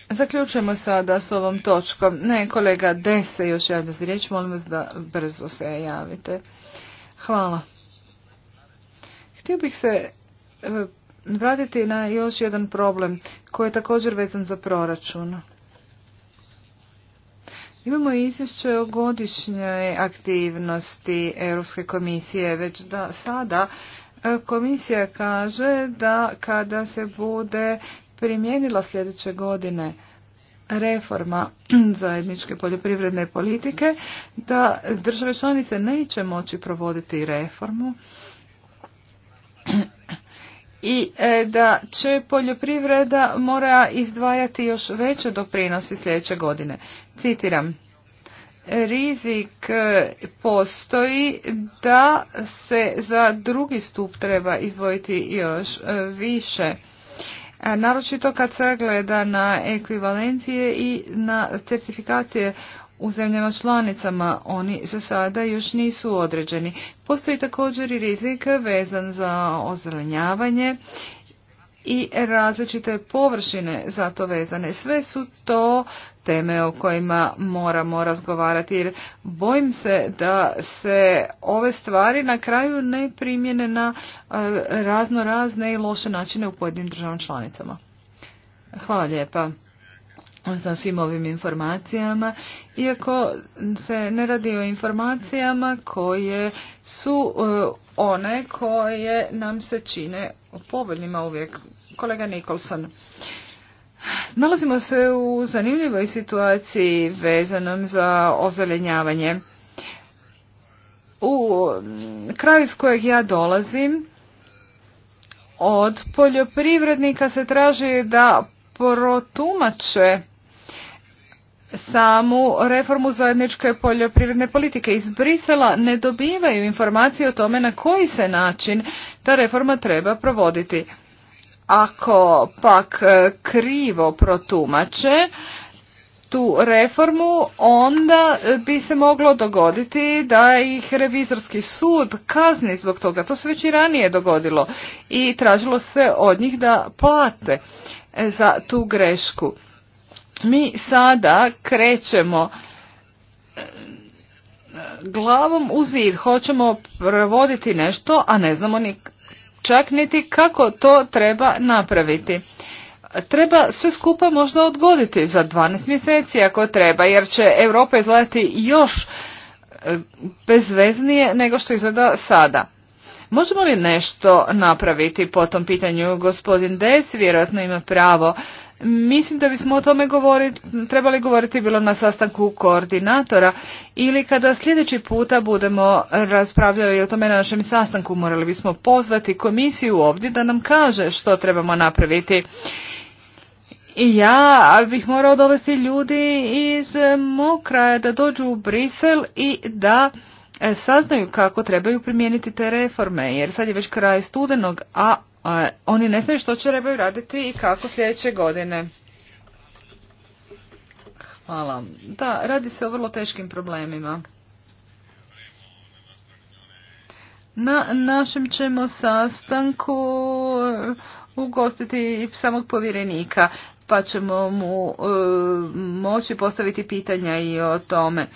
S2: Zaključujemo sada s ovom točkom. Ne, kolega, de se još javlja za riječ, molim vas da brzo se javite. Hvala. Htio bih se e, vratiti na još jedan problem koji je također vezan za proračun. Imamo izvješće o godišnjoj aktivnosti Europske komisije, već da sada e, komisija kaže da kada se bude primijenila sljedeće godine reforma <clears throat> zajedničke poljoprivredne politike, da države članice neće moći provoditi reformu <clears throat> i e, da će poljoprivreda mora izdvajati još veće doprinose sljedeće godine. Citiram, rizik e, postoji da se za drugi stup treba izdvojiti još e, više. Naročito kad se gleda na ekvivalencije i na certifikacije u zemljama članicama. Oni za sada još nisu određeni. Postoji također i rizik vezan za ozelenjavanje i različite površine za to vezane. Sve su to teme o kojima moramo razgovarati jer bojim se da se ove stvari na kraju ne primjene na razno razne i loše načine u pojedinim državama članicama. Hvala lijepa sa svim ovim informacijama, iako se ne radi o informacijama koje su e, one koje nam se čine povoljnima uvijek. Kolega Nikolson, nalazimo se u zanimljivoj situaciji vezanom za ozelenjavanje. U kraju iz kojeg ja dolazim, od poljoprivrednika se traži da protumače samu reformu zajedničke poljoprivredne politike. Iz Brisela ne dobivaju informacije o tome na koji se način ta reforma treba provoditi. Ako pak e, krivo protumače tu reformu, onda e, bi se moglo dogoditi da ih revizorski sud kazni zbog toga. To se već i ranije dogodilo i tražilo se od njih da plate e, za tu grešku. Mi sada krećemo e, glavom u zid, hoćemo provoditi nešto, a ne znamo ni čak niti kako to treba napraviti. Treba sve skupa možda odgoditi za 12 mjeseci ako treba, jer će Europa izgledati još e, bezveznije nego što izgleda sada. Možemo li nešto napraviti po tom pitanju? Gospodin Des vjerojatno ima pravo. Mislim da bismo o tome govoriti, trebali govoriti bilo na sastanku koordinatora ili kada sljedeći puta budemo raspravljali o tome na našem sastanku morali bismo pozvati komisiju ovdje da nam kaže što trebamo napraviti. I ja bih morao dovesti ljudi iz mog kraja da dođu u Brisel i da e, saznaju kako trebaju primijeniti te reforme jer sad je već kraj studenog, a oni ne znaju što će trebaju raditi i kako sljedeće godine. Hvala. Da, radi se o vrlo teškim problemima. Na našem ćemo sastanku ugostiti samog povjerenika, pa ćemo mu e, moći postaviti pitanja i o tome.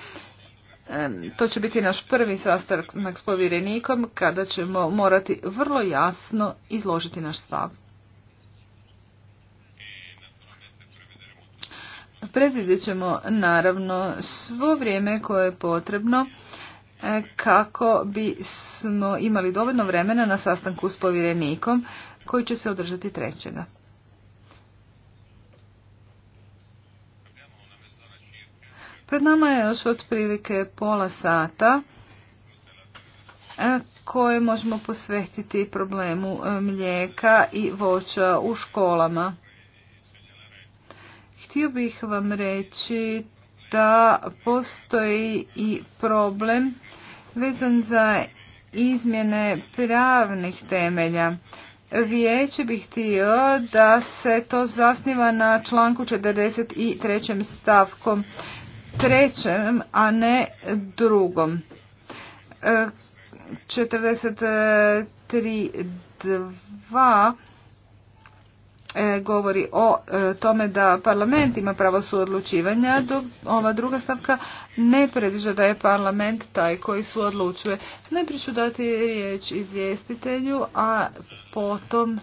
S2: To će biti naš prvi sastanak s povjerenikom kada ćemo morati vrlo jasno izložiti naš stav. Predvidjet ćemo naravno svo vrijeme koje je potrebno e, kako bi smo imali dovoljno vremena na sastanku s povjerenikom koji će se održati trećega. Pred nama je još otprilike pola sata e, koje možemo posvetiti problemu e, mlijeka i voća u školama. Htio bih vam reći da postoji i problem vezan za izmjene pravnih temelja. Vijeće bih htio da se to zasniva na članku 43. stavkom trećem, a ne drugom. 43.2 e, e, govori o e, tome da parlament ima pravo suodlučivanja, dok ova druga stavka ne predviđa da je parlament taj koji suodlučuje. Ne ću dati riječ izvjestitelju, a potom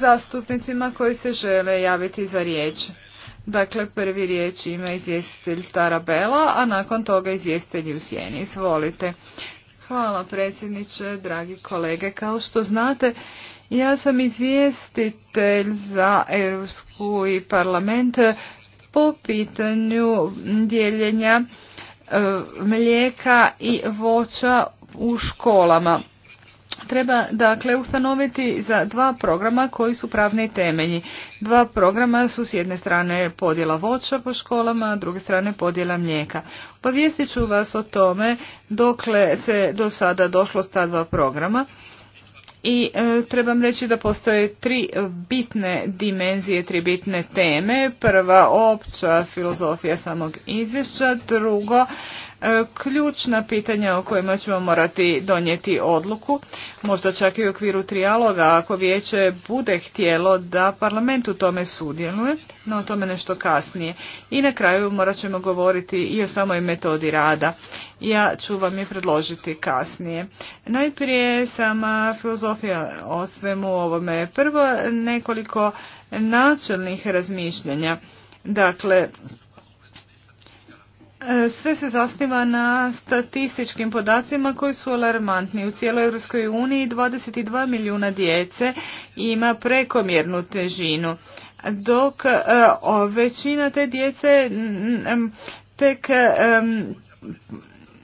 S2: zastupnicima koji se žele javiti za riječ. Dakle, prvi riječ ima izvjestitelj Tarabela, a nakon toga izvjestitelj u sjeni. Izvolite. Hvala predsjedniče, dragi kolege. Kao što znate, ja sam izvjestitelj za Europsku i parlament po pitanju dijeljenja e, mlijeka i voća u školama treba dakle ustanoviti za dva programa koji su pravni temelji. Dva programa su s jedne strane podjela voća po školama, a s druge strane podjela mlijeka. Povijestit ću vas o tome dokle se do sada došlo s ta dva programa. I e, trebam reći da postoje tri bitne dimenzije, tri bitne teme. Prva opća filozofija samog izvješća, drugo E, ključna pitanja o kojima ćemo morati donijeti odluku, možda čak i u okviru trijaloga ako vijeće bude htjelo da parlament u tome sudjeluje, no o tome nešto kasnije. I na kraju morat ćemo govoriti i o samoj metodi rada. Ja ću vam je predložiti kasnije. Najprije sama filozofija o svemu ovome. Prvo nekoliko načelnih razmišljanja. Dakle, sve se zasniva na statističkim podacima koji su alarmantni. U cijeloj Europskoj uniji 22 milijuna djece ima prekomjernu težinu, dok e, većina te djece tek e,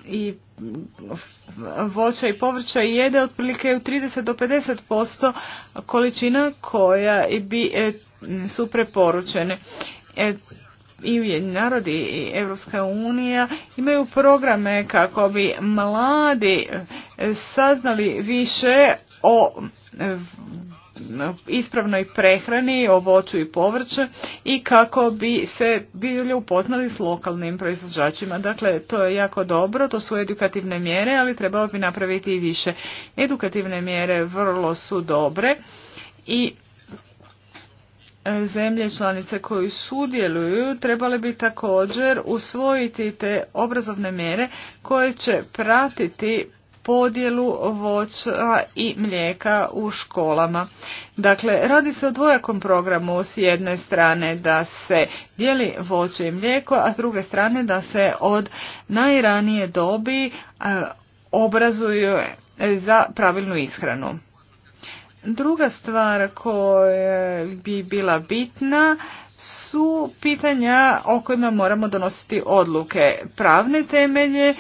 S2: i voća i povrća jede otprilike u 30 do 50% količina koja bi e, su preporučene i Ujedinjeni narodi i Europska unija imaju programe kako bi mladi e, saznali više o e, ispravnoj prehrani, o voću i povrću i kako bi se bili upoznali s lokalnim proizvođačima. Dakle, to je jako dobro, to su edukativne mjere, ali trebalo bi napraviti i više. Edukativne mjere vrlo su dobre i zemlje članice koji sudjeluju trebale bi također usvojiti te obrazovne mjere koje će pratiti podjelu voća i mlijeka u školama. Dakle, radi se o dvojakom programu s jedne strane da se dijeli voće i mlijeko, a s druge strane da se od najranije dobi eh, obrazuju za pravilnu ishranu. Druga stvar koja bi bila bitna su pitanja o kojima moramo donositi odluke. Pravne temelje,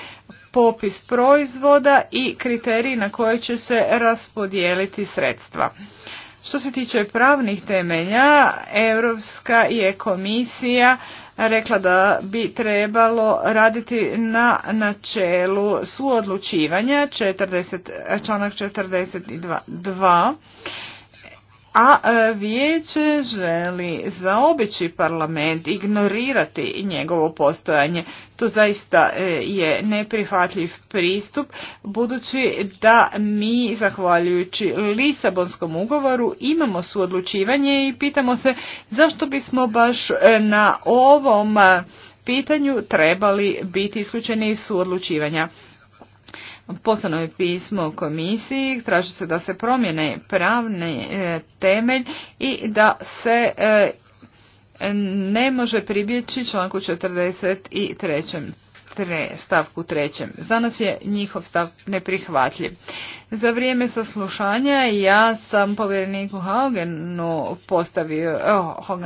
S2: popis proizvoda i kriteriji na koje će se raspodijeliti sredstva. Što se tiče pravnih temelja, Europska je komisija rekla da bi trebalo raditi na načelu suodlučivanja, 40, članak 42 a e, vijeće želi zaobići parlament, ignorirati njegovo postojanje. To zaista e, je neprihvatljiv pristup, budući da mi, zahvaljujući Lisabonskom ugovoru, imamo suodlučivanje i pitamo se zašto bismo baš e, na ovom pitanju trebali biti isključeni iz suodlučivanja poslano je pismo komisiji, traži se da se promjene pravni e, temelj i da se e, ne može pribjeći članku 43 doktrine stavku trećem. Za nas je njihov stav neprihvatljiv. Za vrijeme saslušanja ja sam povjereniku Haugenu postavio, oh,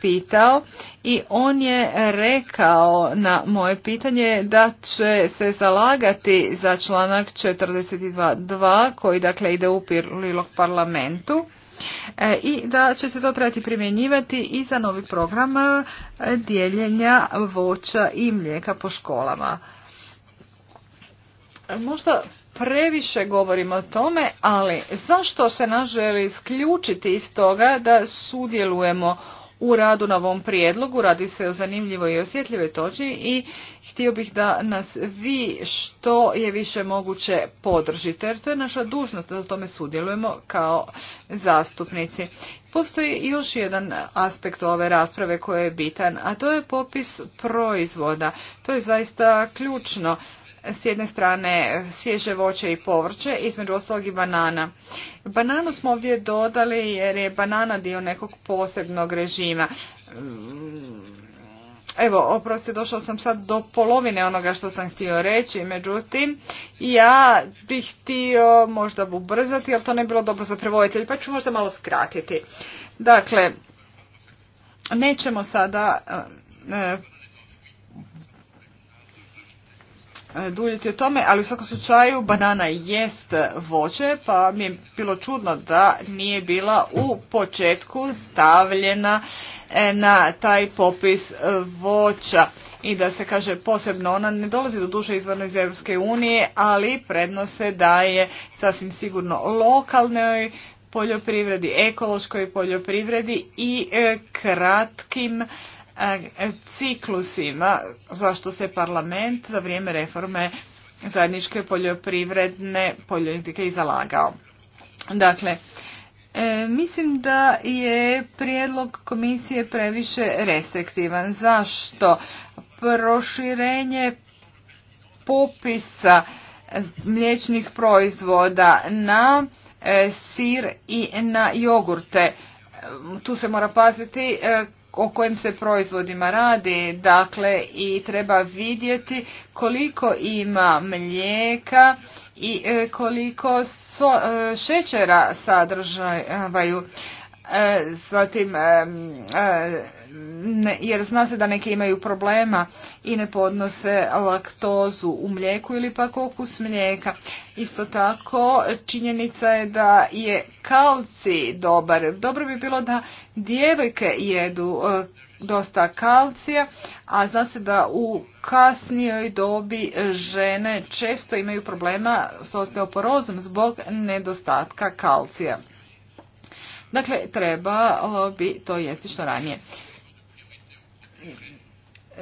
S2: pitao i on je rekao na moje pitanje da će se zalagati za članak 42.2 koji dakle ide u prilog parlamentu E, i da će se to trebati primjenjivati i za novi program e, dijeljenja voća i mlijeka po školama. Možda previše govorimo o tome, ali zašto se nas želi isključiti iz toga da sudjelujemo u radu na ovom prijedlogu. Radi se o zanimljivoj i osjetljivoj točki i htio bih da nas vi što je više moguće podržite, jer to je naša dužnost da u tome sudjelujemo kao zastupnici. Postoji još jedan aspekt ove rasprave koji je bitan, a to je popis proizvoda. To je zaista ključno s jedne strane svježe voće i povrće, između ostalog i banana. Bananu smo ovdje dodali jer je banana dio nekog posebnog režima. Mm, evo, oprosti, došao sam sad do polovine onoga što sam htio reći, međutim, ja bih htio možda ubrzati, ali to ne bilo dobro za prevojitelj, pa ću možda malo skratiti. Dakle, nećemo sada e, E, duljiti o tome, ali u svakom slučaju banana jest voće, pa mi je bilo čudno da nije bila u početku stavljena e, na taj popis e, voća i da se kaže posebno ona ne dolazi do duše izvorno iz Europske unije, ali prednose da je sasvim sigurno lokalnoj poljoprivredi, ekološkoj poljoprivredi i kratkim ciklusima zašto se parlament za vrijeme reforme zajedničke poljoprivredne politike i zalagao. Dakle, e, mislim da je prijedlog komisije previše restriktivan. Zašto? Proširenje popisa mliječnih proizvoda na e, sir i na jogurte. Tu se mora paziti e, o kojim se proizvodima radi, dakle i treba vidjeti koliko ima mlijeka i e, koliko e, šećera sadržavaju e, zatim jer zna se da neke imaju problema i ne podnose laktozu u mlijeku ili pak okus mlijeka. Isto tako činjenica je da je kalci dobar. Dobro bi bilo da djevojke jedu e, dosta kalcija, a zna se da u kasnijoj dobi žene često imaju problema s osteoporozom zbog nedostatka kalcija. Dakle, trebalo bi to jesti što ranije.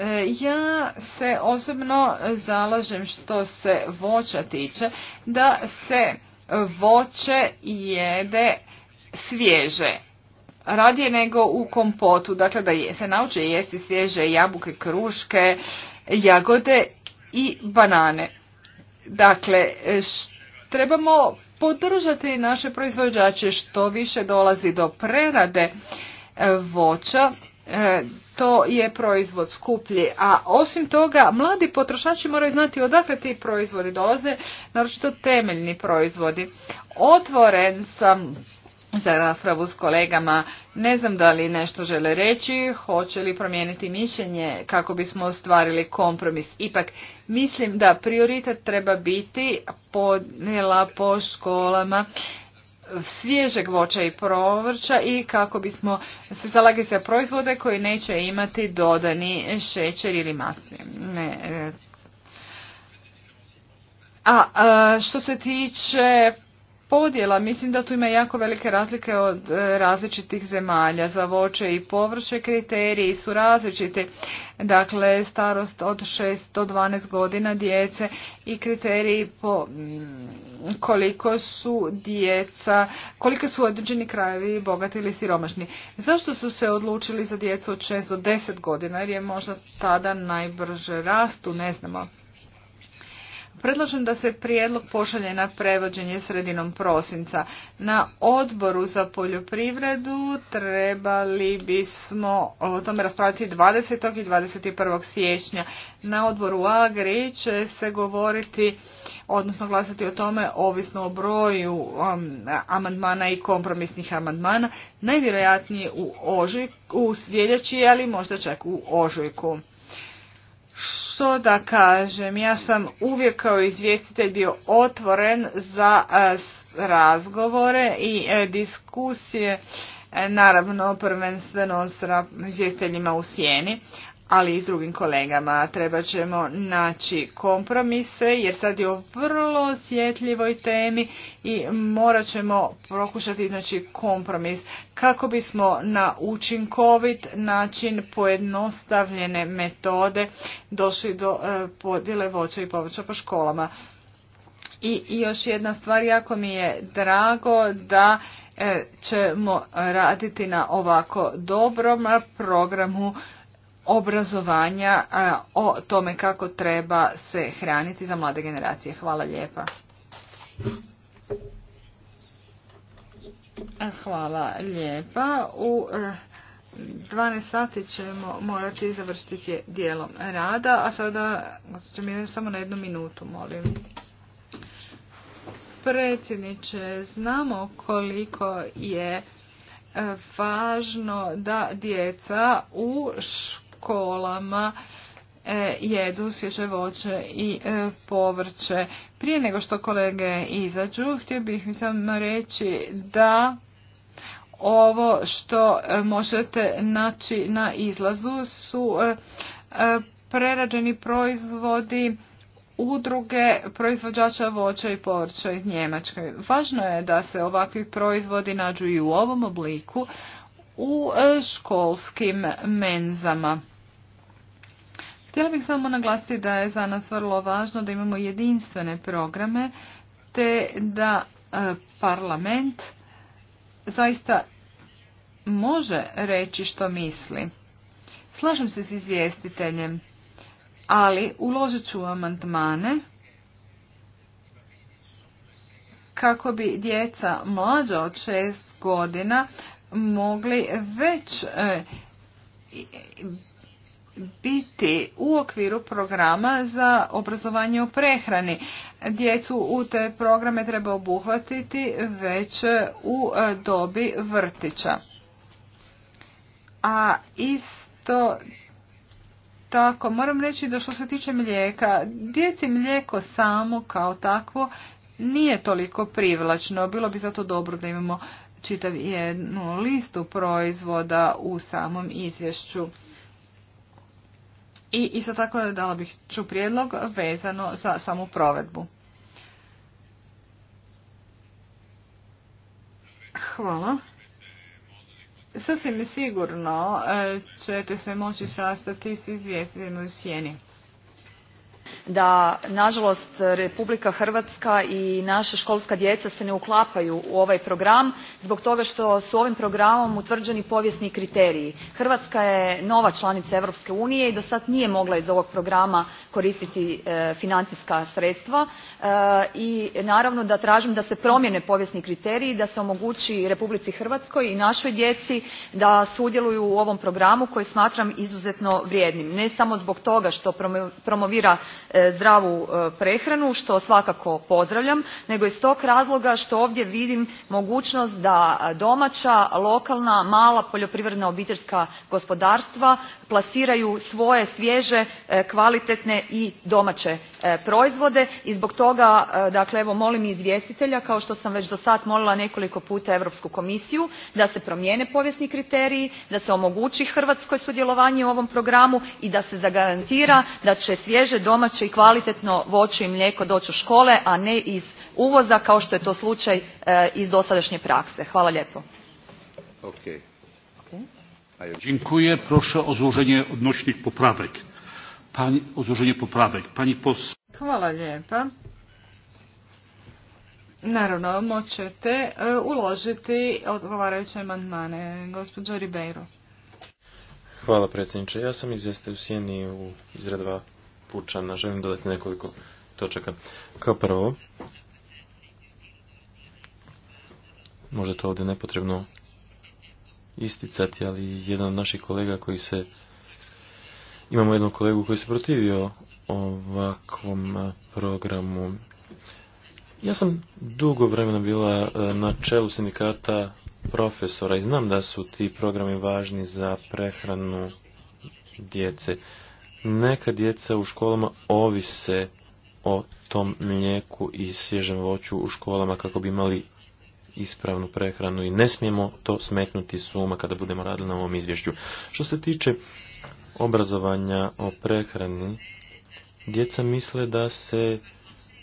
S2: E, ja se osobno zalažem što se voća tiče da se voće jede svježe radije nego u kompotu. Dakle, da se nauče jesti svježe jabuke, kruške, jagode i banane. Dakle, e, trebamo podržati naše proizvođače što više dolazi do prerade e, voća to je proizvod skuplji. A osim toga, mladi potrošači moraju znati odakle ti proizvodi dolaze, naročito temeljni proizvodi. Otvoren sam za raspravu s kolegama. Ne znam da li nešto žele reći, hoće li promijeniti mišljenje kako bismo ostvarili kompromis. Ipak mislim da prioritet treba biti podnijela po školama svježeg voća i provrća i kako bismo se zalagali za proizvode koji neće imati dodani šećer ili masne. E. A što se tiče podjela. Mislim da tu ima jako velike razlike od e, različitih zemalja. Za voće i povrće kriteriji su različiti. Dakle, starost od 6 do 12 godina djece i kriteriji po mm, koliko su djeca, koliko su određeni krajevi bogati ili siromašni. Zašto su se odlučili za djecu od 6 do 10 godina? Jer je možda tada najbrže rastu, ne znamo. Predlažem da se prijedlog pošalje na prevođenje sredinom prosinca. Na odboru za poljoprivredu trebali bismo o tome raspraviti 20. i 21. siječnja. Na odboru Agri će se govoriti, odnosno glasati o tome, ovisno o broju um, amandmana i kompromisnih amandmana, najvjerojatnije u, ožujku, u svjeljači, ali možda čak u ožujku što da kažem, ja sam uvijek kao izvjestitelj bio otvoren za e, razgovore i e, diskusije, e, naravno prvenstveno s izvjestiteljima u sjeni, ali i s drugim kolegama. Treba ćemo naći kompromise jer sad je o vrlo osjetljivoj temi i morat ćemo prokušati iznaći kompromis kako bismo na učinkovit način pojednostavljene metode došli do e, podjele voća i povrća po školama. I, I još jedna stvar, jako mi je drago da e, ćemo raditi na ovako dobrom programu obrazovanja o tome kako treba se hraniti za mlade generacije. Hvala lijepa. Hvala lijepa. U 12 e, sati ćemo morati završiti dijelom rada, a sada gospođo samo na jednu minutu, molim. Predsjedniče, znamo koliko je e, važno da djeca u školu kolama, e, jedu svježe voće i e, povrće. Prije nego što kolege izađu, htio bih mi samo reći da ovo što e, možete naći na izlazu su prerađeni proizvodi udruge proizvođača voća i povrća iz Njemačke. Važno je da se ovakvi proizvodi nađu i u ovom obliku u školskim menzama. Htjela bih samo naglasiti da je za nas vrlo važno da imamo jedinstvene programe te da e, parlament zaista može reći što misli. Slažem se s izvjestiteljem, ali uložit ću amandmane kako bi djeca mlađa od šest godina mogli već e, biti u okviru programa za obrazovanje u prehrani. Djecu u te programe treba obuhvatiti već u e, dobi vrtića. A isto tako, moram reći da što se tiče mlijeka, djeci mlijeko samo kao takvo nije toliko privlačno. Bilo bi zato dobro da imamo čitav jednu listu proizvoda u samom izvješću. I isto tako dala bih ću prijedlog vezano za samu provedbu. Hvala. Sasvim sigurno e, ćete se moći sastati s izvjestiteljima u sjeni
S5: da nažalost republika hrvatska i naša školska djeca se ne uklapaju u ovaj program zbog toga što su ovim programom utvrđeni povijesni kriteriji. hrvatska je nova članica europske unije i do sad nije mogla iz ovog programa koristiti e, financijska sredstva e, i naravno da tražim da se promijene povijesni kriteriji da se omogući republici hrvatskoj i našoj djeci da sudjeluju u ovom programu koji smatram izuzetno vrijednim ne samo zbog toga što promovira E, zdravu e, prehranu što svakako pozdravljam nego iz tog razloga što ovdje vidim mogućnost da domaća lokalna mala poljoprivredna obiteljska gospodarstva plasiraju svoje svježe e, kvalitetne i domaće e, proizvode i zbog toga e, dakle evo molim izvjestitelja kao što sam već do sad molila nekoliko puta europsku komisiju da se promijene povijesni kriteriji da se omogući hrvatskoj sudjelovanje u ovom programu i da se zagarantira da će svježe domaće i kvalitetno voće i mlijeko doći u škole a ne iz uvoza kao što je to slučaj iz dosadašnje prakse. hvala lijepo.
S1: Dziękuję. Proszę o złożenie odnośnych poprawek. Pani, o złożenie poprawek. Pani pos...
S5: Hvala
S2: lijepa. Naravno, moćete e, uložiti odgovarajuće amandmane. Gospođo Ribeiro.
S4: Hvala predsjedniče. Ja sam izvjestitelj u Sjeni u izredva Pučana. Želim dodati nekoliko točaka. Kao prvo, možda to ovdje nepotrebno isticati, ali jedan od naših kolega koji se, imamo jednog kolegu koji se protivio ovakvom programu. Ja sam dugo vremena bila na čelu sindikata profesora i znam da su ti programi važni za prehranu djece. Neka djeca u školama ovise o tom mlijeku i svježem voću u školama kako bi imali ispravnu prehranu i ne smijemo to smetnuti suma kada budemo radili na ovom izvješću. Što se tiče obrazovanja o prehrani, djeca misle da se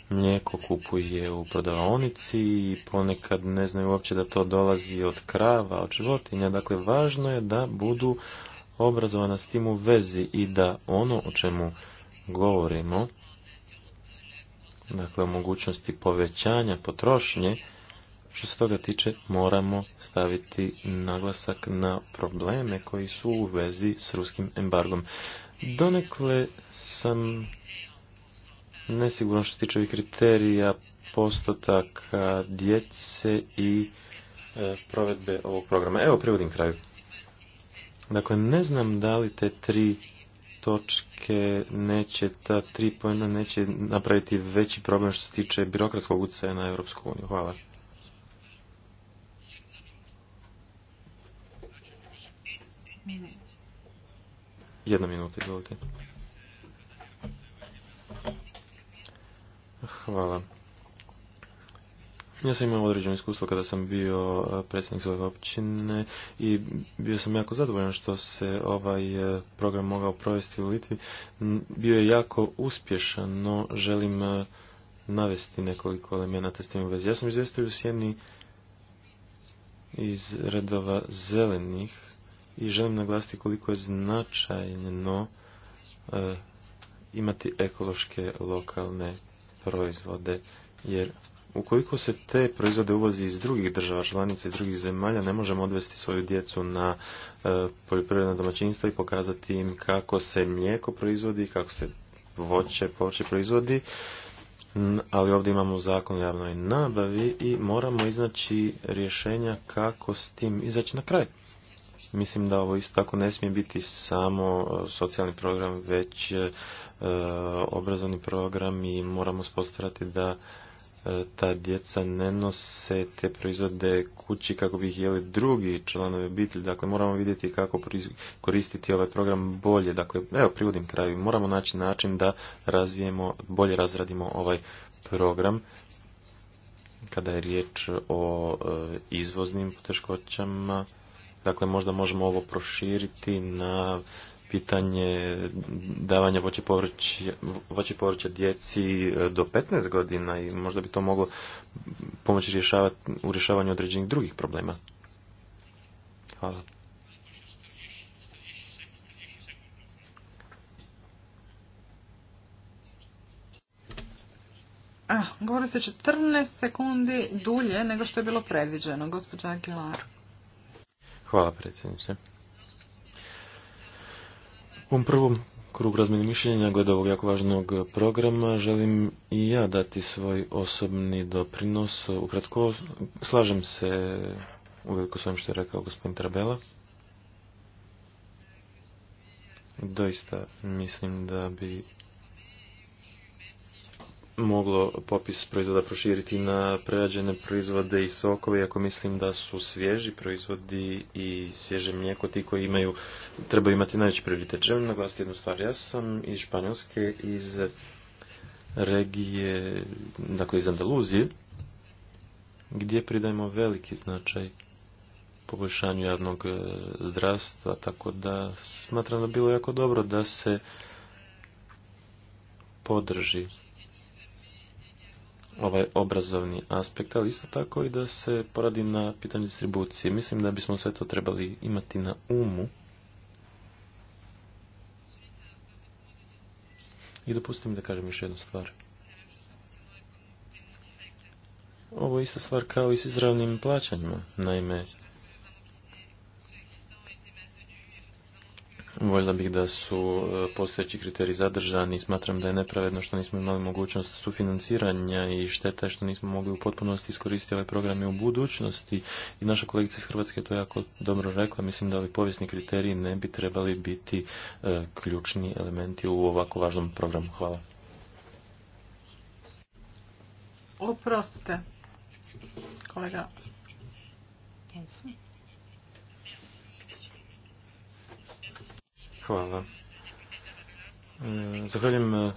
S4: mlijeko kupuje u prodavaonici i ponekad ne znaju uopće da to dolazi od krava, od životinja. Dakle, važno je da budu obrazovana s tim u vezi i da ono o čemu govorimo, dakle o mogućnosti povećanja potrošnje, što se toga tiče, moramo staviti naglasak na probleme koji su u vezi s ruskim embargom. Donekle sam nesiguran što se tiče ovih kriterija postotaka djece i e, provedbe ovog programa. Evo, privodim kraju. Dakle, ne znam da li te tri točke neće, ta tri pojena neće napraviti veći problem što se tiče birokratskog utjecaja na Europsku uniju. Hvala. Jedna minuta, izvolite. Hvala. Ja sam imao određeno iskustvo kada sam bio eh, predsjednik svoje općine i bio sam jako zadovoljan što se ovaj eh, program mogao provesti u Litvi. Bio je jako uspješan, no želim eh, navesti nekoliko elemenata s tim u vezi. Ja sam izvestio u Sjeni iz redova zelenih i želim naglasiti koliko je značajno e, imati ekološke lokalne proizvode, jer ukoliko se te proizvode uvozi iz drugih država članica i drugih zemalja, ne možemo odvesti svoju djecu na e, poljoprivredna domaćinstva i pokazati im kako se mlijeko proizvodi, kako se voće, povrće proizvodi, ali ovdje imamo zakon o javnoj nabavi i moramo iznaći rješenja kako s tim izaći na kraj. Mislim da ovo isto tako ne smije biti samo e, socijalni program, već e, obrazovni program i moramo spostarati da e, ta djeca ne nose te proizvode kući kako bi ih jeli drugi članovi obitelji. Dakle, moramo vidjeti kako koristiti ovaj program bolje. Dakle, evo, privodim kraju. Moramo naći način da razvijemo, bolje razradimo ovaj program kada je riječ o izvoznim poteškoćama Dakle, možda možemo ovo proširiti na pitanje davanja voće povrće, voće djeci e, do 15 godina i možda bi to moglo pomoći rješavati, u rješavanju određenih drugih problema. Hvala.
S2: Ah, govorili ste 14 sekundi dulje nego što je bilo predviđeno, gospođa Aguilar.
S4: Hvala predsjedniče. U prvom krugu razmjene mišljenja glede ovog jako važnog programa želim i ja dati svoj osobni doprinos. Ukratko, slažem se uveliko s ovim što je rekao gospodin Trabela. Doista mislim da bi moglo popis proizvoda proširiti na prerađene proizvode i sokove, ako mislim da su svježi proizvodi i svježe mlijeko ti koji imaju, trebaju imati najveći prioritet. Želim naglasiti jednu stvar. Ja sam iz Španjolske, iz regije, dakle iz Andaluzije, gdje pridajemo veliki značaj poboljšanju javnog e, zdravstva, tako da smatram da bilo jako dobro da se podrži ovaj obrazovni aspekt, ali isto tako i da se poradi na pitanju distribucije. Mislim da bismo sve to trebali imati na umu. I dopustim da kažem još jednu stvar. Ovo je ista stvar kao i s izravnim plaćanjima. Naime, Voljela bih da su e, postojeći kriteriji zadržani. Smatram da je nepravedno što nismo imali mogućnost sufinanciranja i šteta što nismo mogli u potpunosti iskoristiti ove ovaj programe u budućnosti. I naša kolegica iz Hrvatske je to jako dobro rekla. Mislim da ovi povijesni kriteriji ne bi trebali biti e, ključni elementi u ovako važnom programu. Hvala.
S2: Oprostite, kolega.
S4: Hvala. Mm, zahvaljujem eh,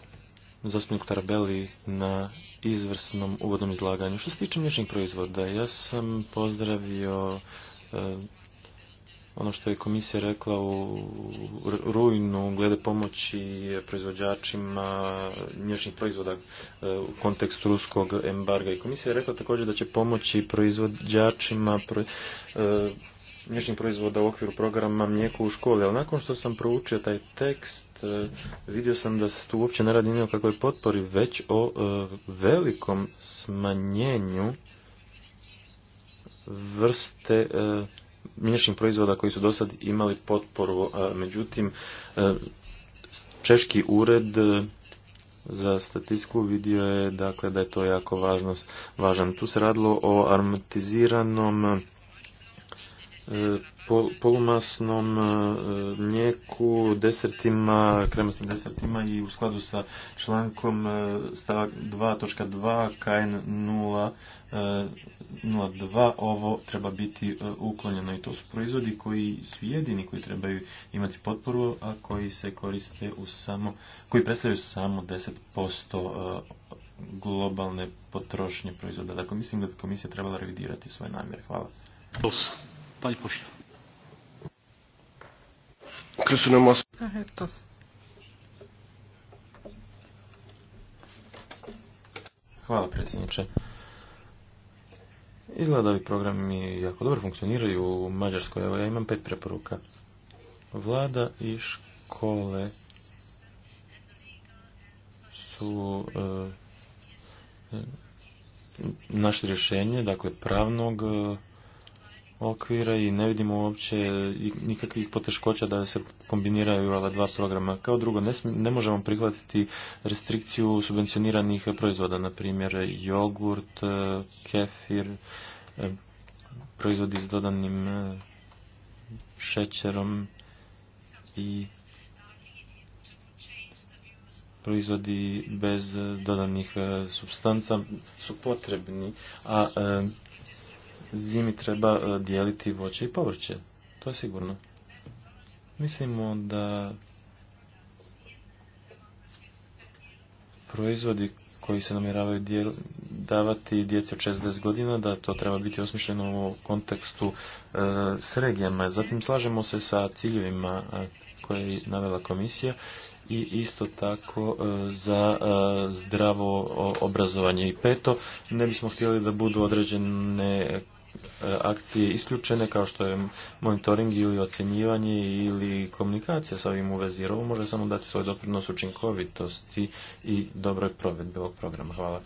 S4: zastupniku Tarabeli na izvrsnom uvodnom izlaganju. Što se tiče mliječnih proizvoda, ja sam pozdravio eh, ono što je komisija rekla u rujnu glede pomoći proizvođačima mliječnih proizvoda eh, u kontekstu ruskog embarga. I komisija je rekla također da će pomoći proizvođačima mliječnih proizvoda u okviru programa mlijeko u školi, ali nakon što sam proučio taj tekst, e, vidio sam da se tu uopće ne radi ni o kakvoj potpori, već o e, velikom smanjenju vrste e, mliječnih proizvoda koji su do sad imali potporu, međutim Češki ured za statistiku vidio je dakle da je to jako važno, važan. Tu se radilo o aromatiziranom E, polumasnom e, mlijeku, desertima, kremasnim desertima i u skladu sa člankom e, stavak 2.2 KN 0.02 ovo treba biti uklonjeno i to su proizvodi koji su jedini koji trebaju imati potporu, a koji se koriste u samo, koji predstavljaju samo 10% globalne potrošnje proizvoda. Dakle, mislim da bi komisija trebala revidirati svoje namjere. Hvala. Pani Hvala predsjedniče. Izgleda ovi programi jako dobro funkcioniraju u Mađarskoj. Evo ja imam pet preporuka. Vlada i škole su eh, našli rješenje, dakle pravnog eh, okvira i ne vidimo uopće nikakvih poteškoća da se kombiniraju ova dva programa. Kao drugo, ne, možemo prihvatiti restrikciju subvencioniranih proizvoda, na primjer jogurt, e, kefir, e, proizvodi s dodanim e, šećerom i proizvodi bez dodanih substanca su potrebni, a zimi treba e, dijeliti voće i povrće. To je sigurno. Mislimo da proizvodi koji se namjeravaju davati djeci od 60 godina, da to treba biti osmišljeno u kontekstu e, s regijama. Zatim slažemo se sa ciljevima e, koje je navela komisija i isto tako za zdravo obrazovanje. I peto, ne bismo htjeli da budu određene E, akcije isključene kao što je monitoring ili ocjenjivanje ili komunikacija sa ovim u vezi jer ovo može samo dati svoj doprinos učinkovitosti i dobroj provedbi ovog programa. Hvala.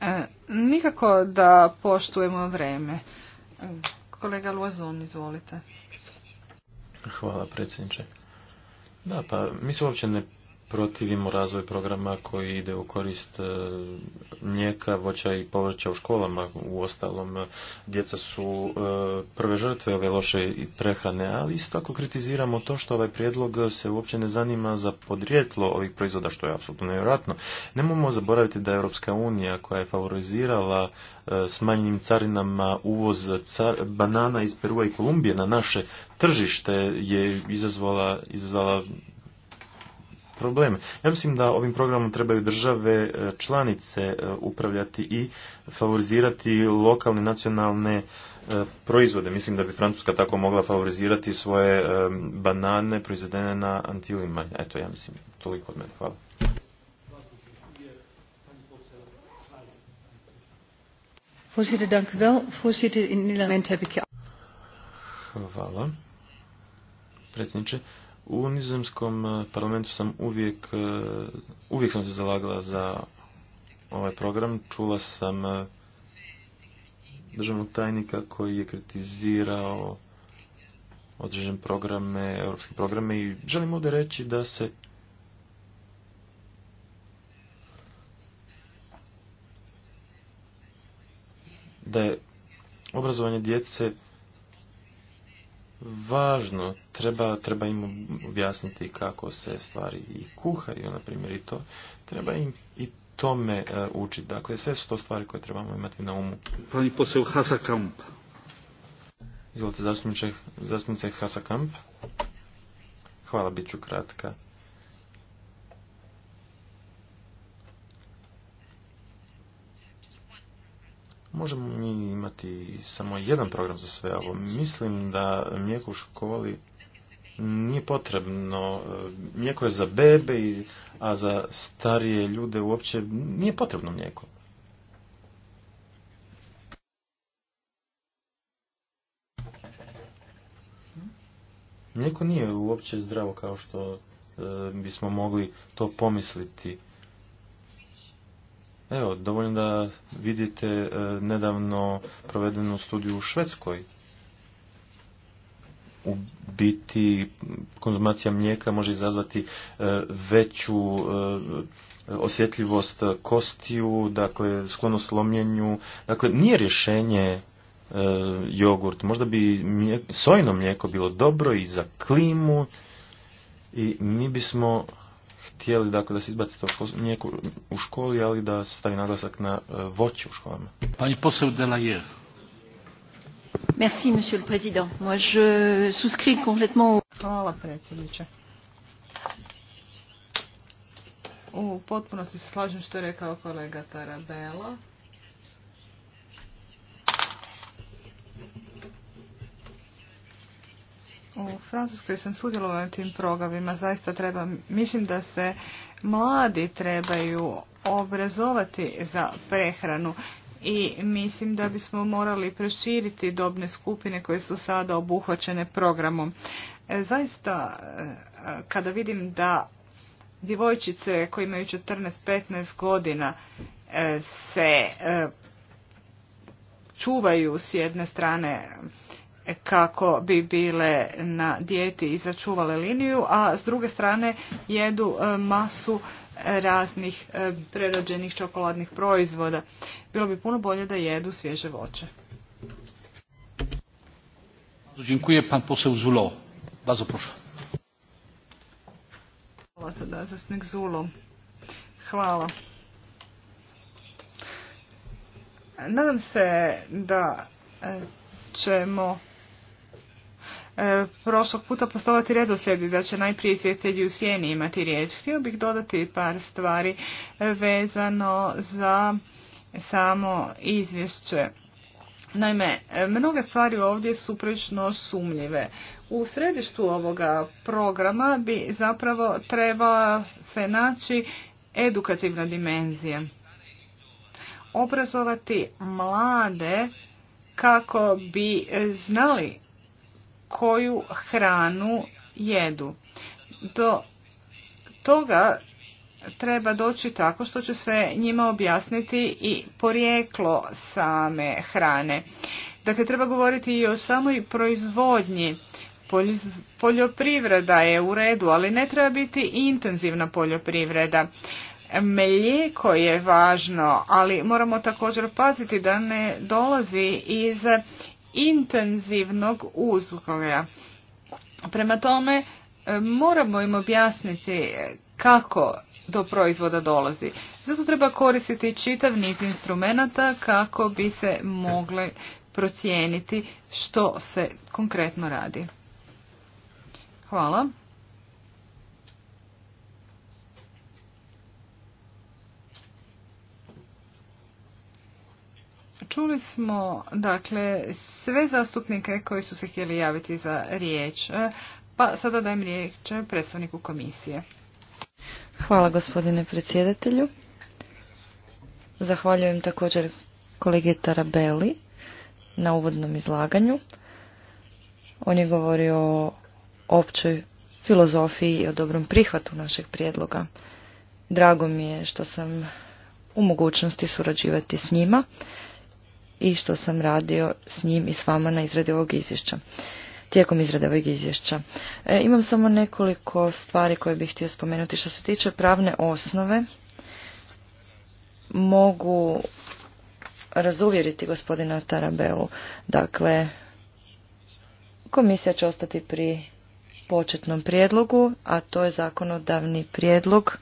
S2: E, nikako da poštujemo vreme. Kolega Luazon, izvolite.
S4: Hvala predsjedniče. Da, pa mi se uopće ne protivimo razvoj programa koji ide u korist e, mlijeka, voća i povrća u školama. U ostalom, e, djeca su e, prve žrtve ove loše prehrane, ali isto tako kritiziramo to što ovaj prijedlog se uopće ne zanima za podrijetlo ovih proizvoda, što je apsolutno nevjerojatno. Nemojmo zaboraviti da je Europska unija koja je favorizirala smanjenim carinama uvoz car, banana iz Perua i Kolumbije na naše tržište je izazvala, izazvala problem. Ja mislim da ovim programom trebaju države e, članice e, upravljati i favorizirati lokalne nacionalne e, proizvode. Mislim da bi Francuska tako mogla favorizirati svoje banane proizvedene na Antilima. Eto, ja mislim, toliko od mene. Hvala. Hvala. Predsjedniče, u nizozemskom eh, parlamentu sam uvijek, eh, uvijek sam se zalagala za ovaj program. Čula sam eh, državnog tajnika koji je kritizirao određene programe, europske programe i želim ovdje reći da se da je obrazovanje djece važno. Treba, treba im objasniti kako se stvari i kuhaju, na primjer, i to. Treba im i tome e, učiti. Dakle, sve su to stvari koje trebamo imati na umu. Pani posel Hasakamp. Izvolite, zastupnice Hasakamp. Hvala, bit ću kratka. Možemo mi imati samo jedan program za sve ovo. Mislim da mlijeko u školi nije potrebno. E, mlijeko je za bebe, a za starije ljude uopće nije potrebno mlijeko. Mlijeko nije uopće zdravo kao što e, bismo mogli to pomisliti. Evo, dovoljno da vidite e, nedavno provedenu studiju u Švedskoj. U biti konzumacija mlijeka može izazvati e, veću e, osjetljivost kostiju, dakle sklonost slomljenju. Dakle, nije rješenje jogurt. Možda bi mlijeko, sojno mlijeko bilo dobro i za klimu i mi bismo htjeli dakle, da se izbaci to mlijeko u školi, ali da se stavi naglasak na e,
S1: voće u školama. Pani la jer.
S3: Merci, monsieur le président. Moi, je souscris complètement... Hvala, predsjedniče.
S2: U potpunosti se slažem što je rekao kolega Tarabela. U Francuskoj sam sudjelovao na tim programima, zaista treba, mislim da se mladi trebaju obrazovati za prehranu i mislim da bismo morali proširiti dobne skupine koje su sada obuhvaćene programom. E, zaista, e, kada vidim da djevojčice koje imaju 14-15 godina e, se čuvaju s jedne strane kako bi bile na dijeti i začuvale liniju, a s druge strane jedu e, masu e, raznih e, prerađenih čokoladnih proizvoda. Bilo bi puno bolje da jedu svježe voće.
S1: Dziękuję pan poseł proszę.
S2: Hvala sada za Zulo. Hvala. Nadam se da ćemo E, prošlog puta postavati redoslijed da će najprije izvjetelji u sjeni imati riječ. Htio bih dodati par stvari vezano za samo izvješće. Naime, mnoge stvari ovdje su prilično sumljive. U središtu ovoga programa bi zapravo trebala se naći edukativna dimenzija. Obrazovati mlade kako bi znali koju hranu jedu. Do toga treba doći tako što će se njima objasniti i porijeklo same hrane. Dakle, treba govoriti i o samoj proizvodnji. Poljoprivreda je u redu, ali ne treba biti intenzivna poljoprivreda. Mlijeko je važno, ali moramo također paziti da ne dolazi iz intenzivnog uzgoja. Prema tome e, moramo im objasniti kako do proizvoda dolazi. Zato treba koristiti čitav niz instrumenata kako bi se mogle procijeniti što se konkretno radi. Hvala. Čuli smo, dakle, sve zastupnike koji su se htjeli javiti za riječ, e, pa sada dajem riječ predstavniku komisije.
S3: Hvala gospodine predsjedatelju. Zahvaljujem također kolegi Tarabeli na uvodnom izlaganju. On je govorio o općoj filozofiji i o dobrom prihvatu našeg prijedloga. Drago mi je što sam u mogućnosti surađivati s njima i što sam radio s njim i s vama na izradi ovog izvješća tijekom izrade ovog izvješća. E, imam samo nekoliko stvari koje bih htio spomenuti. Što se tiče pravne osnove, mogu razuvjeriti gospodina Tarabelu. Dakle, komisija će ostati pri početnom prijedlogu, a to je zakonodavni prijedlog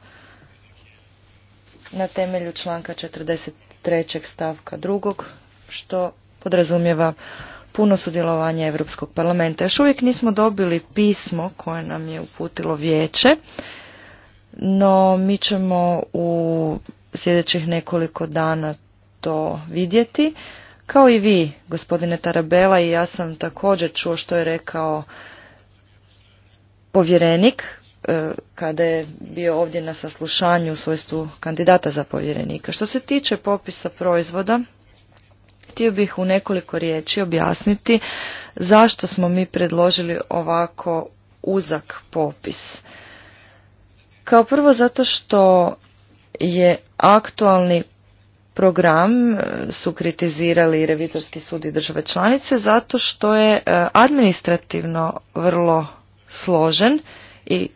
S3: na temelju članka 43. stavka 2 što podrazumijeva puno sudjelovanje Europskog parlamenta. Još uvijek nismo dobili pismo koje nam je uputilo vijeće, no mi ćemo u sljedećih nekoliko dana to vidjeti. Kao i vi, gospodine Tarabela, i ja sam također čuo što je rekao povjerenik e, kada je bio ovdje na saslušanju u svojstvu kandidata za povjerenika. Što se tiče popisa proizvoda, htio bih u nekoliko riječi objasniti zašto smo mi predložili ovako uzak popis. Kao prvo zato što je aktualni program e, su kritizirali revizorski sud i države članice zato što je e, administrativno vrlo složen i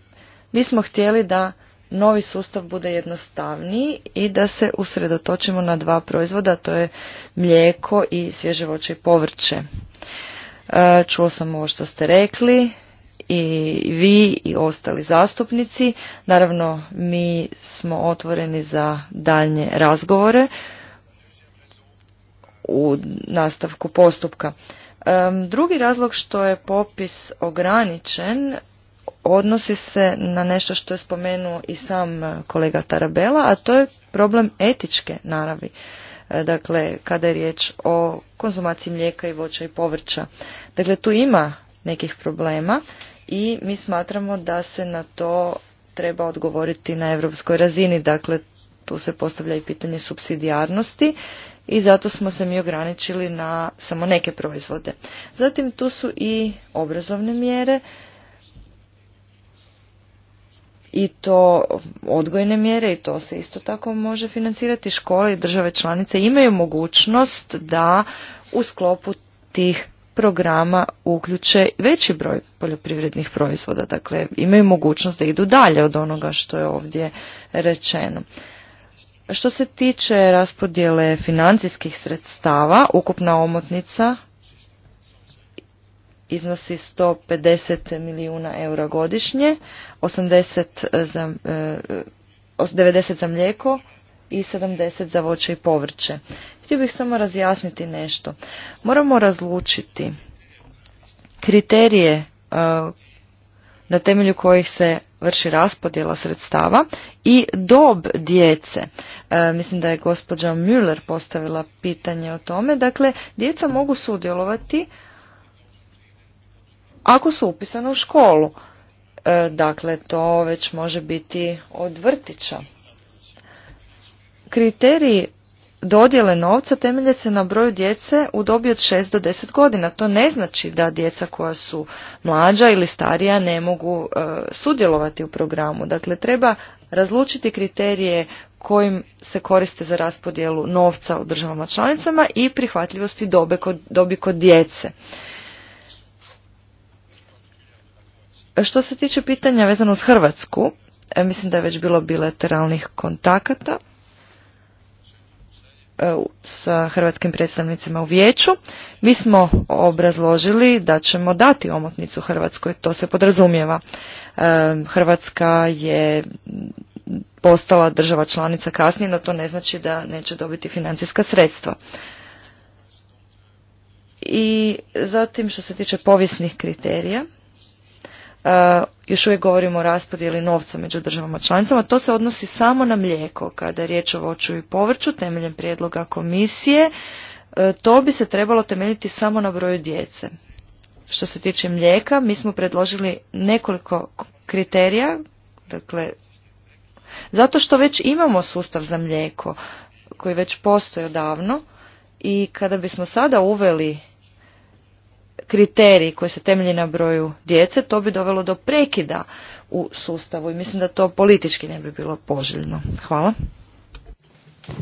S3: mi smo htjeli da novi sustav bude jednostavniji i da se usredotočimo na dva proizvoda, to je mlijeko i svježe voće i povrće. E, čuo sam ovo što ste rekli i vi i ostali zastupnici. Naravno, mi smo otvoreni za daljnje razgovore u nastavku postupka. Drugi razlog što je popis ograničen odnosi se na nešto što je spomenuo i sam e, kolega Tarabela, a to je problem etičke naravi. E, dakle, kada je riječ o konzumaciji mlijeka i voća i povrća. Dakle, tu ima nekih problema i mi smatramo da se na to treba odgovoriti na europskoj razini. Dakle, tu se postavlja i pitanje subsidijarnosti i zato smo se mi ograničili na samo neke proizvode. Zatim tu su i obrazovne mjere i to odgojne mjere i to se isto tako može financirati. Škole i države članice imaju mogućnost da u sklopu tih programa uključe veći broj poljoprivrednih proizvoda. Dakle, imaju mogućnost da idu dalje od onoga što je ovdje rečeno. Što se tiče raspodjele financijskih sredstava, ukupna omotnica iznosi 150 milijuna eura godišnje, 80 za, 90 e, e, za mlijeko i 70 za voće i povrće. Htio bih samo razjasniti nešto. Moramo razlučiti kriterije e, na temelju kojih se vrši raspodjela sredstava i dob djece. mislim da je gospođa Müller postavila pitanje o tome. Dakle, djeca mogu sudjelovati ako su upisane u školu. E, dakle, to već može biti od vrtića. Kriteriji dodjele novca temelje se na broju djece u dobi od 6 do 10 godina. To ne znači da djeca koja su mlađa ili starija ne mogu e, sudjelovati u programu. Dakle, treba razlučiti kriterije kojim se koriste za raspodjelu novca u državama članicama i prihvatljivosti dobe kod, dobi kod djece. Što se tiče pitanja vezano uz Hrvatsku, e, mislim da je već bilo bilateralnih kontakata e, sa hrvatskim predstavnicima u vijeću. Mi smo obrazložili da ćemo dati omotnicu Hrvatskoj, to se podrazumijeva. E, Hrvatska je postala država članica kasnije, no to ne znači da neće dobiti financijska sredstva. I zatim što se tiče povijesnih kriterija, E, još uvijek govorimo o raspodjeli novca među državama članicama. To se odnosi samo na mlijeko kada je riječ o voću i povrću temeljem prijedloga komisije. E, to bi se trebalo temeljiti samo na broju djece. Što se tiče mlijeka, mi smo predložili nekoliko kriterija, dakle, zato što već imamo sustav za mlijeko koji već postoji odavno i kada bismo sada uveli kriterij koji se temelji na broju djece, to bi dovelo do prekida u sustavu i mislim da to politički ne bi bilo poželjno. Hvala.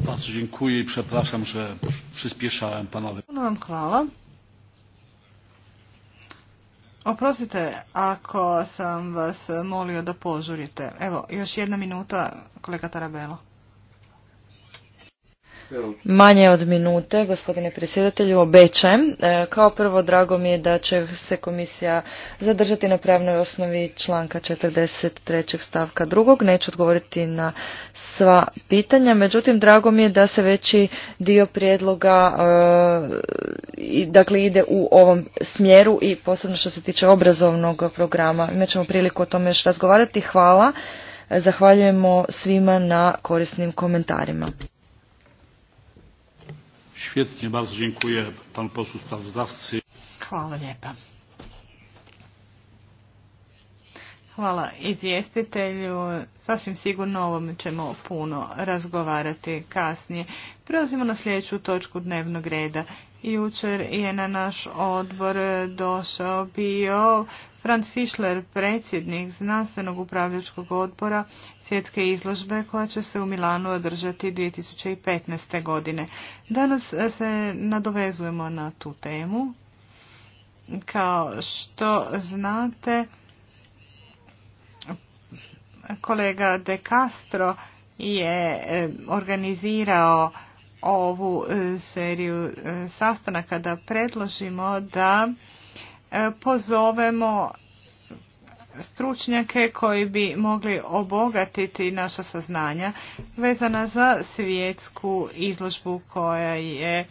S1: Bardzo i przepraszam, że panowie.
S2: vam hvala. Oprostite ako sam vas molio da požurite. Evo, još
S3: jedna minuta, kolega Tarabelo. Manje od minute, gospodine predsjedatelju, obećajem. E, kao prvo, drago mi je da će se komisija zadržati na pravnoj osnovi članka 43. stavka drugog. Neću odgovoriti na sva pitanja, međutim, drago mi je da se veći dio prijedloga e, dakle, ide u ovom smjeru i posebno što se tiče obrazovnog programa. Imat ćemo priliku o tome još razgovarati. Hvala. Zahvaljujemo svima na korisnim komentarima.
S1: Świetnie, bardzo dziękuję pan posłu sprawozdawcy.
S3: Hvala lijepa.
S2: Hvala izvjestitelju. Sasvim sigurno ovom ćemo puno razgovarati kasnije. Prelazimo na sljedeću točku dnevnog reda. Jučer je na naš odbor došao bio Franz Fischler, predsjednik znanstvenog upravljačkog odbora svjetske izložbe koja će se u Milanu održati 2015. godine. Danas e, se nadovezujemo na tu temu. Kao što znate, kolega De Castro je e, organizirao ovu e, seriju sastanaka da predložimo da E, pozovemo stručnjake koji bi mogli obogatiti naša saznanja vezana za svjetsku izložbu koja je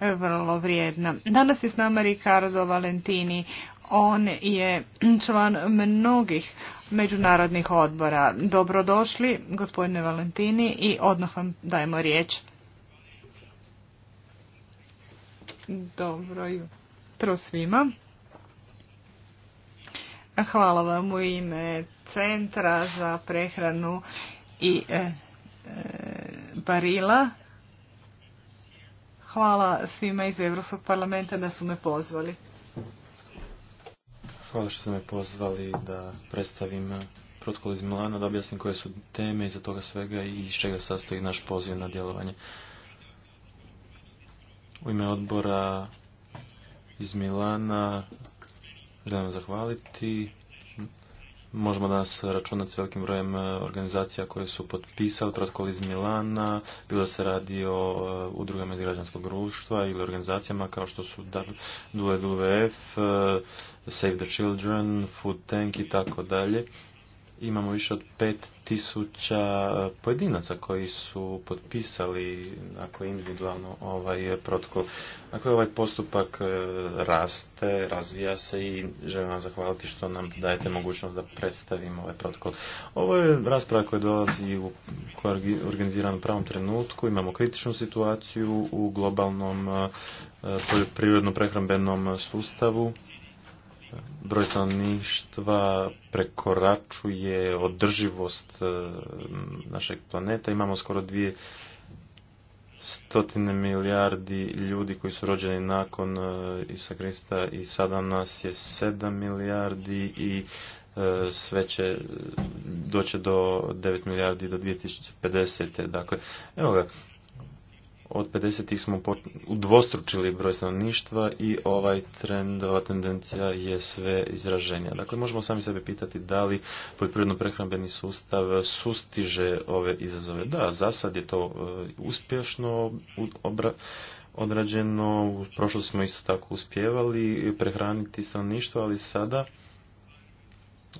S2: vrlo vrijedna. Danas je s nama Ricardo Valentini. On je član mnogih međunarodnih odbora. Dobrodošli, gospodine Valentini, i odmah vam dajemo riječ. Dobro jutro svima. Hvala vam u ime Centra za prehranu i e, e, barila. Hvala svima iz Europskog parlamenta da su me pozvali.
S4: Hvala što ste me pozvali da predstavim protokol iz Milana, da objasnim koje su teme iza toga svega i iz čega sastoji naš poziv na djelovanje. U ime odbora iz Milana Želim zahvaliti. Možemo danas računati s velikim brojem e, organizacija koje su potpisali protokol iz Milana, bilo se radi o e, udrugama iz građanskog društva ili organizacijama kao što su WWF, e, Save the Children, Food Tank i tako dalje imamo više od tisuća e, pojedinaca koji su potpisali dakle, individualno ovaj protokol. Dakle, ovaj postupak e, raste, razvija se i želim vam zahvaliti što nam dajete mogućnost da predstavimo ovaj protokol. Ovo je rasprava koja dolazi u koja je organizirana u pravom trenutku. Imamo kritičnu situaciju u globalnom e, poljoprivredno prehrambenom sustavu broj stanovništva prekoračuje održivost e, našeg planeta. Imamo skoro dvije stotine milijardi ljudi koji su rođeni nakon e, Isusa Krista i sada nas je sedam milijardi i e, sve će doći do 9 milijardi do 2050. Dakle, evo ga, od 50-ih smo udvostručili broj stanovništva i ovaj trend, ova tendencija je sve izraženja. Dakle, možemo sami sebe pitati da li poljoprivredno-prehrambeni sustav sustiže ove izazove. Da, za sad je to e, uspješno odrađeno, u prošlosti smo isto tako uspjevali prehraniti stanovništvo, ali sada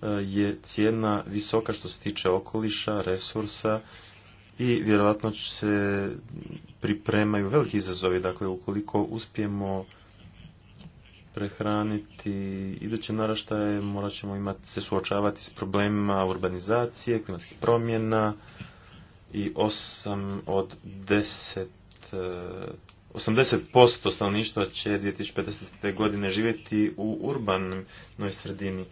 S4: e, je cijena visoka što se tiče okoliša, resursa i vjerojatno se pripremaju veliki izazovi. Dakle, ukoliko uspijemo prehraniti iduće naraštaje, morat ćemo imati, se suočavati s problemima urbanizacije, klimatskih promjena i 8 od 10 80% eh, stanovništva će 2050. godine živjeti u urbanoj sredini.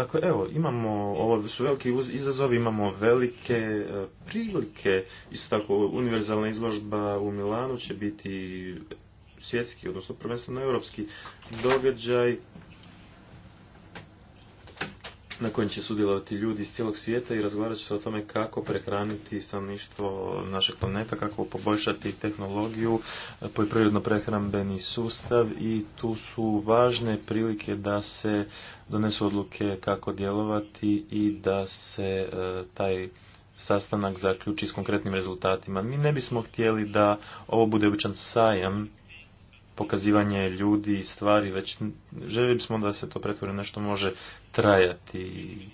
S4: Dakle, evo, imamo, ovo su veliki izazovi, imamo velike e, prilike, isto tako univerzalna izložba u Milanu će biti svjetski, odnosno prvenstveno europski događaj na kojem će sudjelovati ljudi iz cijelog svijeta i razgovarat će se o tome kako prehraniti stanovništvo našeg planeta, kako poboljšati tehnologiju, poljoprivredno prehrambeni sustav i tu su važne prilike da se donesu odluke kako djelovati i da se e, taj sastanak zaključi s konkretnim rezultatima. Mi ne bismo htjeli da ovo bude običan sajam pokazivanje ljudi i stvari, već željeli smo da se to pretvori nešto može trajati.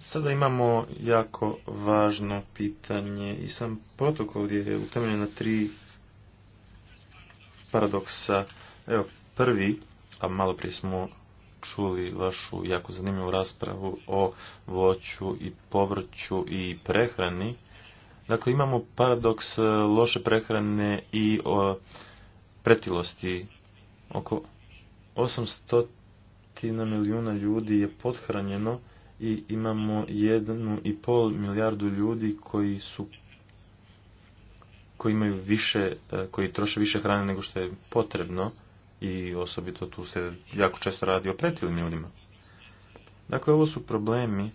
S4: Sada imamo jako važno pitanje i sam protokol je utemeljen na tri paradoksa. Evo, prvi, a malo prije smo čuli vašu jako zanimljivu raspravu o voću i povrću i prehrani. Dakle, imamo paradoks loše prehrane i o, pretilosti. Oko 800 milijuna ljudi je pothranjeno i imamo jednu i pol milijardu ljudi koji su koji imaju više, e, koji troše više hrane nego što je potrebno i osobito tu se jako često radi o pretilim ljudima. Dakle, ovo su problemi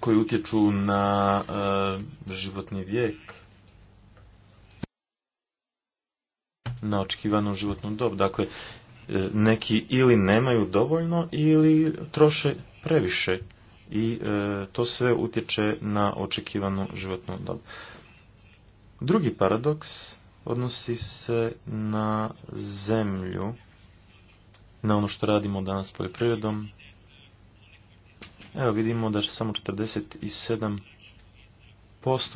S4: koji utječu na e, životni vijek na očekivanu životnu dob. Dakle, e, neki ili nemaju dovoljno ili troše previše i e, to sve utječe na očekivanu životnu dob. Drugi paradoks odnosi se na zemlju, na ono što radimo danas poljoprivredom. Evo vidimo da samo 47%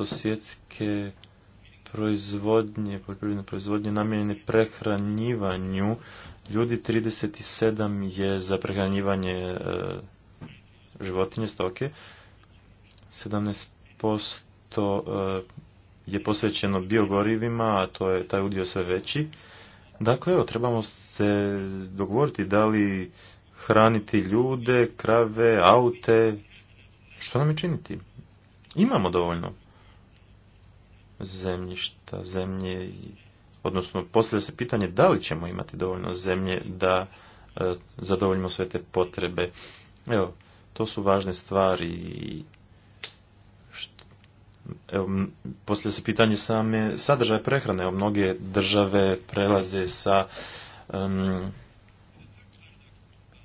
S4: svjetske proizvodnje, poljoprivredne proizvodnje namijenjene prehranjivanju ljudi, 37 je za prehranjivanje e, životinje, stoke, 17% e, je posvećeno biogorivima, a to je taj udio sve veći. Dakle, evo, trebamo se dogovoriti da li hraniti ljude, krave, aute, što nam je činiti? Imamo dovoljno zemljišta, zemlje odnosno postavlja se pitanje da li ćemo imati dovoljno zemlje da e, zadovoljimo sve te potrebe. Evo, to su važne stvari evo, postavlja se pitanje same sadržaja prehrane. Evo, mnoge države prelaze sa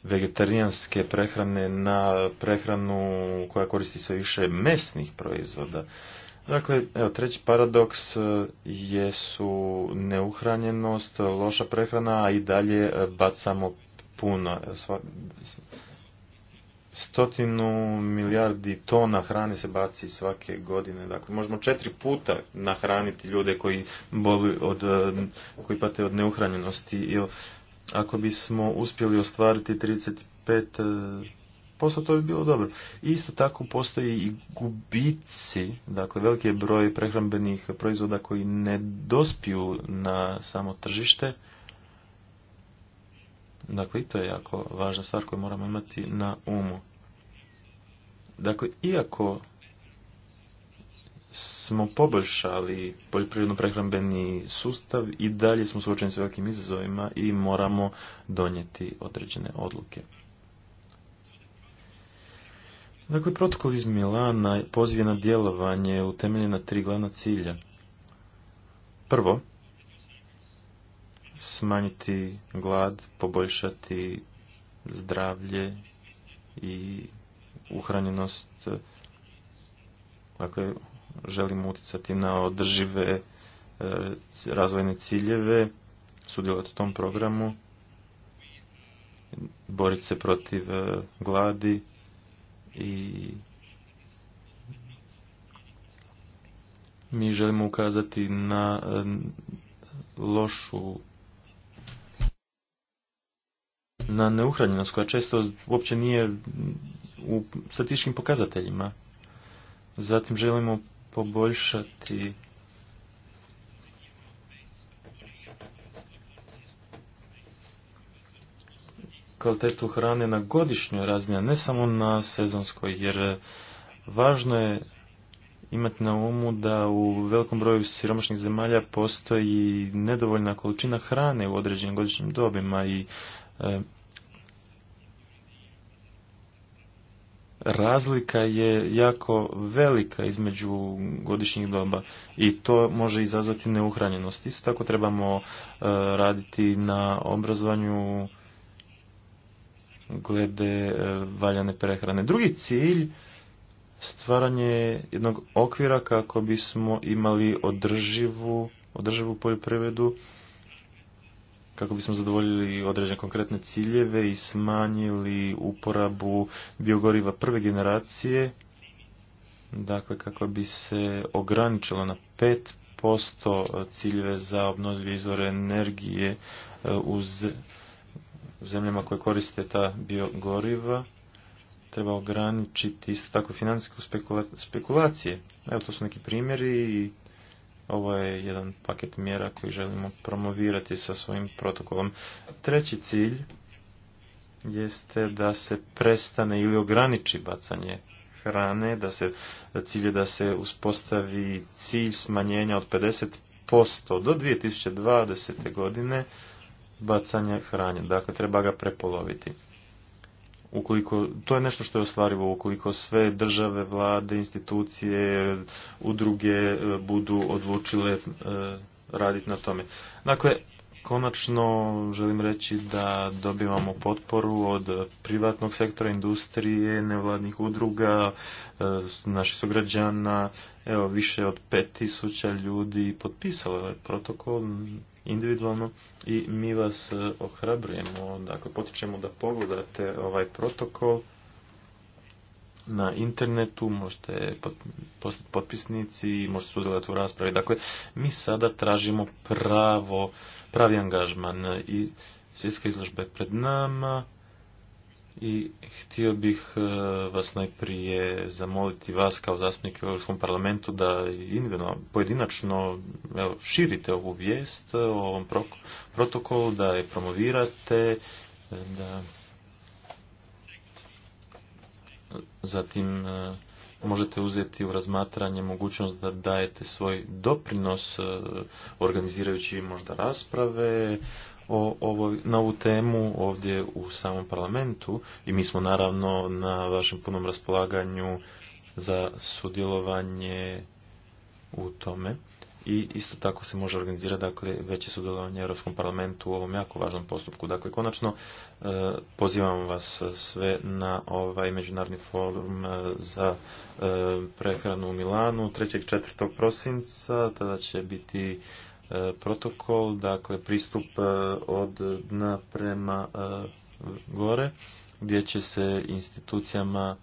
S4: vegetarijanske prehrane na prehranu koja koristi sve više mesnih proizvoda. Dakle, evo, treći paradoks e, jesu neuhranjenost, loša prehrana, a i dalje e, bacamo puno. Stotinu milijardi tona hrane se baci svake godine. Dakle, možemo četiri puta nahraniti ljude koji, boli od, e, koji pate od neuhranjenosti. ako bismo uspjeli ostvariti 35 posao, to bi bilo dobro. Isto tako postoji i gubici, dakle veliki je broj prehrambenih proizvoda koji ne dospiju na samo tržište. Dakle, i to je jako važna stvar koju moramo imati na umu. Dakle, iako smo poboljšali poljoprivredno-prehrambeni sustav i dalje smo suočeni s velikim izazovima i moramo donijeti određene odluke. Dakle, protokol iz Milana je na djelovanje utemeljen na tri glavna cilja. Prvo, smanjiti glad, poboljšati zdravlje i uhranjenost. Dakle, želimo uticati na održive e, razvojne ciljeve, sudjelovati u tom programu, boriti se protiv e, gladi, i mi želimo ukazati na lošu na neuhranjenost koja često uopće nije u statističkim pokazateljima. Zatim želimo poboljšati kvalitetu hrane na godišnjoj razini, a ne samo na sezonskoj, jer e, važno je imati na umu da u velikom broju siromašnih zemalja postoji nedovoljna količina hrane u određenim godišnjim dobima i e, razlika je jako velika između godišnjih doba i to može izazvati neuhranjenost. Isto tako trebamo e, raditi na obrazovanju glede e, valjane prehrane. Drugi cilj stvaranje jednog okvira kako bismo imali održivu, održivu poljoprivredu, kako bismo zadovoljili određene konkretne ciljeve i smanjili uporabu biogoriva prve generacije, dakle kako bi se ograničilo na 5% ciljeve za obnovljive izvore energije e, uz zemljama koje koriste ta biogoriva treba ograničiti isto tako financijsku spekulacije. Evo to su neki primjeri i ovo je jedan paket mjera koji želimo promovirati sa svojim protokolom. Treći cilj jeste da se prestane ili ograniči bacanje hrane, da se da se uspostavi cilj smanjenja od 50% do 2020. godine bacanje hranje. Dakle, treba ga prepoloviti. Ukoliko, to je nešto što je ostvarivo ukoliko sve države, vlade, institucije, udruge e, budu odlučile e, raditi na tome. Dakle, konačno želim reći da dobivamo potporu od privatnog sektora, industrije, nevladnih udruga, e, naših sugrađana. Evo, više od tisuća ljudi potpisalo je protokol individualno i mi vas e, ohrabrujemo, dakle potičemo da pogledate ovaj protokol na internetu, možete postati potpisnici, možete sudjelovati u raspravi. Dakle, mi sada tražimo pravo, pravi angažman i svjetske izložbe pred nama i htio bih e, vas najprije zamoliti vas kao zastupnike u Europskom parlamentu da pojedinačno evo, širite ovu vijest o ovom protokolu, da je promovirate, e, da zatim e, možete uzeti u razmatranje mogućnost da dajete svoj doprinos organizirajući možda rasprave o ovoj, na ovu temu ovdje u samom parlamentu i mi smo naravno na vašem punom raspolaganju za sudjelovanje u tome i isto tako se može organizirati dakle, veće sudjelovanje u Europskom parlamentu u ovom jako važnom postupku. Dakle, konačno e, pozivam vas sve na ovaj međunarodni forum e, za e, prehranu u Milanu 3. 4. prosinca, tada će biti E, protokol, dakle pristup e, od dna prema e, gore, gdje će se institucijama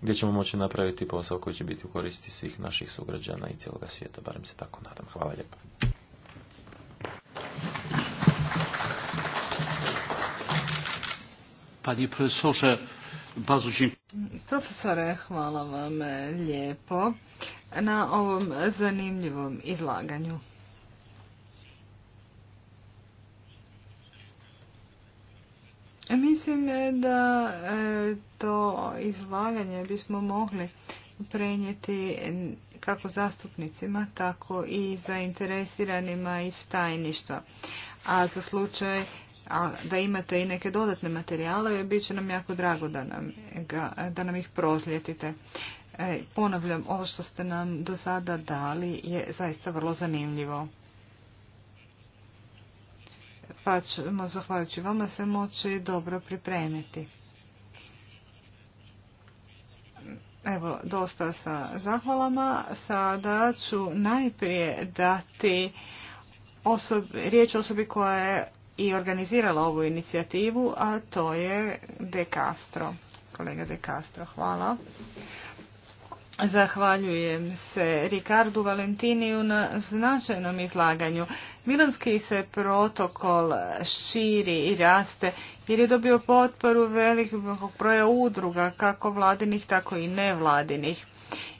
S4: gdje ćemo moći napraviti posao koji će biti u koristi svih naših sugrađana i cijeloga svijeta, barem se tako nadam. Hvala
S1: lijepo.
S2: Profesore, hvala vam lijepo na ovom zanimljivom izlaganju. Mislim da e, to izlaganje bismo mogli prenijeti kako zastupnicima, tako i zainteresiranima iz tajništva. A za slučaj a da imate i neke dodatne materijale, bit će nam jako drago da nam, ga, da nam ih prozlijetite. E, ponavljam, ovo što ste nam do sada dali je zaista vrlo zanimljivo. Pa ćemo, zahvaljujući vama, se moći dobro pripremiti. Evo, dosta sa zahvalama. Sada ću najprije dati riječ osobi koja je i organizirala ovu inicijativu, a to je De Castro. Kolega De Castro, hvala. Zahvaljujem se Ricardu Valentiniju na značajnom izlaganju. Milanski se protokol širi i raste jer je dobio potporu velikog broja udruga kako vladinih tako i nevladinih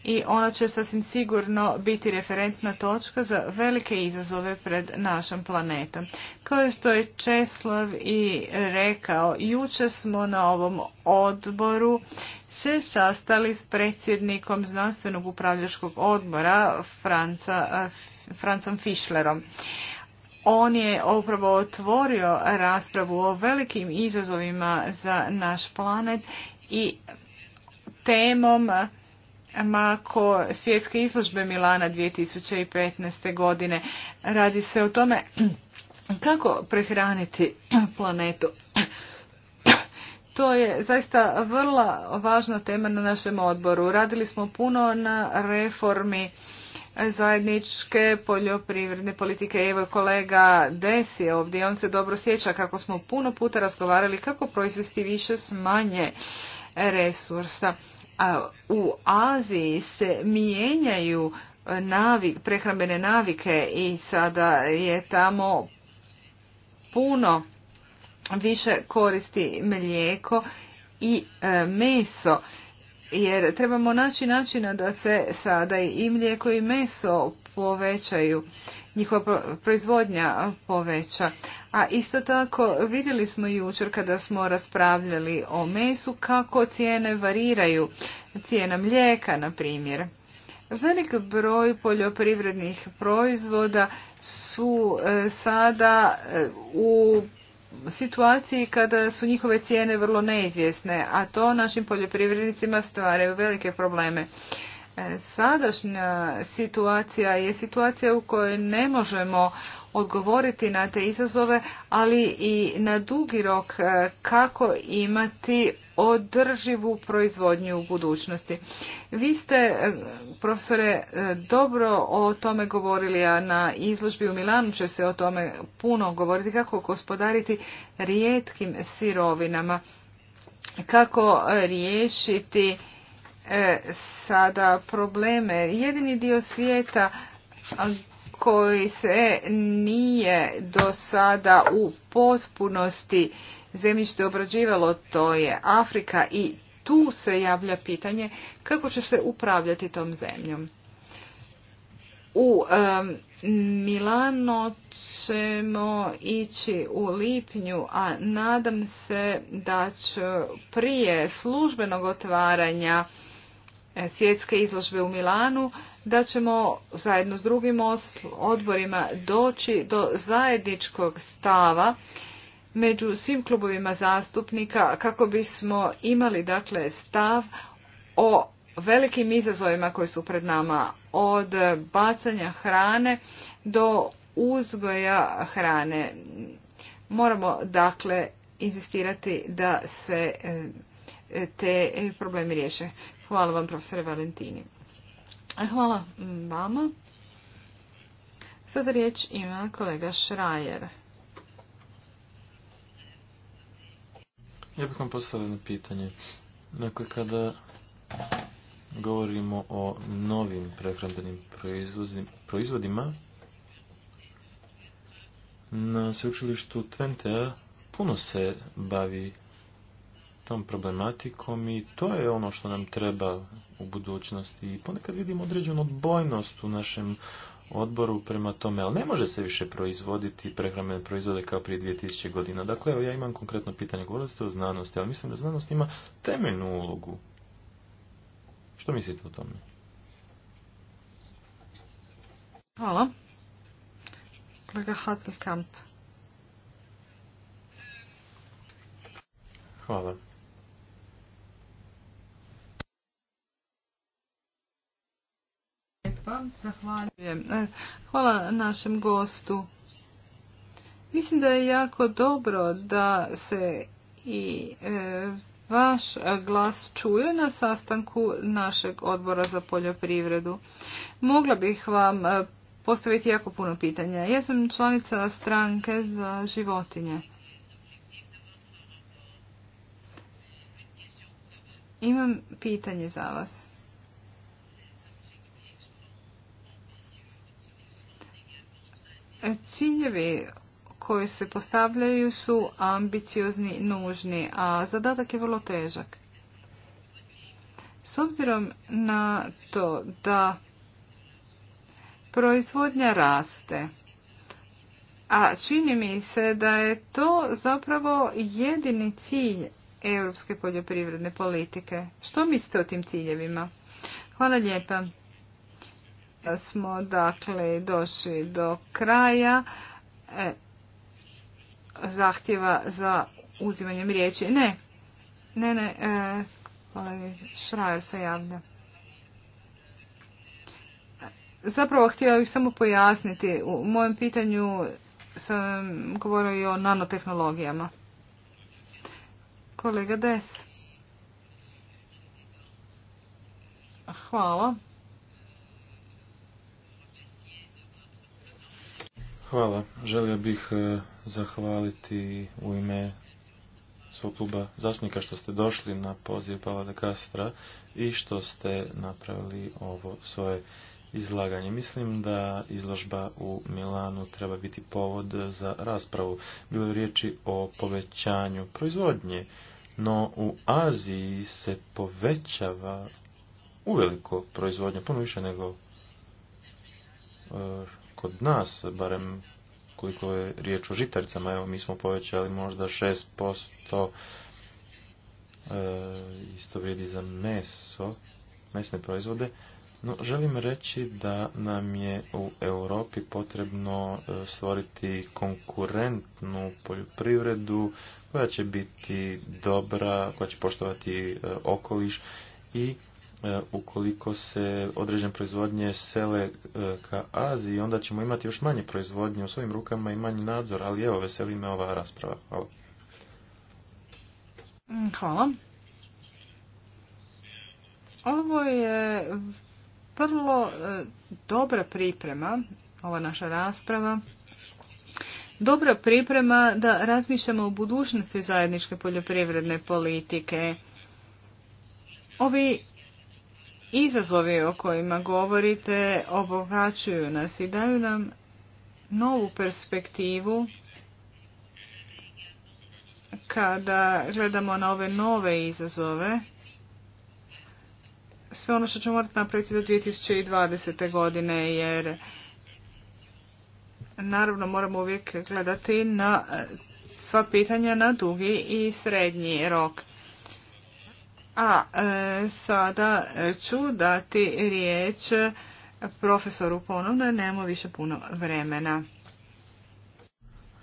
S2: i ona će sasvim sigurno biti referentna točka za velike izazove pred našom planetom. Kao što je Česlav i rekao, juče smo na ovom odboru se sastali s predsjednikom znanstvenog upravljačkog odbora Francom Fischlerom. On je upravo otvorio raspravu o velikim izazovima za naš planet i temom mako svjetske izložbe Milana 2015. godine. Radi se o tome <clears throat> kako prehraniti <clears throat> planetu. <clears throat> To je zaista vrlo važna tema na našem odboru. Radili smo puno na reformi zajedničke poljoprivredne politike. Evo kolega Desi je ovdje, on se dobro sjeća kako smo puno puta razgovarali kako proizvesti više s manje resursa u Aziji se mijenjaju e, navik, prehrambene navike i sada je tamo puno više koristi mlijeko i e, meso jer trebamo naći načina da se sada i mlijeko i meso povećaju njihova proizvodnja poveća. A isto tako vidjeli smo jučer kada smo raspravljali o mesu kako cijene variraju, cijena mlijeka na primjer. Velik broj poljoprivrednih proizvoda su e, sada e, u situaciji kada su njihove cijene vrlo neizvjesne, a to našim poljoprivrednicima stvaraju velike probleme. E, sadašnja situacija je situacija u kojoj ne možemo odgovoriti na te izazove, ali i na dugi rok e, kako imati održivu proizvodnju u budućnosti. Vi ste, e, profesore, dobro o tome govorili, a na izložbi u Milanu će se o tome puno govoriti, kako gospodariti rijetkim sirovinama, kako riješiti E, sada probleme. Jedini dio svijeta koji se nije do sada u potpunosti zemljište obrađivalo, to je Afrika i tu se javlja pitanje kako će se upravljati tom zemljom. U Milano ćemo ići u lipnju, a nadam se da će prije službenog otvaranja E, svjetske izložbe u Milanu, da ćemo zajedno s drugim odborima doći do zajedničkog stava među svim klubovima zastupnika kako bismo imali dakle stav o velikim izazovima koji su pred nama od bacanja hrane do uzgoja hrane. Moramo dakle inzistirati da se e, te problemi riješe. Hvala vam, profesore Valentini.
S5: E, hvala vama.
S2: Sada riječ ima kolega Šrajer.
S4: Ja bih vam postavio jedno pitanje. Dakle, kada govorimo o novim prehrambenim proizvodima, na sveučilištu Tventea puno se bavi tom problematikom i to je ono što nam treba u budućnosti. I ponekad vidimo određenu odbojnost u našem odboru prema tome, ali ne može se više proizvoditi prehrambene proizvode kao prije 2000 godina. Dakle, evo ja imam konkretno pitanje, govorili ste o znanosti, ali mislim da znanost ima temeljnu ulogu. Što mislite o tome?
S2: Hvala. Kolega Hvala. lijepa. Zahvaljujem. E, hvala našem gostu. Mislim da je jako dobro da se i e, vaš glas čuje na sastanku našeg odbora za poljoprivredu. Mogla bih vam e, postaviti jako puno pitanja. Ja sam članica stranke za životinje. Imam pitanje za vas. Ciljevi koji se postavljaju su ambiciozni, nužni, a zadatak je vrlo težak. S obzirom na to da proizvodnja raste, a čini mi se da je to zapravo jedini cilj europske poljoprivredne politike. Što mislite o tim ciljevima? Hvala lijepa smo dakle došli do kraja e, zahtjeva za uzimanjem riječi. Ne, ne, ne, e, Šrajer se javlja. Zapravo htjela bih samo pojasniti, u mojem pitanju sam govorio i o nanotehnologijama. Kolega Des. Hvala.
S4: Hvala. Želio bih e, zahvaliti u ime svog kluba zastupnika što ste došli na poziv Paola de Castra i što ste napravili ovo svoje izlaganje. Mislim da izložba u Milanu treba biti povod za raspravu. Bilo je riječi o povećanju proizvodnje, no u Aziji se povećava uveliko proizvodnja, puno više nego e, kod nas, barem koliko je riječ o žitaricama, evo mi smo povećali možda 6%, e, isto vrijedi za meso, mesne proizvode, no želim reći da nam je u Europi potrebno e, stvoriti konkurentnu poljoprivredu koja će biti dobra, koja će poštovati e, okoliš i E, ukoliko se određene proizvodnje sele e, ka Aziji, onda ćemo imati još manje proizvodnje u svojim rukama i manji nadzor, ali evo, veseli me ova rasprava. Hvala.
S2: Mm, hvala. Ovo je vrlo e, dobra priprema, ova naša rasprava. Dobra priprema da razmišljamo o budućnosti zajedničke poljoprivredne politike. Ovi izazovi o kojima govorite obogaćuju nas i daju nam novu perspektivu kada gledamo na ove nove izazove sve ono što ćemo morati napraviti do 2020. godine jer naravno moramo uvijek gledati na sva pitanja na dugi i srednji rok. A e, sada ću dati riječ profesoru ponovno, Nemo više puno vremena.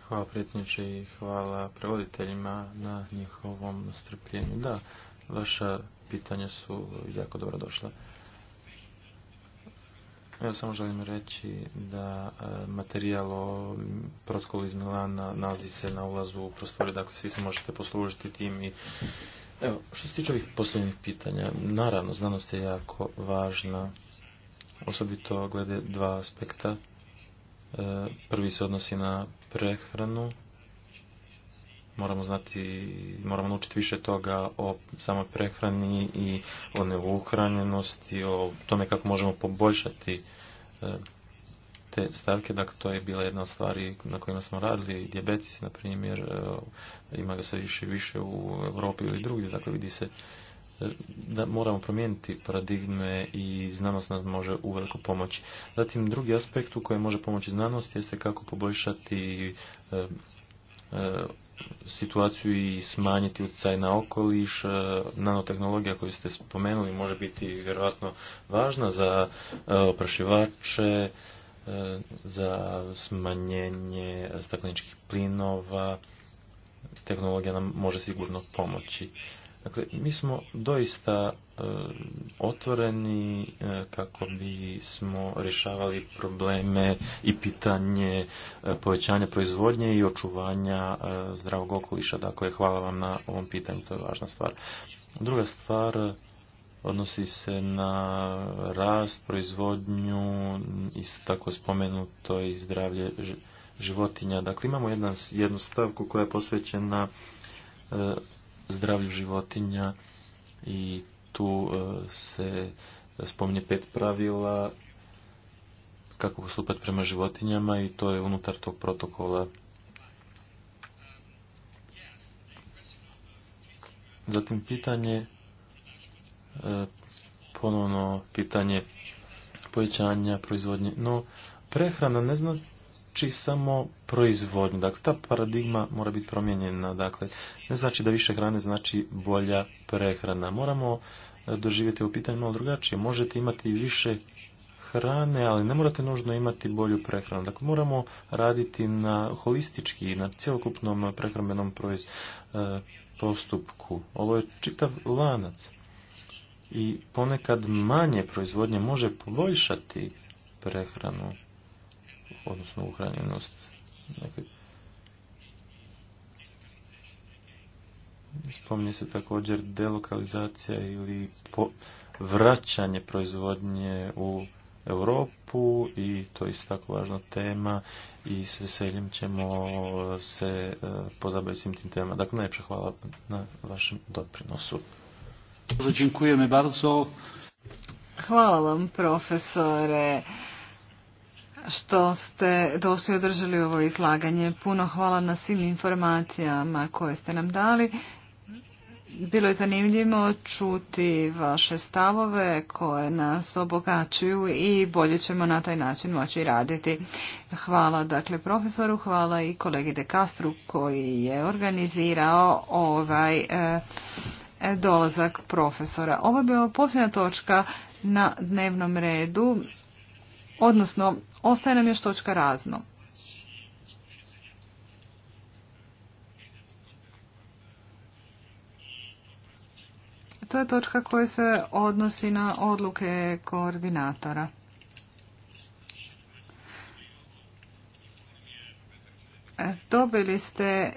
S4: Hvala predsjedniče i hvala prevoditeljima na njihovom strpljenju. Da, vaša pitanja su jako dobro došla. Evo samo želim reći da e, materijal o protokolu iz Milana nalazi se na ulazu u prostore, dakle svi se možete poslužiti tim i Evo, što se tiče ovih posljednjih pitanja, naravno, znanost je jako važna, osobito glede dva aspekta. E, prvi se odnosi na prehranu, moramo znati, moramo naučiti više toga o samoj prehrani i o neuhranjenosti, o tome kako možemo poboljšati e, te stavke, dakle to je bila jedna od stvari na kojima smo radili, diabetes na primjer, e, ima ga sve više više u Europi ili drugdje, dakle vidi se e, da moramo promijeniti paradigme i znanost nas može uveliko pomoći. Zatim drugi aspekt u kojem može pomoći znanost jeste kako poboljšati e, situaciju i smanjiti utjecaj na okoliš. Nanotehnologija koju ste spomenuli može biti vjerojatno važna za oprašivače, za smanjenje stakleničkih plinova, tehnologija nam može sigurno pomoći. Dakle, mi smo doista e, otvoreni e, kako bi smo rješavali probleme i pitanje e, povećanja proizvodnje i očuvanja zdravog okoliša. Dakle, hvala vam na ovom pitanju, to je važna stvar. Druga stvar, odnosi se na rast, proizvodnju, isto tako spomenuto i zdravlje životinja. Dakle, imamo jedan, jednu stavku koja je posvećena e, zdravlju životinja i tu e, se spominje pet pravila kako postupati prema životinjama i to je unutar tog protokola. Zatim pitanje E, ponovno pitanje povećanja proizvodnje. No, prehrana ne znači samo proizvodnju. Dakle, ta paradigma mora biti promijenjena. Dakle, ne znači da više hrane znači bolja prehrana. Moramo e, doživjeti u pitanju malo drugačije. Možete imati više hrane, ali ne morate nužno imati bolju prehranu. Dakle, moramo raditi na holistički, na cjelokupnom prehrambenom e, postupku. Ovo je čitav lanac i ponekad manje proizvodnje može poboljšati prehranu, odnosno uhranjenost. Dakle, spominje se također delokalizacija ili vraćanje proizvodnje u Europu i to je isto tako važna tema i s veseljem ćemo se e, pozabaviti s tim temama. Dakle, najpše hvala
S1: na vašem doprinosu.
S2: Hvala vam profesore što ste došli održali ovo izlaganje. Puno hvala na svim informacijama koje ste nam dali. Bilo je zanimljivo čuti vaše stavove koje nas obogaćuju i bolje ćemo na taj način moći raditi. Hvala dakle profesoru, hvala i kolegi dekastru koji je organizirao ovaj eh, dolazak profesora. Ovo je bila posljednja točka na dnevnom redu, odnosno ostaje nam još točka razno. To je točka koja se odnosi na odluke koordinatora. Dobili ste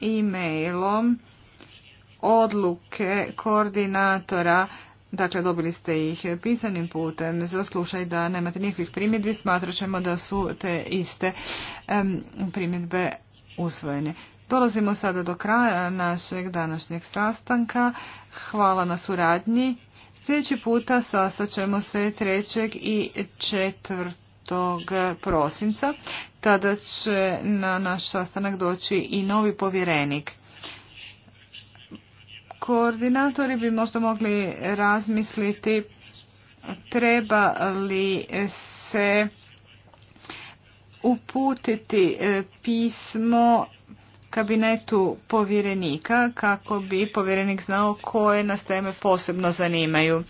S2: e-mailom odluke koordinatora Dakle, dobili ste ih pisanim putem za slušaj da nemate nikakvih primjedbi. Smatrat ćemo da su te iste primjedbe usvojene. Dolazimo sada do kraja našeg današnjeg sastanka. Hvala na suradnji. Sljedeći puta ćemo se 3. i 4. prosinca. Tada će na naš sastanak doći i novi povjerenik. Koordinatori bi možda mogli razmisliti treba li se uputiti e, pismo kabinetu povjerenika kako bi povjerenik znao koje nas teme posebno zanimaju.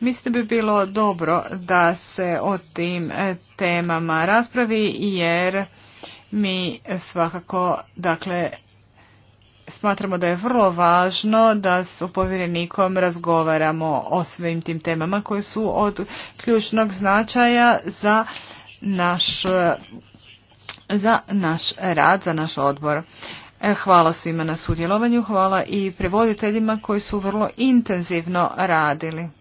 S2: Mislim bi bilo dobro da se o tim e, temama raspravi jer mi svakako dakle smatramo da je vrlo važno da s povjerenikom razgovaramo o svim tim temama koje su od ključnog značaja za naš, za naš rad, za naš odbor. E, hvala svima na sudjelovanju, hvala i prevoditeljima koji su vrlo intenzivno radili.